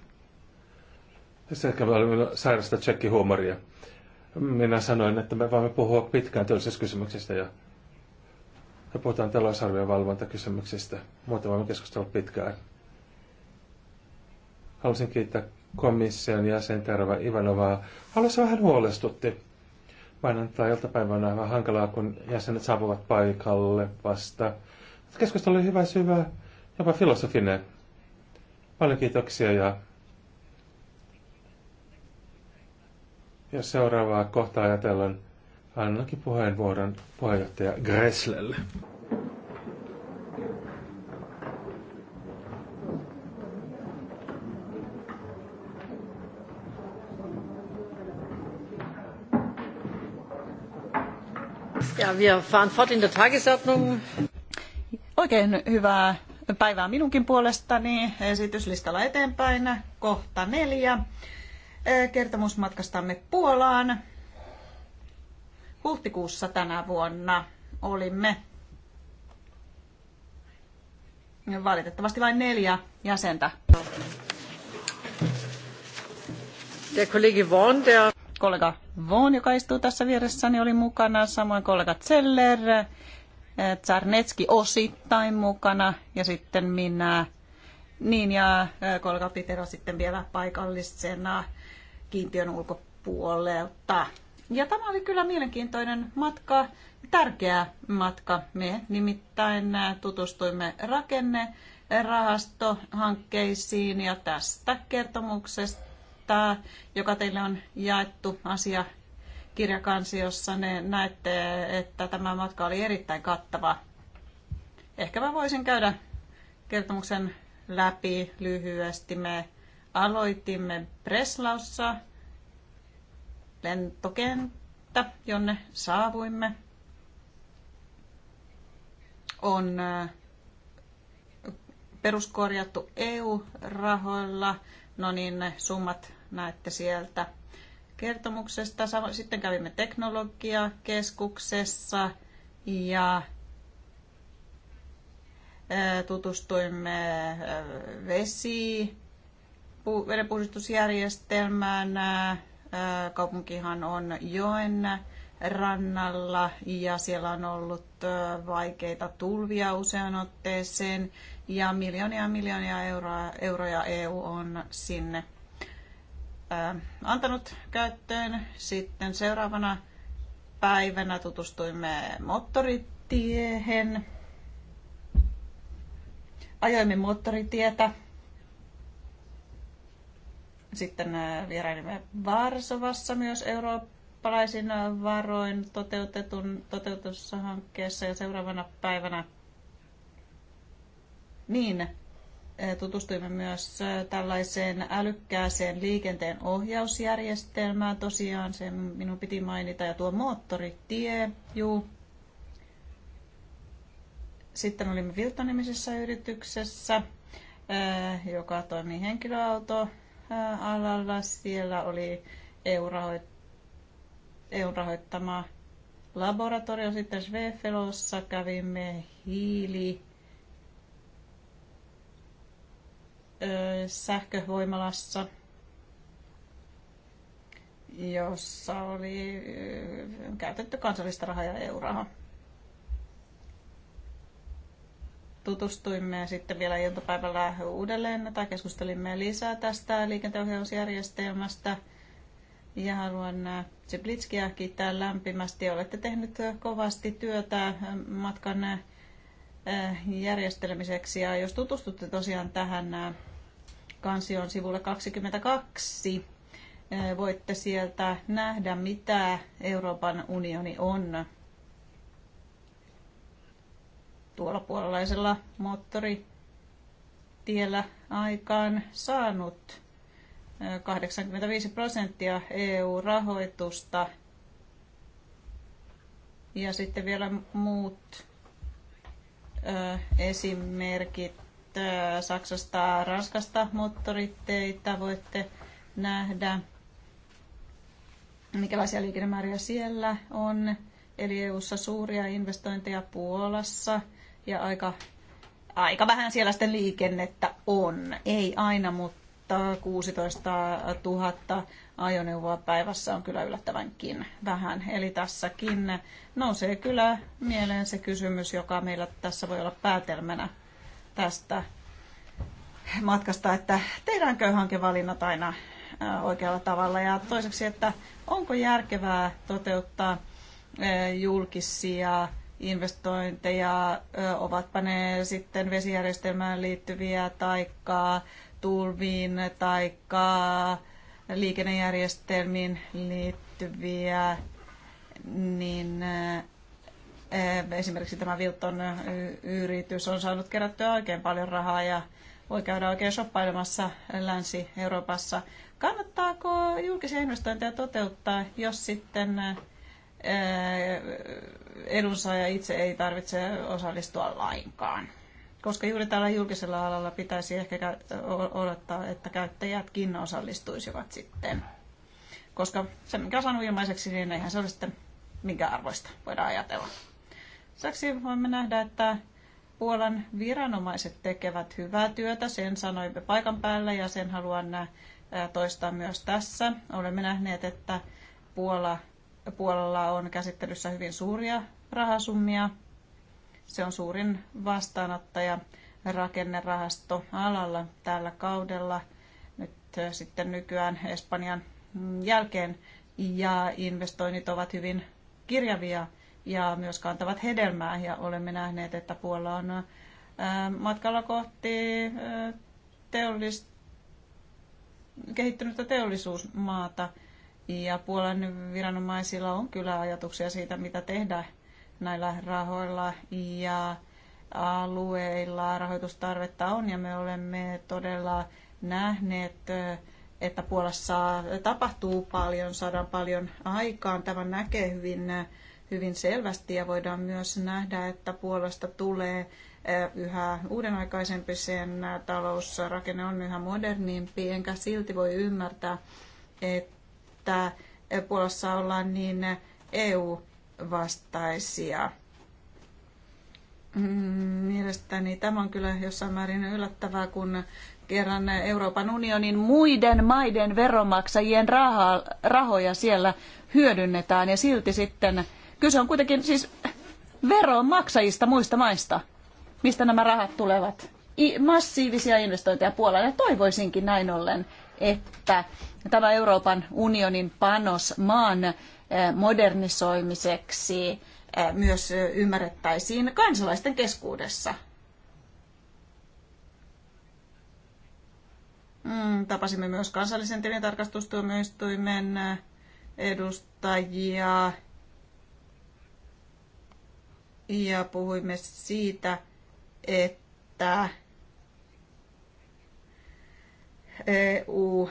Se ehkä oli sairasta tsekkihuumoria. Minä sanoin, että me voimme puhua pitkään työllisyyskysymyksistä ja me puhutaan talousarvion valvontakysymyksistä. Muuten voimme keskustella pitkään. Haluaisin kiittää komission jäsen Terva Ivanovaa. Haluaisin vähän huolestutti. Maanantai-iltapäivänä on vähän hankalaa, kun jäsenet saapuvat paikalle vasta. Keskustelu oli hyvä, syvä, jopa filosofinen. Paljon kiitoksia ja jos seuraavaa kohtaa ajatellaan, Annankin puheenvuoron puheenjohtaja Gresslelle. Ja, wir fahren fort in der Tagesordnung. Oikein hyvää päivää minunkin puolestani. Esityslistalla eteenpäin kohta neljä. Kertomusmatkastamme Puolaan huhtikuussa tänä vuonna olimme valitettavasti vain neljä jäsentä. Der Kollege Vaughan, der... Kollega Vaughan, joka istuu tässä vieressäni, niin oli mukana, samoin kollega Zeller, Tsarnetski osittain mukana ja sitten minä. Niin ja kollega Pitero sitten vielä paikallisena kiintiön ulkopuolelta. Ja tämä oli kyllä mielenkiintoinen matka, tärkeä matka. Me nimittäin äh, tutustuimme rakenne rahastohankkeisiin ja tästä kertomuksesta, joka teille on jaettu asia kirjakansiossa, ne näette, että tämä matka oli erittäin kattava. Ehkä mä voisin käydä kertomuksen läpi lyhyesti. Me aloitimme Breslaussa Lentokenttä, jonne saavuimme, on peruskorjattu EU-rahoilla. No niin, ne summat näette sieltä kertomuksesta. Sitten kävimme teknologiakeskuksessa ja tutustuimme vesi, vedenpuhdistusjärjestelmään, Kaupunkihan on joen rannalla ja siellä on ollut vaikeita tulvia usean otteeseen ja miljoonia miljoonia euroa, euroja EU on sinne antanut käyttöön. Sitten seuraavana päivänä tutustuimme moottoritiehen. Ajoimme moottoritietä sitten äh, vierailimme Varsovassa myös eurooppalaisin äh, varoin toteutetun, toteutussa hankkeessa ja seuraavana päivänä niin äh, tutustuimme myös tällaiseen älykkääseen liikenteen ohjausjärjestelmään. Tosiaan se minun piti mainita ja tuo moottoritie, juu. Sitten olimme Viltonimisessä yrityksessä, joka toimii henkilöauto alalla. Siellä oli EU-rahoittama laboratorio. Sitten Svefelossa kävimme hiili sähkövoimalassa, jossa oli käytetty kansallista rahaa ja euroa. tutustuimme ja sitten vielä iltapäivällä uudelleen tai keskustelimme lisää tästä liikenteohjausjärjestelmästä. Ja haluan äh, Tsiplitskiä kiittää lämpimästi. Olette tehnyt äh, kovasti työtä äh, matkan järjestelemiseksi. Ja jos tutustutte tosiaan tähän kansion sivulle 22, voitte sieltä nähdä, mitä Euroopan unioni on tuolla puolalaisella moottoritiellä aikaan saanut 85 prosenttia EU-rahoitusta ja sitten vielä muut ö, esimerkit ö, Saksasta, Ranskasta moottoriteitä voitte nähdä, mikälaisia liikennemääriä siellä on. Eli EU-ssa suuria investointeja Puolassa – ja aika, aika vähän siellä sitten liikennettä on. Ei aina, mutta 16 000 ajoneuvoa päivässä on kyllä yllättävänkin vähän. Eli tässäkin nousee kyllä mieleen se kysymys, joka meillä tässä voi olla päätelmänä tästä matkasta, että tehdäänkö hankevalinnat aina oikealla tavalla ja toiseksi, että onko järkevää toteuttaa julkisia investointeja, ovatpa ne sitten vesijärjestelmään liittyviä taikka tulviin taikka liikennejärjestelmiin liittyviä, niin esimerkiksi tämä Vilton yritys on saanut kerättyä oikein paljon rahaa ja voi käydä oikein shoppailemassa Länsi-Euroopassa. Kannattaako julkisia investointeja toteuttaa, jos sitten edunsaaja itse ei tarvitse osallistua lainkaan. Koska juuri tällä julkisella alalla pitäisi ehkä odottaa, että käyttäjätkin osallistuisivat sitten. Koska se, mikä on ilmaiseksi, niin eihän se ole sitten minkä arvoista voidaan ajatella. Lisäksi voimme nähdä, että Puolan viranomaiset tekevät hyvää työtä, sen sanoimme paikan päällä ja sen haluan toistaa myös tässä. Olemme nähneet, että Puola puolella on käsittelyssä hyvin suuria rahasummia. Se on suurin vastaanottaja alalla tällä kaudella, nyt sitten nykyään Espanjan jälkeen. Ja investoinnit ovat hyvin kirjavia ja myös kantavat hedelmää. Ja olemme nähneet, että Puola on matkalla kohti teollis... kehittynyttä teollisuusmaata – ja puolen viranomaisilla on kyllä ajatuksia siitä, mitä tehdä näillä rahoilla ja alueilla rahoitustarvetta on ja me olemme todella nähneet, että Puolassa tapahtuu paljon, saadaan paljon aikaan. Tämä näkee hyvin, hyvin selvästi ja voidaan myös nähdä, että Puolasta tulee yhä uudenaikaisempi, sen talousrakenne on yhä modernimpi, enkä silti voi ymmärtää, että että Puolassa ollaan niin EU-vastaisia. Mm, mielestäni tämä on kyllä jossain määrin yllättävää, kun kerran Euroopan unionin muiden maiden veronmaksajien rahaa, rahoja siellä hyödynnetään ja silti sitten kyse on kuitenkin siis veronmaksajista muista maista, mistä nämä rahat tulevat. I, massiivisia investointeja puolalle ja toivoisinkin näin ollen, että tämä Euroopan unionin panos maan eh, modernisoimiseksi eh, myös ymmärrettäisiin kansalaisten keskuudessa. Mm, tapasimme myös kansallisen tilintarkastustuomioistuimen eh, edustajia ja puhuimme siitä, että EU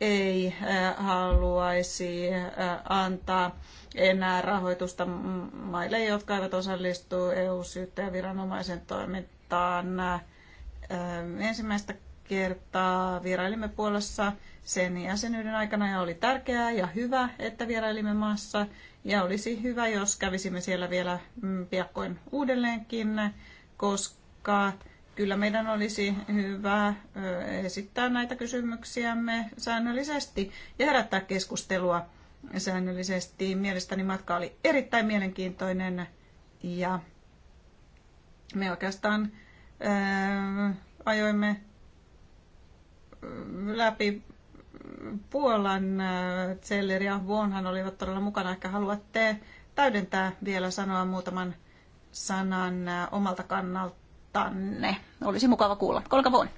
ei e, haluaisi e, antaa enää rahoitusta maille, jotka eivät osallistu EU-syyttäjäviranomaisen toimintaan. E, ensimmäistä kertaa vierailimme Puolassa sen jäsenyyden aikana ja oli tärkeää ja hyvä, että vierailimme maassa. Ja olisi hyvä, jos kävisimme siellä vielä mm, piakkoin uudelleenkin, koska kyllä meidän olisi hyvä esittää näitä kysymyksiämme säännöllisesti ja herättää keskustelua säännöllisesti. Mielestäni matka oli erittäin mielenkiintoinen ja me oikeastaan ää, ajoimme läpi Puolan Zeller ja Vuonhan olivat todella mukana. Ehkä haluatte täydentää vielä sanoa muutaman sanan omalta kannalta kantanne. Olisi mukava kuulla. Kolka vuonna.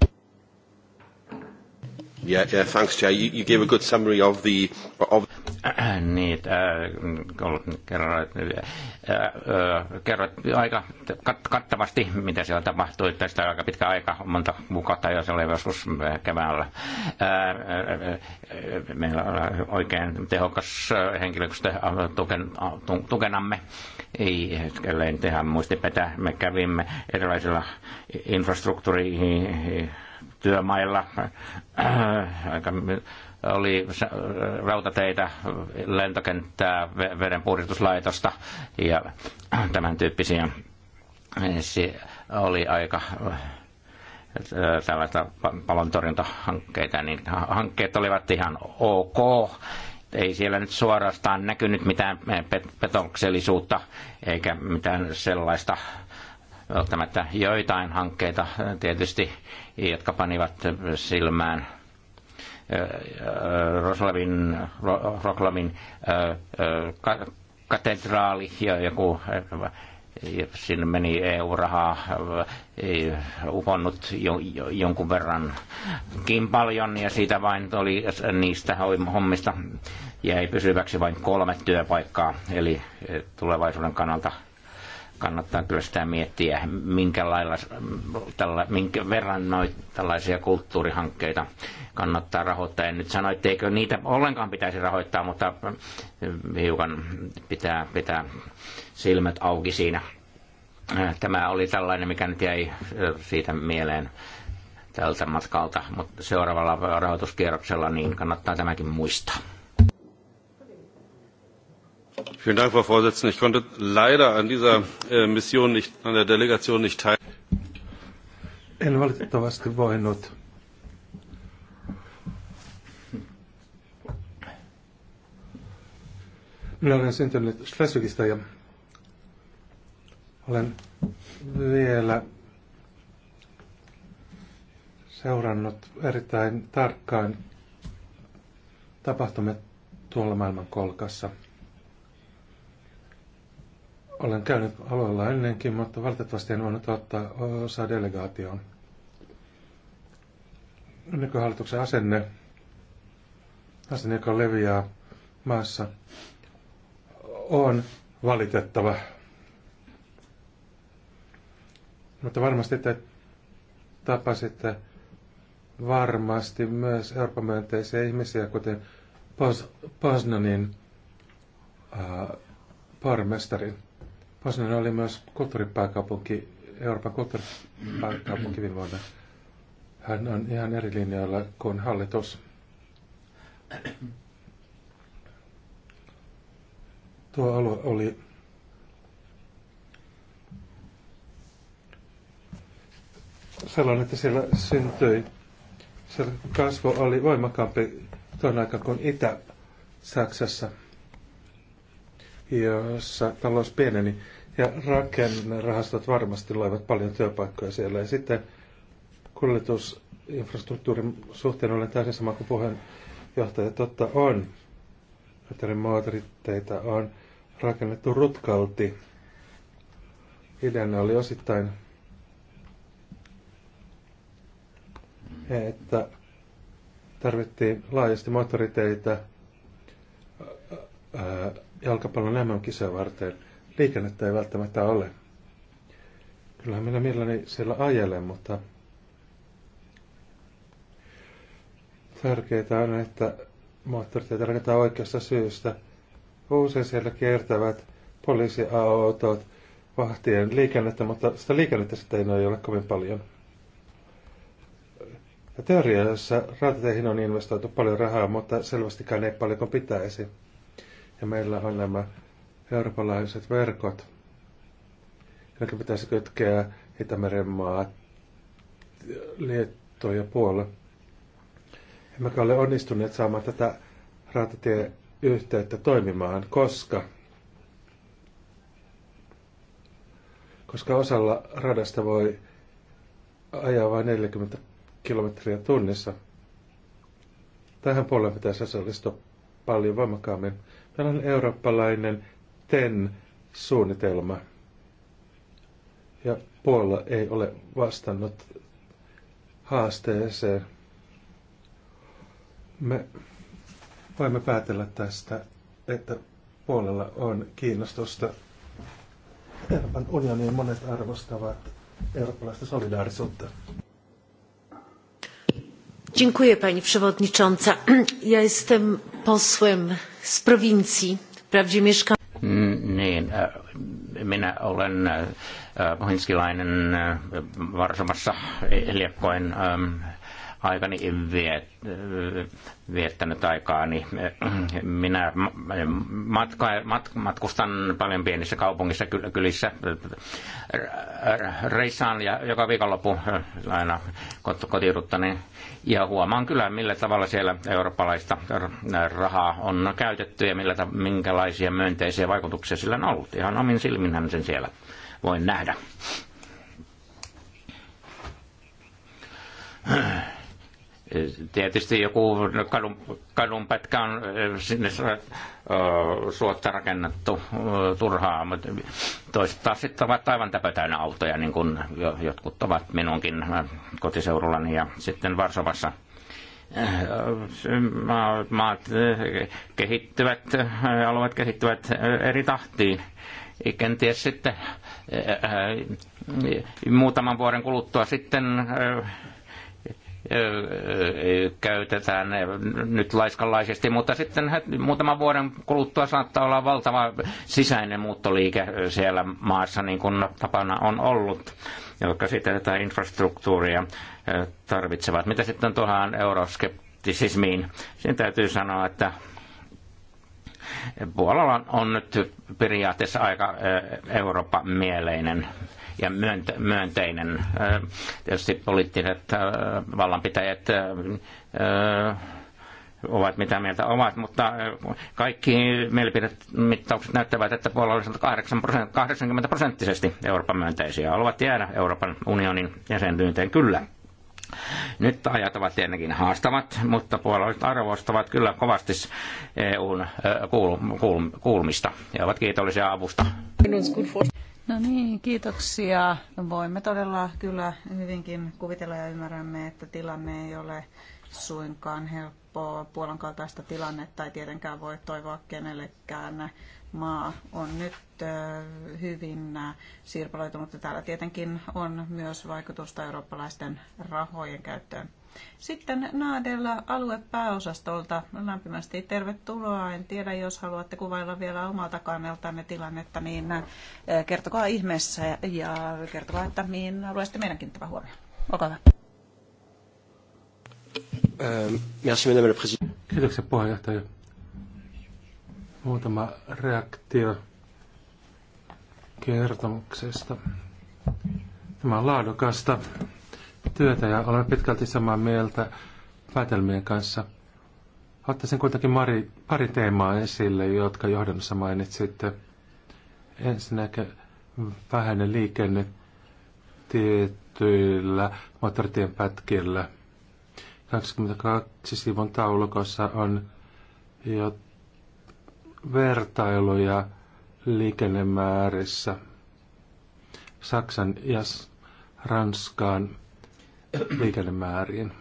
Yeah, yeah, thanks, You, you gave a good summary of the... Of... Äh, niin, äh, kerroit, äh, kerroit aika kattavasti, mitä siellä tapahtui. Tästä aika pitkä aika, monta kuukautta jo, se oli joskus keväällä. Meillä on oikein tehokas henkilöstö tuken, tukenamme. Ei hetkelleen tehdä muistipetä. Me kävimme erilaisilla infrastruktuuriin työmailla. Äh, aika oli rautateitä, lentokenttää, vedenpuhdistuslaitosta ja [clears throat] tämän tyyppisiä. Se oli aika äh, tällaista palontorjuntahankkeita, niin hankkeet olivat ihan ok. Ei siellä nyt suorastaan näkynyt mitään petoksellisuutta eikä mitään sellaista välttämättä joitain hankkeita tietysti jotka panivat silmään äh, äh, Roslavin, roklavin äh, katedraali ja joku sinne meni EU-rahaa jo, jonkun verrankin paljon ja siitä vain oli niistä hommista jäi pysyväksi vain kolme työpaikkaa, eli tulevaisuuden kannalta kannattaa kyllä sitä miettiä, minkä, lailla, tällä, minkä verran noit, tällaisia kulttuurihankkeita kannattaa rahoittaa. En nyt sano, etteikö niitä ollenkaan pitäisi rahoittaa, mutta hiukan pitää, pitää silmät auki siinä. Tämä oli tällainen, mikä nyt jäi siitä mieleen tältä matkalta, mutta seuraavalla rahoituskierroksella niin kannattaa tämäkin muistaa frau präsidentin! ich konnte leider an dieser äh, mission nicht, an der delegation nicht teilnehmen. Minä olen syntynyt Schleswigistä ja olen vielä seurannut erittäin tarkkaan tapahtumia tuolla maailmankolkassa – olen käynyt alueella ennenkin, mutta valitettavasti en voinut ottaa osaa delegaatioon. Nykyhallituksen asenne, asenne, joka leviää maassa, on valitettava. Mutta varmasti te tapasitte varmasti myös Euroopan myönteisiä ihmisiä, kuten Poznanin äh, pormestarin. Poznan oli myös kulttuuripääkaupunki, Euroopan kulttuuripääkaupunki viime vuonna. Hän on ihan eri linjoilla kuin hallitus. Tuo alue oli sellainen, että siellä syntyi, siellä kasvu oli voimakkaampi tuon aikaan kuin Itä-Saksassa jossa talous pieneni. Ja rakennerahastot varmasti loivat paljon työpaikkoja siellä. Ja sitten kuljetusinfrastruktuurin suhteen olen täysin sama kuin puheenjohtaja. Totta on, että moottoriteitä on rakennettu rutkalti. Ideana oli osittain, että tarvittiin laajasti moottoriteitä ää, jalkapallon MM-kisoja varten liikennettä ei välttämättä ole. Kyllähän minä mielelläni siellä ajelen, mutta tärkeää on, että moottoriteitä rakennetaan oikeasta syystä. Usein siellä kiertävät poliisiautot, vahtien liikennettä, mutta sitä liikennettä sitten ei ole kovin paljon. Ja teoria, jossa rautateihin on investoitu paljon rahaa, mutta selvästikään ei paljon kuin pitäisi ja meillä on nämä eurooppalaiset verkot, jotka pitäisi kytkeä Itämeren maat, Liettua ja Puola. Emmekä ole onnistuneet saamaan tätä rautatieyhteyttä toimimaan, koska koska osalla radasta voi ajaa vain 40 kilometriä tunnissa. Tähän puoleen pitäisi osallistua paljon voimakkaammin. Tällainen eurooppalainen TEN-suunnitelma. Ja Puola ei ole vastannut haasteeseen. Me voimme päätellä tästä, että puolella on kiinnostusta Euroopan unionin monet arvostavat eurooppalaista solidaarisuutta. Dziękuję pani przewodnicząca. [clears throat] Ja jestem posłem z prowincji, wprawdzie mieszkam... Mm, niin, äh, minä olen äh, hinskilainen äh, Varsovassa, liekkoin äh, aikani viettänyt aikaani. Minä matka, mat, matkustan paljon pienissä kaupungissa, kylissä, reissaan ja joka viikonloppu aina kotiuduttani. Ja huomaan kyllä, millä tavalla siellä eurooppalaista rahaa on käytetty ja millä, minkälaisia myönteisiä vaikutuksia sillä on ollut. Ihan omin silminhän sen siellä voin nähdä. Tietysti joku kadun, kadunpätkä on eh, sinne eh, suotta rakennettu eh, turhaa, mutta toiset taas sitten ovat aivan täpötäynnä autoja, niin kuin jotkut ovat minunkin kotiseudullani ja sitten Varsovassa maat kehittyvät, alueet kehittyvät eri tahtiin. Kenties sitten muutaman vuoden kuluttua sitten käytetään nyt laiskanlaisesti, mutta sitten muutaman vuoden kuluttua saattaa olla valtava sisäinen muuttoliike siellä maassa, niin kuin tapana on ollut, jotka sitten tätä infrastruktuuria tarvitsevat. Mitä sitten tuohon euroskeptisismiin? Siinä täytyy sanoa, että Puolalla on nyt periaatteessa aika Eurooppa-mieleinen ja myönteinen. Tietysti poliittiset vallanpitäjät ovat mitä mieltä ovat, mutta kaikki mielipidemittaukset näyttävät, että puolueet ovat 80 prosenttisesti Euroopan myönteisiä. Haluavat jäädä Euroopan unionin jäsenyyteen kyllä. Nyt ajat ovat tietenkin haastavat, mutta puolueet arvostavat kyllä kovasti EUn kuulumista ja ovat kiitollisia avusta. No niin, kiitoksia. Voimme todella kyllä hyvinkin kuvitella ja ymmärrämme, että tilanne ei ole suinkaan helppoa. Puolan kaltaista tilannetta ei tietenkään voi toivoa kenellekään. Maa on nyt hyvin sirpaloitunut ja täällä tietenkin on myös vaikutusta eurooppalaisten rahojen käyttöön. Sitten Naadella aluepääosastolta lämpimästi tervetuloa. En tiedä, jos haluatte kuvailla vielä omalta kannaltanne tilannetta, niin äh, kertokaa ihmeessä ja kertokaa, että mihin alueesta meidän kiinnittävä huomio. Olkaa hyvä. Ähm, Kiitoksia puheenjohtaja. Muutama reaktio kertomuksesta. Tämä on laadukasta työtä ja olemme pitkälti samaa mieltä päätelmien kanssa. Ottaisin kuitenkin Mari, pari teemaa esille, jotka johdannossa mainitsit. Ensinnäkin vähäinen liikenne tietyillä motortien pätkillä. 22 sivun taulukossa on jo vertailuja liikennemäärissä Saksan ja Ranskan liikennemääriin.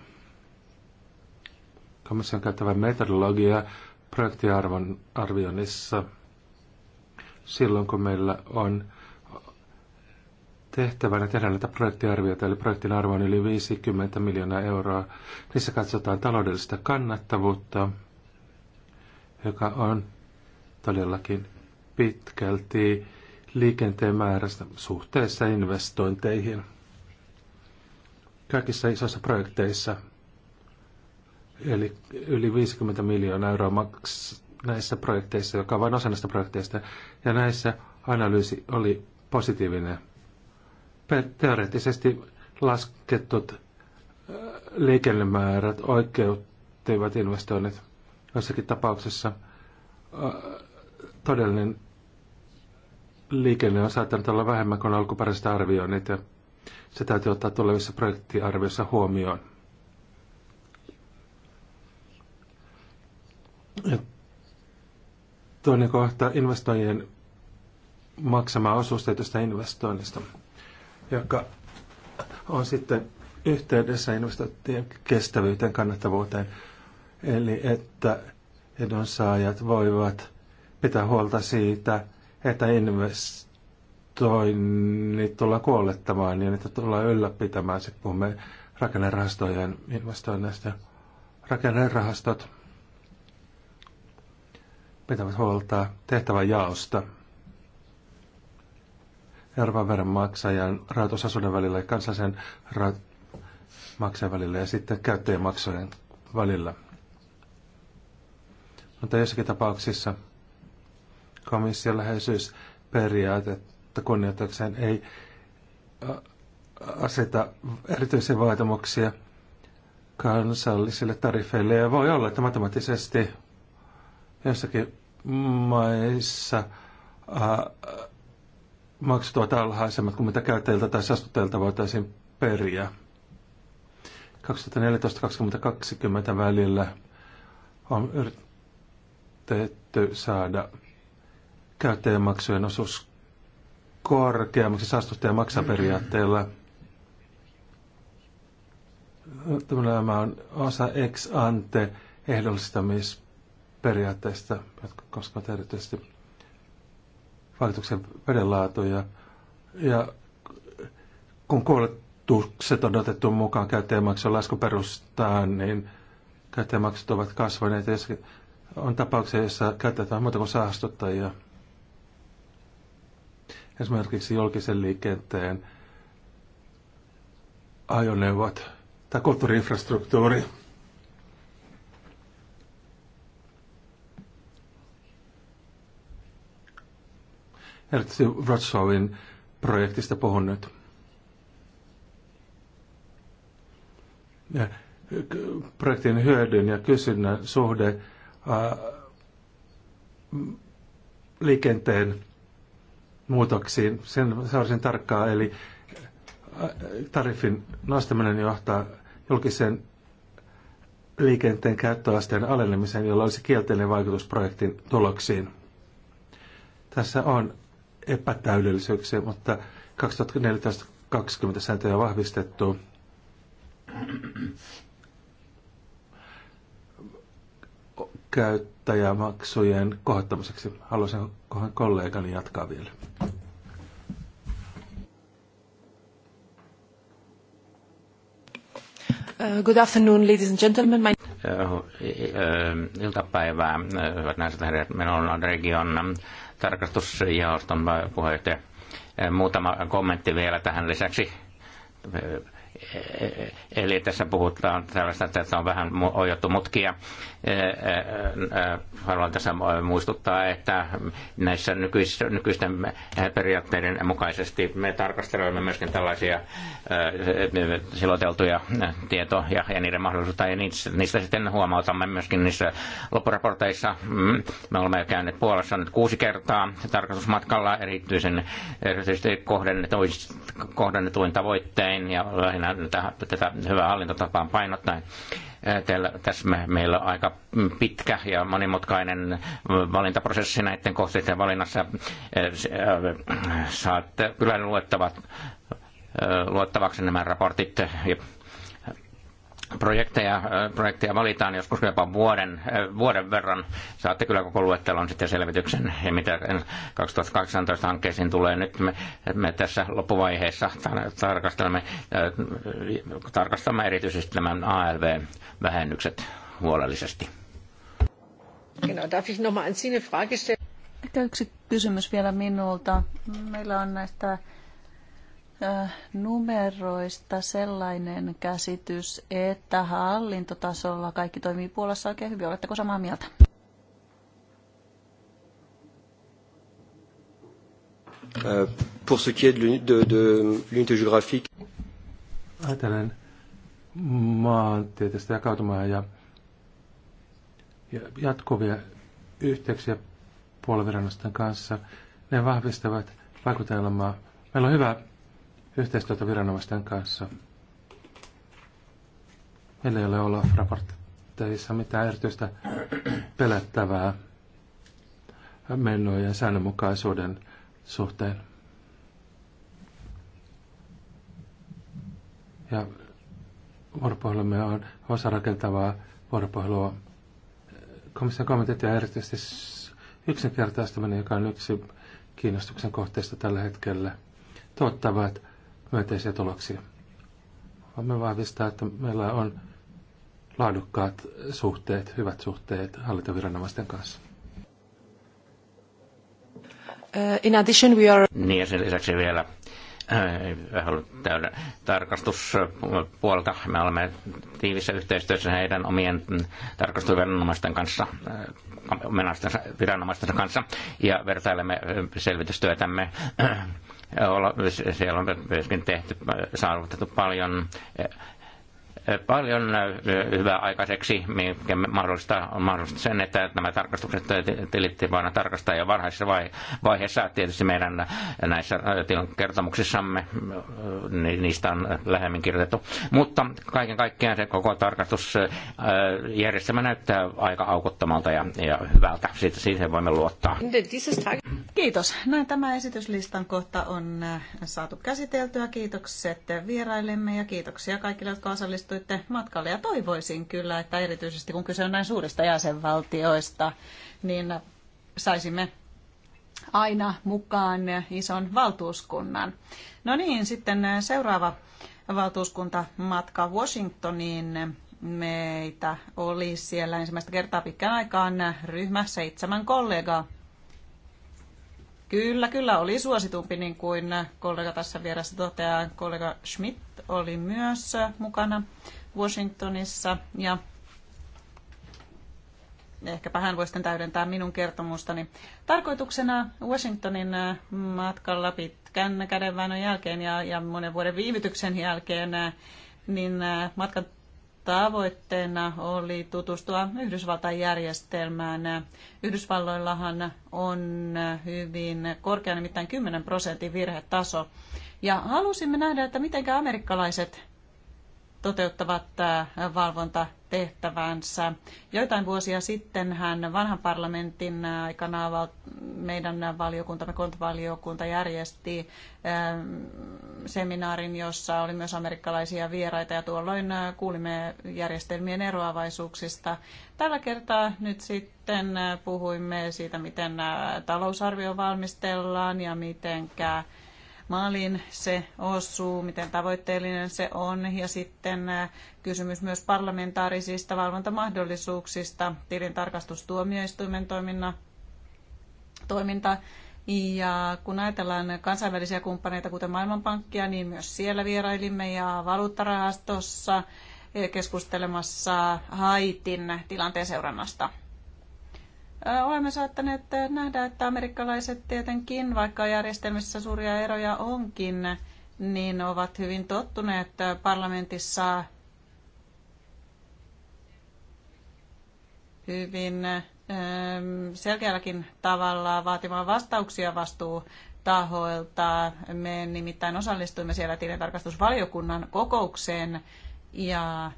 Komission käyttävä metodologia projektiarvon arvioinnissa silloin, kun meillä on tehtävänä tehdä näitä projektiarvioita, eli projektin arvo on yli 50 miljoonaa euroa. Niissä katsotaan taloudellista kannattavuutta, joka on todellakin pitkälti liikenteen määrästä suhteessa investointeihin kaikissa isoissa projekteissa. Eli yli 50 miljoonaa euroa maks näissä projekteissa, joka on vain osa näistä projekteista. Ja näissä analyysi oli positiivinen. Teoreettisesti laskettut äh, liikennemäärät oikeuttivat investoinnit. Jossakin tapauksessa äh, todellinen liikenne on saattanut olla vähemmän kuin alkuperäiset arvioinnit. Ja se täytyy ottaa tulevissa projektiarvioissa huomioon. Ja toinen kohta investoijien maksama osuus tietystä investoinnista, joka on sitten yhteydessä investointien kestävyyteen, kannattavuuteen. Eli että edunsaajat voivat pitää huolta siitä, että invest investoinnit niin tullaan kuollettamaan ja niitä tullaan ylläpitämään. Sitten me rakennerahastojen investoinneista. Rakennerahastot pitävät huolta tehtävän jaosta. Euroopan maksajan rahoitusasuuden välillä ja kansallisen ra- maksajan välillä ja sitten käyttäjämaksujen välillä. Mutta jossakin tapauksissa komission läheisyysperiaatetta kunnioitakseen ei aseta erityisiä vaatimuksia kansallisille tarifeille. Ja voi olla, että matemaattisesti jossakin maissa ää, maksut ovat alhaisemmat kuin mitä käyttäjiltä tai saastuttajilta voitaisiin periä. 2014-2020 välillä on yritetty saada käyttäjämaksujen osuus korkeammaksi saastuttaja maksaa periaatteella. Tämä on osa ex ante ehdollistamisperiaatteista, jotka koskevat erityisesti valituksen vedenlaatuja. Ja kun kuoletukset on otettu mukaan käyttäjämaksun laskuperustaan, niin käyttäjämaksut ovat kasvaneet. Ja on tapauksia, joissa käytetään muuta kuin saastuttajia – Esimerkiksi julkisen liikenteen ajoneuvot tai kulttuuriinfrastruktuuri. Erityisesti Wrocławin projektista puhun nyt. Ja projektin hyödyn ja kysynnän suhde liikenteen muutoksiin. Sen seurasin tarkkaa, eli äh, tariffin nostaminen johtaa julkisen liikenteen käyttöasteen alenemiseen, jolla olisi kielteinen vaikutus projektin tuloksiin. Tässä on epätäydellisyyksiä, mutta 2014-2020 sääntöjä on vahvistettu. käyttäjämaksujen kohottamiseksi. Haluaisin kohan kollegani jatkaa vielä. Uh, good afternoon, ladies and gentlemen. My... Uh, um, iltapäivää, uh, hyvät naiset ja herrat. Minä olen region tarkastusjaoston puheenjohtaja. Muutama kommentti vielä tähän lisäksi Eli tässä puhutaan tällaista, että on vähän ojottu mutkia. Haluan tässä muistuttaa, että näissä nykyisten periaatteiden mukaisesti me tarkastelemme myöskin tällaisia siloteltuja tietoja ja niiden mahdollisuutta. Ja niistä sitten huomautamme myöskin niissä loppuraporteissa. Mm, me olemme käyneet Puolassa nyt kuusi kertaa tarkastusmatkalla erityisen erityisesti kohdennetuin, kohdennetuin tavoittein ja lähinnä tätä hyvää hallintotapaa painottaen. tässä me, meillä on aika pitkä ja monimutkainen valintaprosessi näiden kohteiden valinnassa. Saatte kyllä luettavat luottavaksi nämä raportit projekteja, projekteja valitaan joskus jopa vuoden, vuoden verran. Saatte kyllä koko luettelon sitten selvityksen, ja mitä 2018 hankkeisiin tulee. Nyt me, me tässä loppuvaiheessa tarkastelemme, tarkastamme erityisesti tämän ALV-vähennykset huolellisesti. Genau, darf ich nochmal eine Frage stellen? yksi kysymys vielä minulta. Meillä on näistä Äh, numeroista sellainen käsitys, että hallintotasolla kaikki toimii Puolassa oikein hyvin. Oletteko samaa mieltä? Äh, pour ce qui est de l'unité géographique. Ajatellen maantieteestä jakautumaa ja, ja jatkuvia yhteyksiä puoliviranosten kanssa. Ne vahvistavat vaikutelmaa. Meillä on hyvä yhteistyötä viranomaisten kanssa. Meillä ei ole Olaf-raportteissa mitään erityistä pelättävää menojen säännönmukaisuuden suhteen. Ja vuoropuhelumme on osa rakentavaa vuoropuhelua. Komission kommentit ja erityisesti yksinkertaistaminen, joka on yksi kiinnostuksen kohteista tällä hetkellä, tuottavat myönteisiä tuloksia. Voimme vahvistaa, että meillä on laadukkaat suhteet, hyvät suhteet hallintoviranomaisten kanssa. Uh, in addition we are... Niin ja sen lisäksi vielä äh, tarkastuspuolta. Me olemme tiivissä yhteistyössä heidän omien tarkastusviranomaisten kanssa, äh, viranomaisten kanssa ja vertailemme äh, selvitystyötämme siellä on myöskin tehty, saavutettu paljon paljon äh, hyvää aikaiseksi, mikä mahdollistaa, on mahdollista sen, että nämä tarkastukset tilittiin vain tarkastaa jo varhaisessa vaiheessa. Tietysti meidän äh, näissä äh, kertomuksissamme niistä on lähemmin kirjoitettu. Mutta kaiken kaikkiaan se koko tarkastusjärjestelmä näyttää aika aukottomalta ja, ja hyvältä. Siitä, siihen voimme luottaa. Kiitos. Näin tämä esityslistan kohta on saatu käsiteltyä. Kiitokset vierailemme ja kiitoksia kaikille, jotka osallistuivat osallistuitte matkalle. Ja toivoisin kyllä, että erityisesti kun kyse on näin suurista jäsenvaltioista, niin saisimme aina mukaan ison valtuuskunnan. No niin, sitten seuraava valtuuskunta matka Washingtoniin. Meitä oli siellä ensimmäistä kertaa pitkän aikaan ryhmä seitsemän kollegaa Kyllä, kyllä, oli suositumpi, niin kuin kollega tässä vieressä toteaa. Kollega Schmidt oli myös mukana Washingtonissa ja ehkäpä hän voi sitten täydentää minun kertomustani. Tarkoituksena Washingtonin matkalla pitkän kädenväännön jälkeen ja, ja monen vuoden viivytyksen jälkeen niin matkan tavoitteena oli tutustua Yhdysvaltain järjestelmään. Yhdysvalloillahan on hyvin korkea, nimittäin 10 prosentin virhetaso. Ja halusimme nähdä, että miten amerikkalaiset toteuttavat äh, valvontatehtävänsä. Joitain vuosia sitten hän vanhan parlamentin äh, aikana meidän valiokuntamme, kontvaliokunta järjesti äh, seminaarin, jossa oli myös amerikkalaisia vieraita ja tuolloin kuulimme järjestelmien eroavaisuuksista. Tällä kertaa nyt sitten puhuimme siitä, miten talousarvio valmistellaan ja mitenkä maaliin se osuu, miten tavoitteellinen se on ja sitten äh, kysymys myös parlamentaarisista valvontamahdollisuuksista, tilintarkastustuomioistuimen toiminna, toiminta ja kun ajatellaan kansainvälisiä kumppaneita, kuten Maailmanpankkia, niin myös siellä vierailimme ja valuuttarahastossa äh, keskustelemassa Haitin tilanteen seurannasta. Olemme saattaneet nähdä, että amerikkalaiset tietenkin, vaikka järjestelmissä suuria eroja onkin, niin ovat hyvin tottuneet parlamentissa hyvin selkeälläkin tavalla vaatimaan vastauksia vastuu tahoilta. Me nimittäin osallistuimme siellä tilintarkastusvaliokunnan kokoukseen ja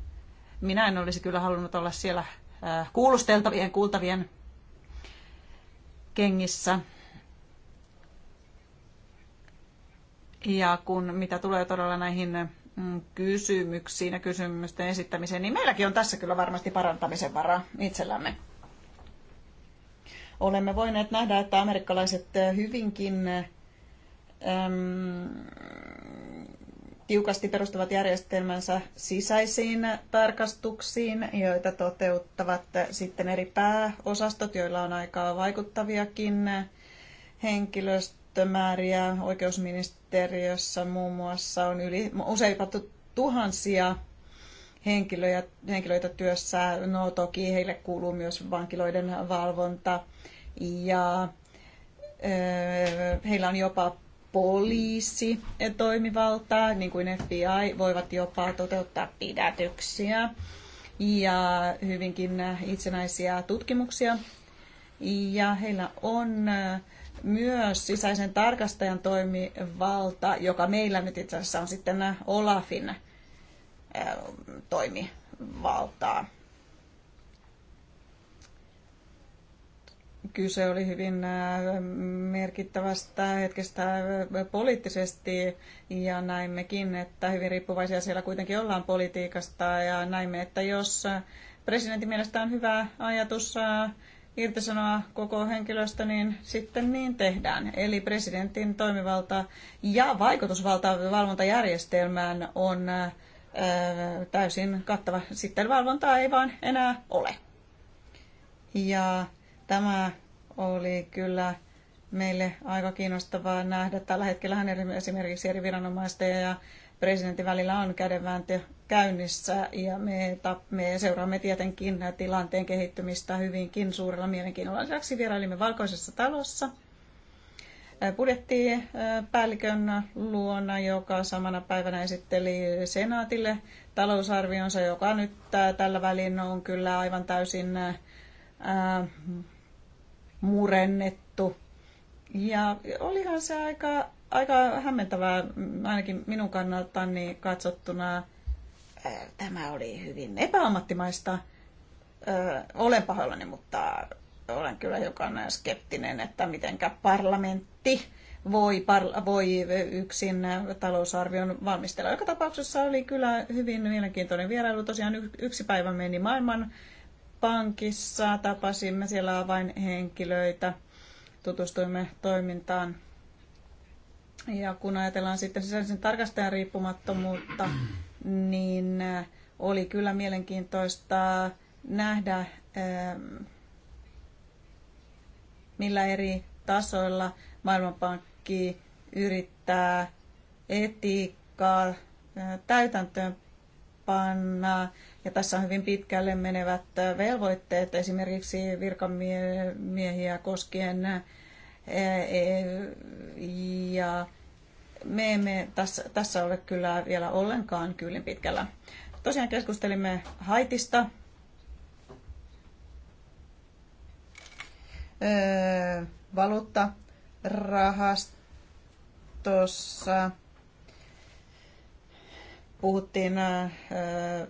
minä en olisi kyllä halunnut olla siellä kuulusteltavien, kuultavien kengissä. Ja kun mitä tulee todella näihin mm, kysymyksiin ja kysymysten esittämiseen, niin meilläkin on tässä kyllä varmasti parantamisen varaa itsellämme. Olemme voineet nähdä, että amerikkalaiset eh, hyvinkin ehm, tiukasti perustuvat järjestelmänsä sisäisiin tarkastuksiin, joita toteuttavat sitten eri pääosastot, joilla on aikaa vaikuttaviakin henkilöstömääriä. Oikeusministeriössä muun muassa on yli useita tuhansia henkilöjä, henkilöitä työssä. No toki heille kuuluu myös vankiloiden valvonta ja heillä on jopa poliisi toimivaltaa, niin kuin FBI, voivat jopa toteuttaa pidätyksiä ja hyvinkin itsenäisiä tutkimuksia. Ja heillä on äh, myös sisäisen tarkastajan toimivalta, joka meillä nyt itse asiassa on sitten Olafin äh, toimivaltaa. kyse oli hyvin äh, merkittävästä hetkestä äh, poliittisesti ja näimmekin, että hyvin riippuvaisia siellä kuitenkin ollaan politiikasta ja näimme, että jos äh, presidentin mielestä on hyvä ajatus irtisanoa koko henkilöstö, niin sitten niin tehdään. Eli presidentin toimivalta ja vaikutusvalta valvontajärjestelmään on täysin kattava. Sitten valvontaa ei vaan enää ole. Ja Tämä oli kyllä meille aika kiinnostavaa nähdä. Tällä hetkellä esimerkiksi eri viranomaisten ja presidentin välillä on kädenvääntö käynnissä ja me, me seuraamme tietenkin tilanteen kehittymistä hyvinkin suurella mielenkiinnolla. Lisäksi vierailimme Valkoisessa talossa budjettipäällikön luona, joka samana päivänä esitteli senaatille talousarvionsa, joka nyt tällä välin on kyllä aivan täysin murennettu. Ja olihan se aika, aika hämmentävää, ainakin minun kannaltani katsottuna. Äh, tämä oli hyvin epäammattimaista. Äh, olen pahoillani, mutta olen kyllä hiukan skeptinen, että mitenkä parlamentti voi, par, voi yksin talousarvion valmistella. Joka tapauksessa oli kyllä hyvin mielenkiintoinen vierailu. Tosiaan yksi päivä meni maailman pankissa, tapasimme siellä avainhenkilöitä, tutustuimme toimintaan. Ja kun ajatellaan sitten sisäisen tarkastajan riippumattomuutta, niin äh, oli kyllä mielenkiintoista nähdä, ähm, millä eri tasoilla Maailmanpankki yrittää etiikkaa äh, täytäntöön panna ja tässä on hyvin pitkälle menevät äh, velvoitteet esimerkiksi virkamiehiä koskien äh, e, ja me emme tässä, tässä ole kyllä vielä ollenkaan kyllin pitkällä. Tosiaan keskustelimme Haitista. Öö, valuutta rahastossa puhuttiin öö,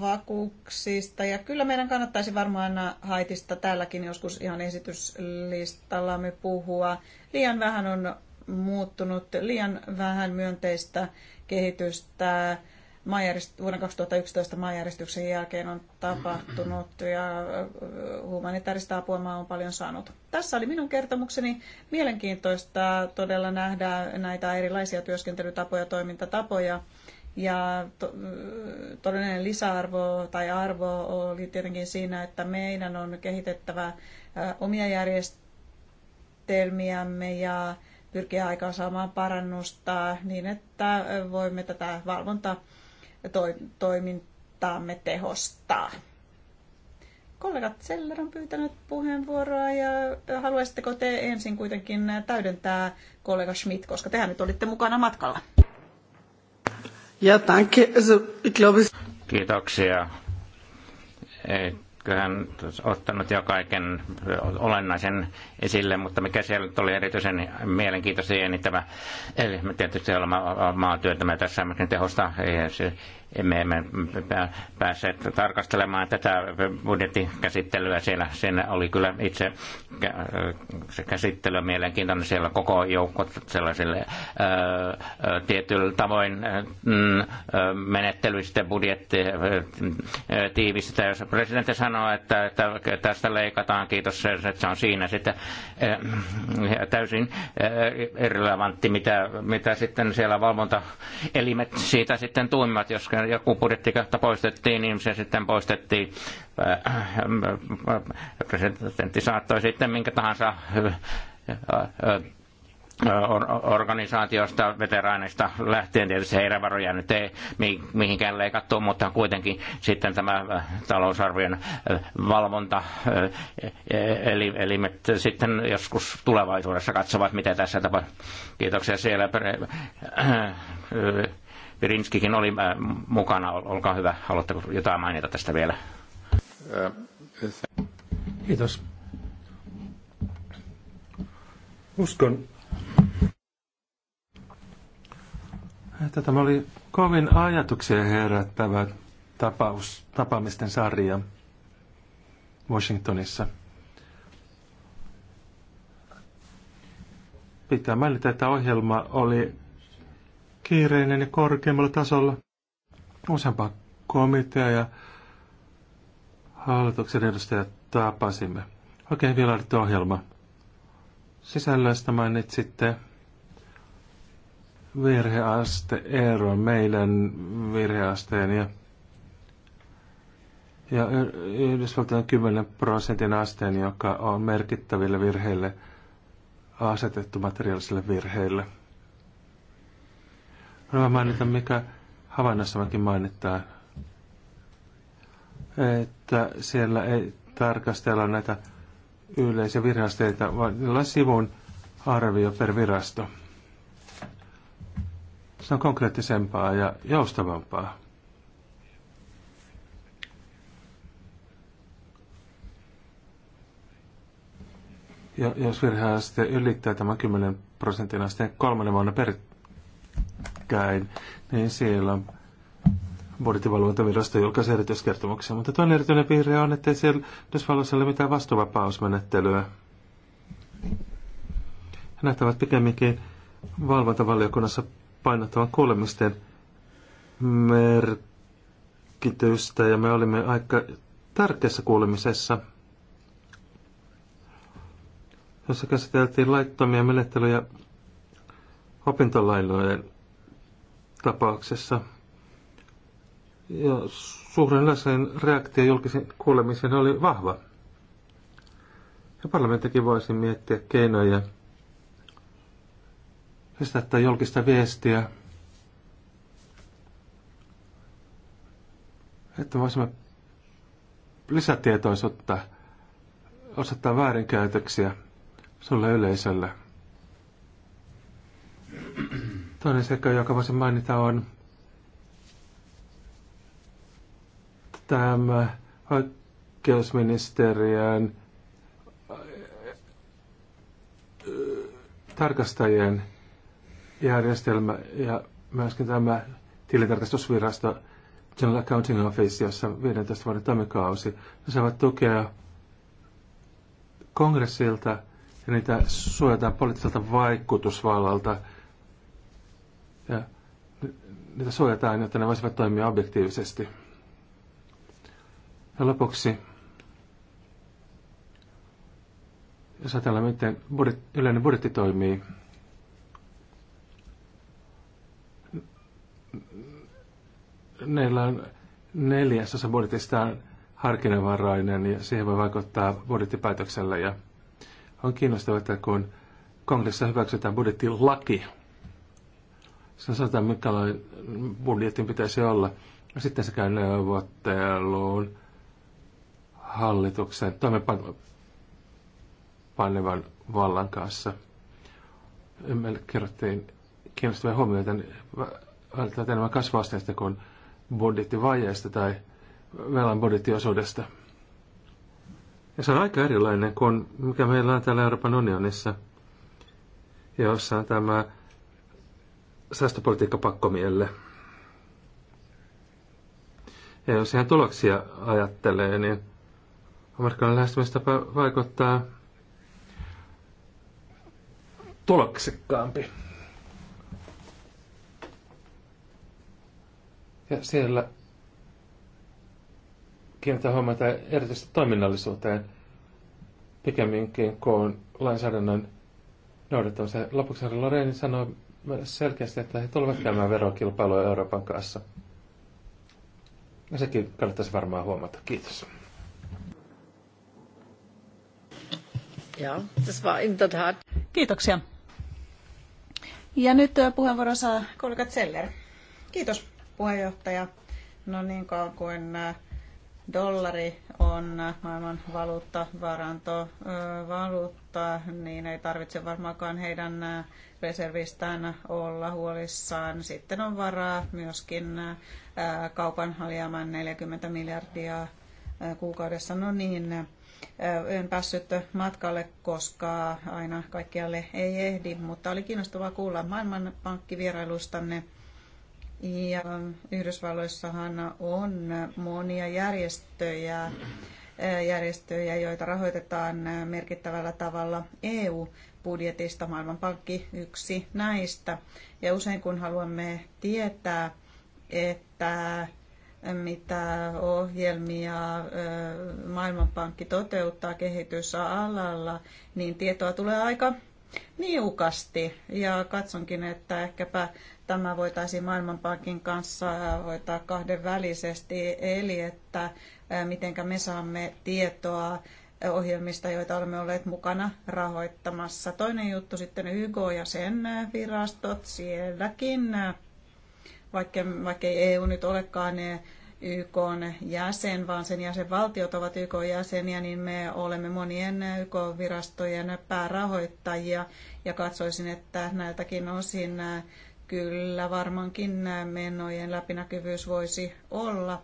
vakuuksista. Ja kyllä meidän kannattaisi varmaan Haitista täälläkin joskus ihan esityslistallamme puhua. Liian vähän on muuttunut, liian vähän myönteistä kehitystä vuoden 2011 maanjäristyksen jälkeen on tapahtunut ja humanitaarista apua maa on paljon saanut. Tässä oli minun kertomukseni. Mielenkiintoista todella nähdä näitä erilaisia työskentelytapoja, toimintatapoja ja to, todellinen lisäarvo tai arvo oli tietenkin siinä, että meidän on kehitettävä omia järjestelmiämme ja pyrkiä saamaan parannusta niin, että voimme tätä valvontatoimintaamme tehostaa. Kollegat Seller on pyytänyt puheenvuoroa ja haluaisitteko te ensin kuitenkin täydentää kollega Schmidt, koska tehän nyt olitte mukana matkalla? Ja, danke. Also, ich glaube... Kiitoksia. Eiköhän ottanut jo kaiken olennaisen esille, mutta mikä siellä nyt oli erityisen mielenkiintoista, niin tämä, eli me tietysti olemme maatyötä, tässä nyt tehosta emme, emme päässeet tarkastelemaan tätä budjettikäsittelyä. Siellä, sen oli kyllä itse se käsittely mielenkiintoinen. Siellä koko joukko sellaisille ää, tietyllä tavoin mm, menettelyistä budjetti tiivistä. Jos presidentti sanoo, että, että tästä leikataan, kiitos, että se on siinä sitten täysin ää, irrelevantti, mitä, mitä sitten siellä valvontaelimet siitä sitten tuimmat, jos joku budjettikohta poistettiin, niin se sitten poistettiin. Äh, äh, äh, presidentti saattoi sitten minkä tahansa organisaatiosta, veteraaneista lähtien, tietysti heidän varoja nyt ei mihinkään leikattu, mutta kuitenkin sitten tämä talousarvion valvonta, e-, eli, eli me sitten joskus tulevaisuudessa katsovat, mitä tässä tapahtuu. Kiitoksia siellä Pirinskikin oli äh, mukana. Olkaa hyvä, haluatteko jotain mainita tästä vielä? Kiitos. Uskon, että tämä oli kovin ajatuksia herättävä tapaus, tapaamisten sarja Washingtonissa. Pitää mainita, että ohjelma oli kiireinen ja korkeammalla tasolla. Useampaa komitea ja hallituksen edustajat tapasimme. Oikein vielä laadittu ohjelma. Sisällöstä mainitsitte virheaste ero meidän virheasteen ja, ja Yhdysvaltain 10 prosentin asteen, joka on merkittäville virheille asetettu materiaalisille virheille. Haluan vain mainitan, mikä havainnassakin mainittaa, että siellä ei tarkastella näitä yleisiä virasteita, vaan niillä sivun arvio per virasto. Se on konkreettisempaa ja joustavampaa. Ja jos virheaste ylittää tämän 10 prosentin asteen kolmannen vuonna per päällekkäin, niin siellä budjettivalvontavirasto julkaisi erityiskertomuksia. Mutta toinen erityinen piirre on, ei siellä Yhdysvalloissa ole mitään vastuvapausmenettelyä. He näyttävät pikemminkin valvontavaliokunnassa painottavan kuulemisten merkitystä ja me olimme aika tärkeässä kuulemisessa, jossa käsiteltiin laittomia menettelyjä opintolainojen tapauksessa. Ja suuren yleisön reaktio julkisen kuulemisen oli vahva. Ja parlamenttikin voisi miettiä keinoja estää julkista viestiä, että voisimme lisätietoisuutta osoittaa väärinkäytöksiä sulle yleisölle. Toinen seikka, joka voisin mainita, on tämä oikeusministeriön äh, tarkastajien järjestelmä ja myöskin tämä tilintarkastusvirasto General Accounting Office, jossa 15 vuoden toimikausi, ne saavat tukea kongressilta ja niitä suojataan poliittiselta vaikutusvallalta – niitä suojataan, jotta ne voisivat toimia objektiivisesti. Ja lopuksi, jos ajatellaan, miten budjet, yleinen budjetti toimii, meillä on neljäsosa budjetistaan harkinnanvarainen ja siihen voi vaikuttaa budjettipäätöksellä. Ja on kiinnostavaa, että kun kongressissa hyväksytään budjettilaki, sen sanotaan, minkälainen budjetin pitäisi olla. Ja no sitten se käy neuvotteluun hallituksen toimeenpanevan vallan kanssa. Me kerrottiin kiinnostavia huomioita niin välttää enemmän kasvuasteista kuin budjettivajeista tai velan budjettiosuudesta. Ja se on aika erilainen kuin mikä meillä on täällä Euroopan unionissa, jossa on tämä säästöpolitiikka pakkomielle. Ja jos ihan tuloksia ajattelee, niin amerikkalainen lähestymistapa vaikuttaa tuloksekkaampi. Ja siellä kiinnittää huomiota erityisesti toiminnallisuuteen pikemminkin kuin lainsäädännön noudattamiseen. Lopuksi herra sanoi selkeästi, että he tulevat käymään verokilpailua Euroopan kanssa. Ja sekin kannattaisi varmaan huomata. Kiitos. Ja, das war in der Tat. Kiitoksia. Ja nyt äh, puheenvuoro saa kollega Zeller. Kiitos puheenjohtaja. No niin kauan kuin äh, dollari on maailman valuuttavaranto valuutta, niin ei tarvitse varmaankaan heidän reservistään olla huolissaan. Sitten on varaa myöskin kaupan alijäämään 40 miljardia kuukaudessa. No niin, en päässyt matkalle, koska aina kaikkialle ei ehdi, mutta oli kiinnostavaa kuulla maailmanpankkivierailustanne. vierailustanne ja Yhdysvalloissahan on monia järjestöjä, järjestöjä, joita rahoitetaan merkittävällä tavalla EU-budjetista. Maailmanpankki yksi näistä. Ja usein kun haluamme tietää, että mitä ohjelmia Maailmanpankki toteuttaa kehitysalalla, niin tietoa tulee aika niukasti. Ja katsonkin, että ehkäpä tämä voitaisiin Maailmanpankin kanssa hoitaa kahdenvälisesti, eli että miten me saamme tietoa ohjelmista, joita olemme olleet mukana rahoittamassa. Toinen juttu sitten YK ja sen virastot sielläkin, vaikka, vaikka ei EU nyt olekaan YK jäsen, vaan sen jäsenvaltiot ovat YK jäseniä, niin me olemme monien YK-virastojen päärahoittajia ja katsoisin, että näiltäkin osin kyllä varmaankin menojen läpinäkyvyys voisi olla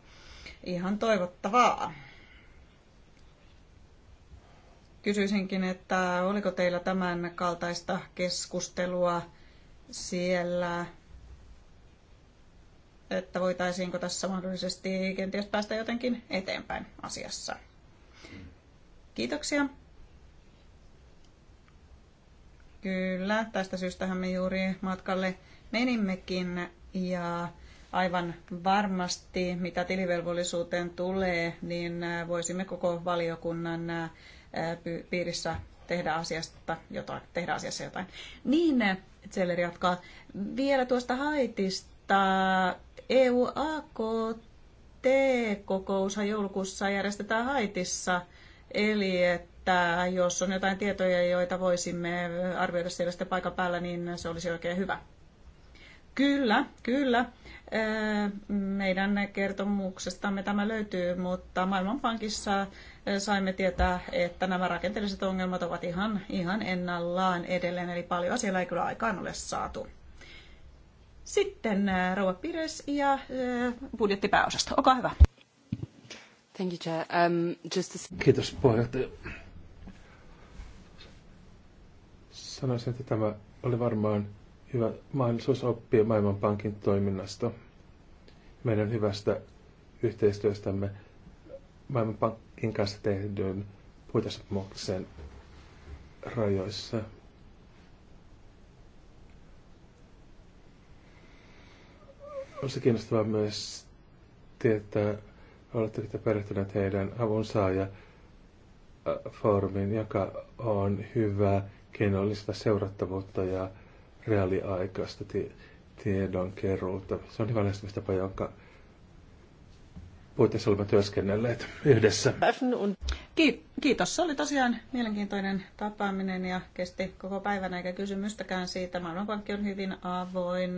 ihan toivottavaa. Kysyisinkin, että oliko teillä tämän kaltaista keskustelua siellä, että voitaisiinko tässä mahdollisesti kenties päästä jotenkin eteenpäin asiassa. Kiitoksia. Kyllä, tästä syystähän me juuri matkalle menimmekin ja aivan varmasti, mitä tilivelvollisuuteen tulee, niin äh, voisimme koko valiokunnan äh, piirissä tehdä asiasta jotain, tehdä asiassa jotain. Niin, Zeller jatkaa. Vielä tuosta Haitista. EU-AKT-kokoushan joulukuussa järjestetään Haitissa. Eli että jos on jotain tietoja, joita voisimme arvioida siellä sitten paikan päällä, niin se olisi oikein hyvä. Kyllä, kyllä. Öö, meidän kertomuksestamme tämä löytyy, mutta Maailmanpankissa öö, saimme tietää, että nämä rakenteelliset ongelmat ovat ihan, ihan ennallaan edelleen, eli paljon siellä ei kyllä aikaan ole saatu. Sitten öö, Rouva Pires ja budjettipääosasto, olkaa hyvä. Thank you, Chair. Um, just to... Kiitos puheenjohtaja. Sanoisin, että tämä oli varmaan hyvä mahdollisuus oppia Maailmanpankin toiminnasta, meidän hyvästä yhteistyöstämme Maailmanpankin kanssa tehdyn puitesopimuksen rajoissa. Olisi kiinnostavaa myös tietää, oletteko te perehtyneet heidän avunsaaja foorumin, joka on hyvä keino seurattavuutta ja reaaliaikaista ti- tiedonkeruuta. Se on hyvä lähestymistapa, jonka puitteissa olemme työskennelleet yhdessä. Kiitos. Se oli tosiaan mielenkiintoinen tapaaminen ja kesti koko päivän eikä kysymystäkään siitä. Maailmanpankki on hyvin avoin.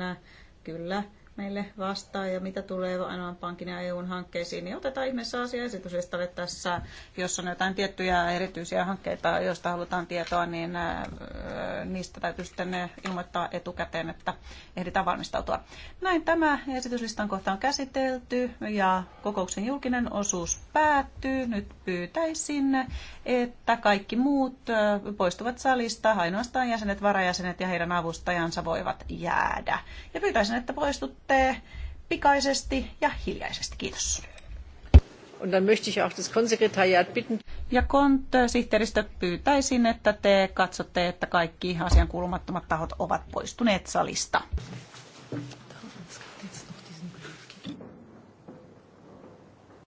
Kyllä meille vastaa ja mitä tulee aina pankin ja EUn hankkeisiin, niin otetaan ihmeessä asia esityslistalle tässä. Jos on jotain tiettyjä erityisiä hankkeita, joista halutaan tietoa, niin äh, niistä täytyy sitten ilmoittaa etukäteen, että ehditään valmistautua. Näin tämä esityslistan kohta on käsitelty ja kokouksen julkinen osuus päättyy. Nyt pyytäisin, että kaikki muut äh, poistuvat salista. Ainoastaan jäsenet, varajäsenet ja heidän avustajansa voivat jäädä. Ja pyytäisin, että poistut lähtee pikaisesti ja hiljaisesti. Kiitos. Und dann möchte ich auch das Konsekretariat bitten. Ja KONT-sihteeristö pyytäisin, että te katsotte, että kaikki asian kuulumattomat tahot ovat poistuneet salista.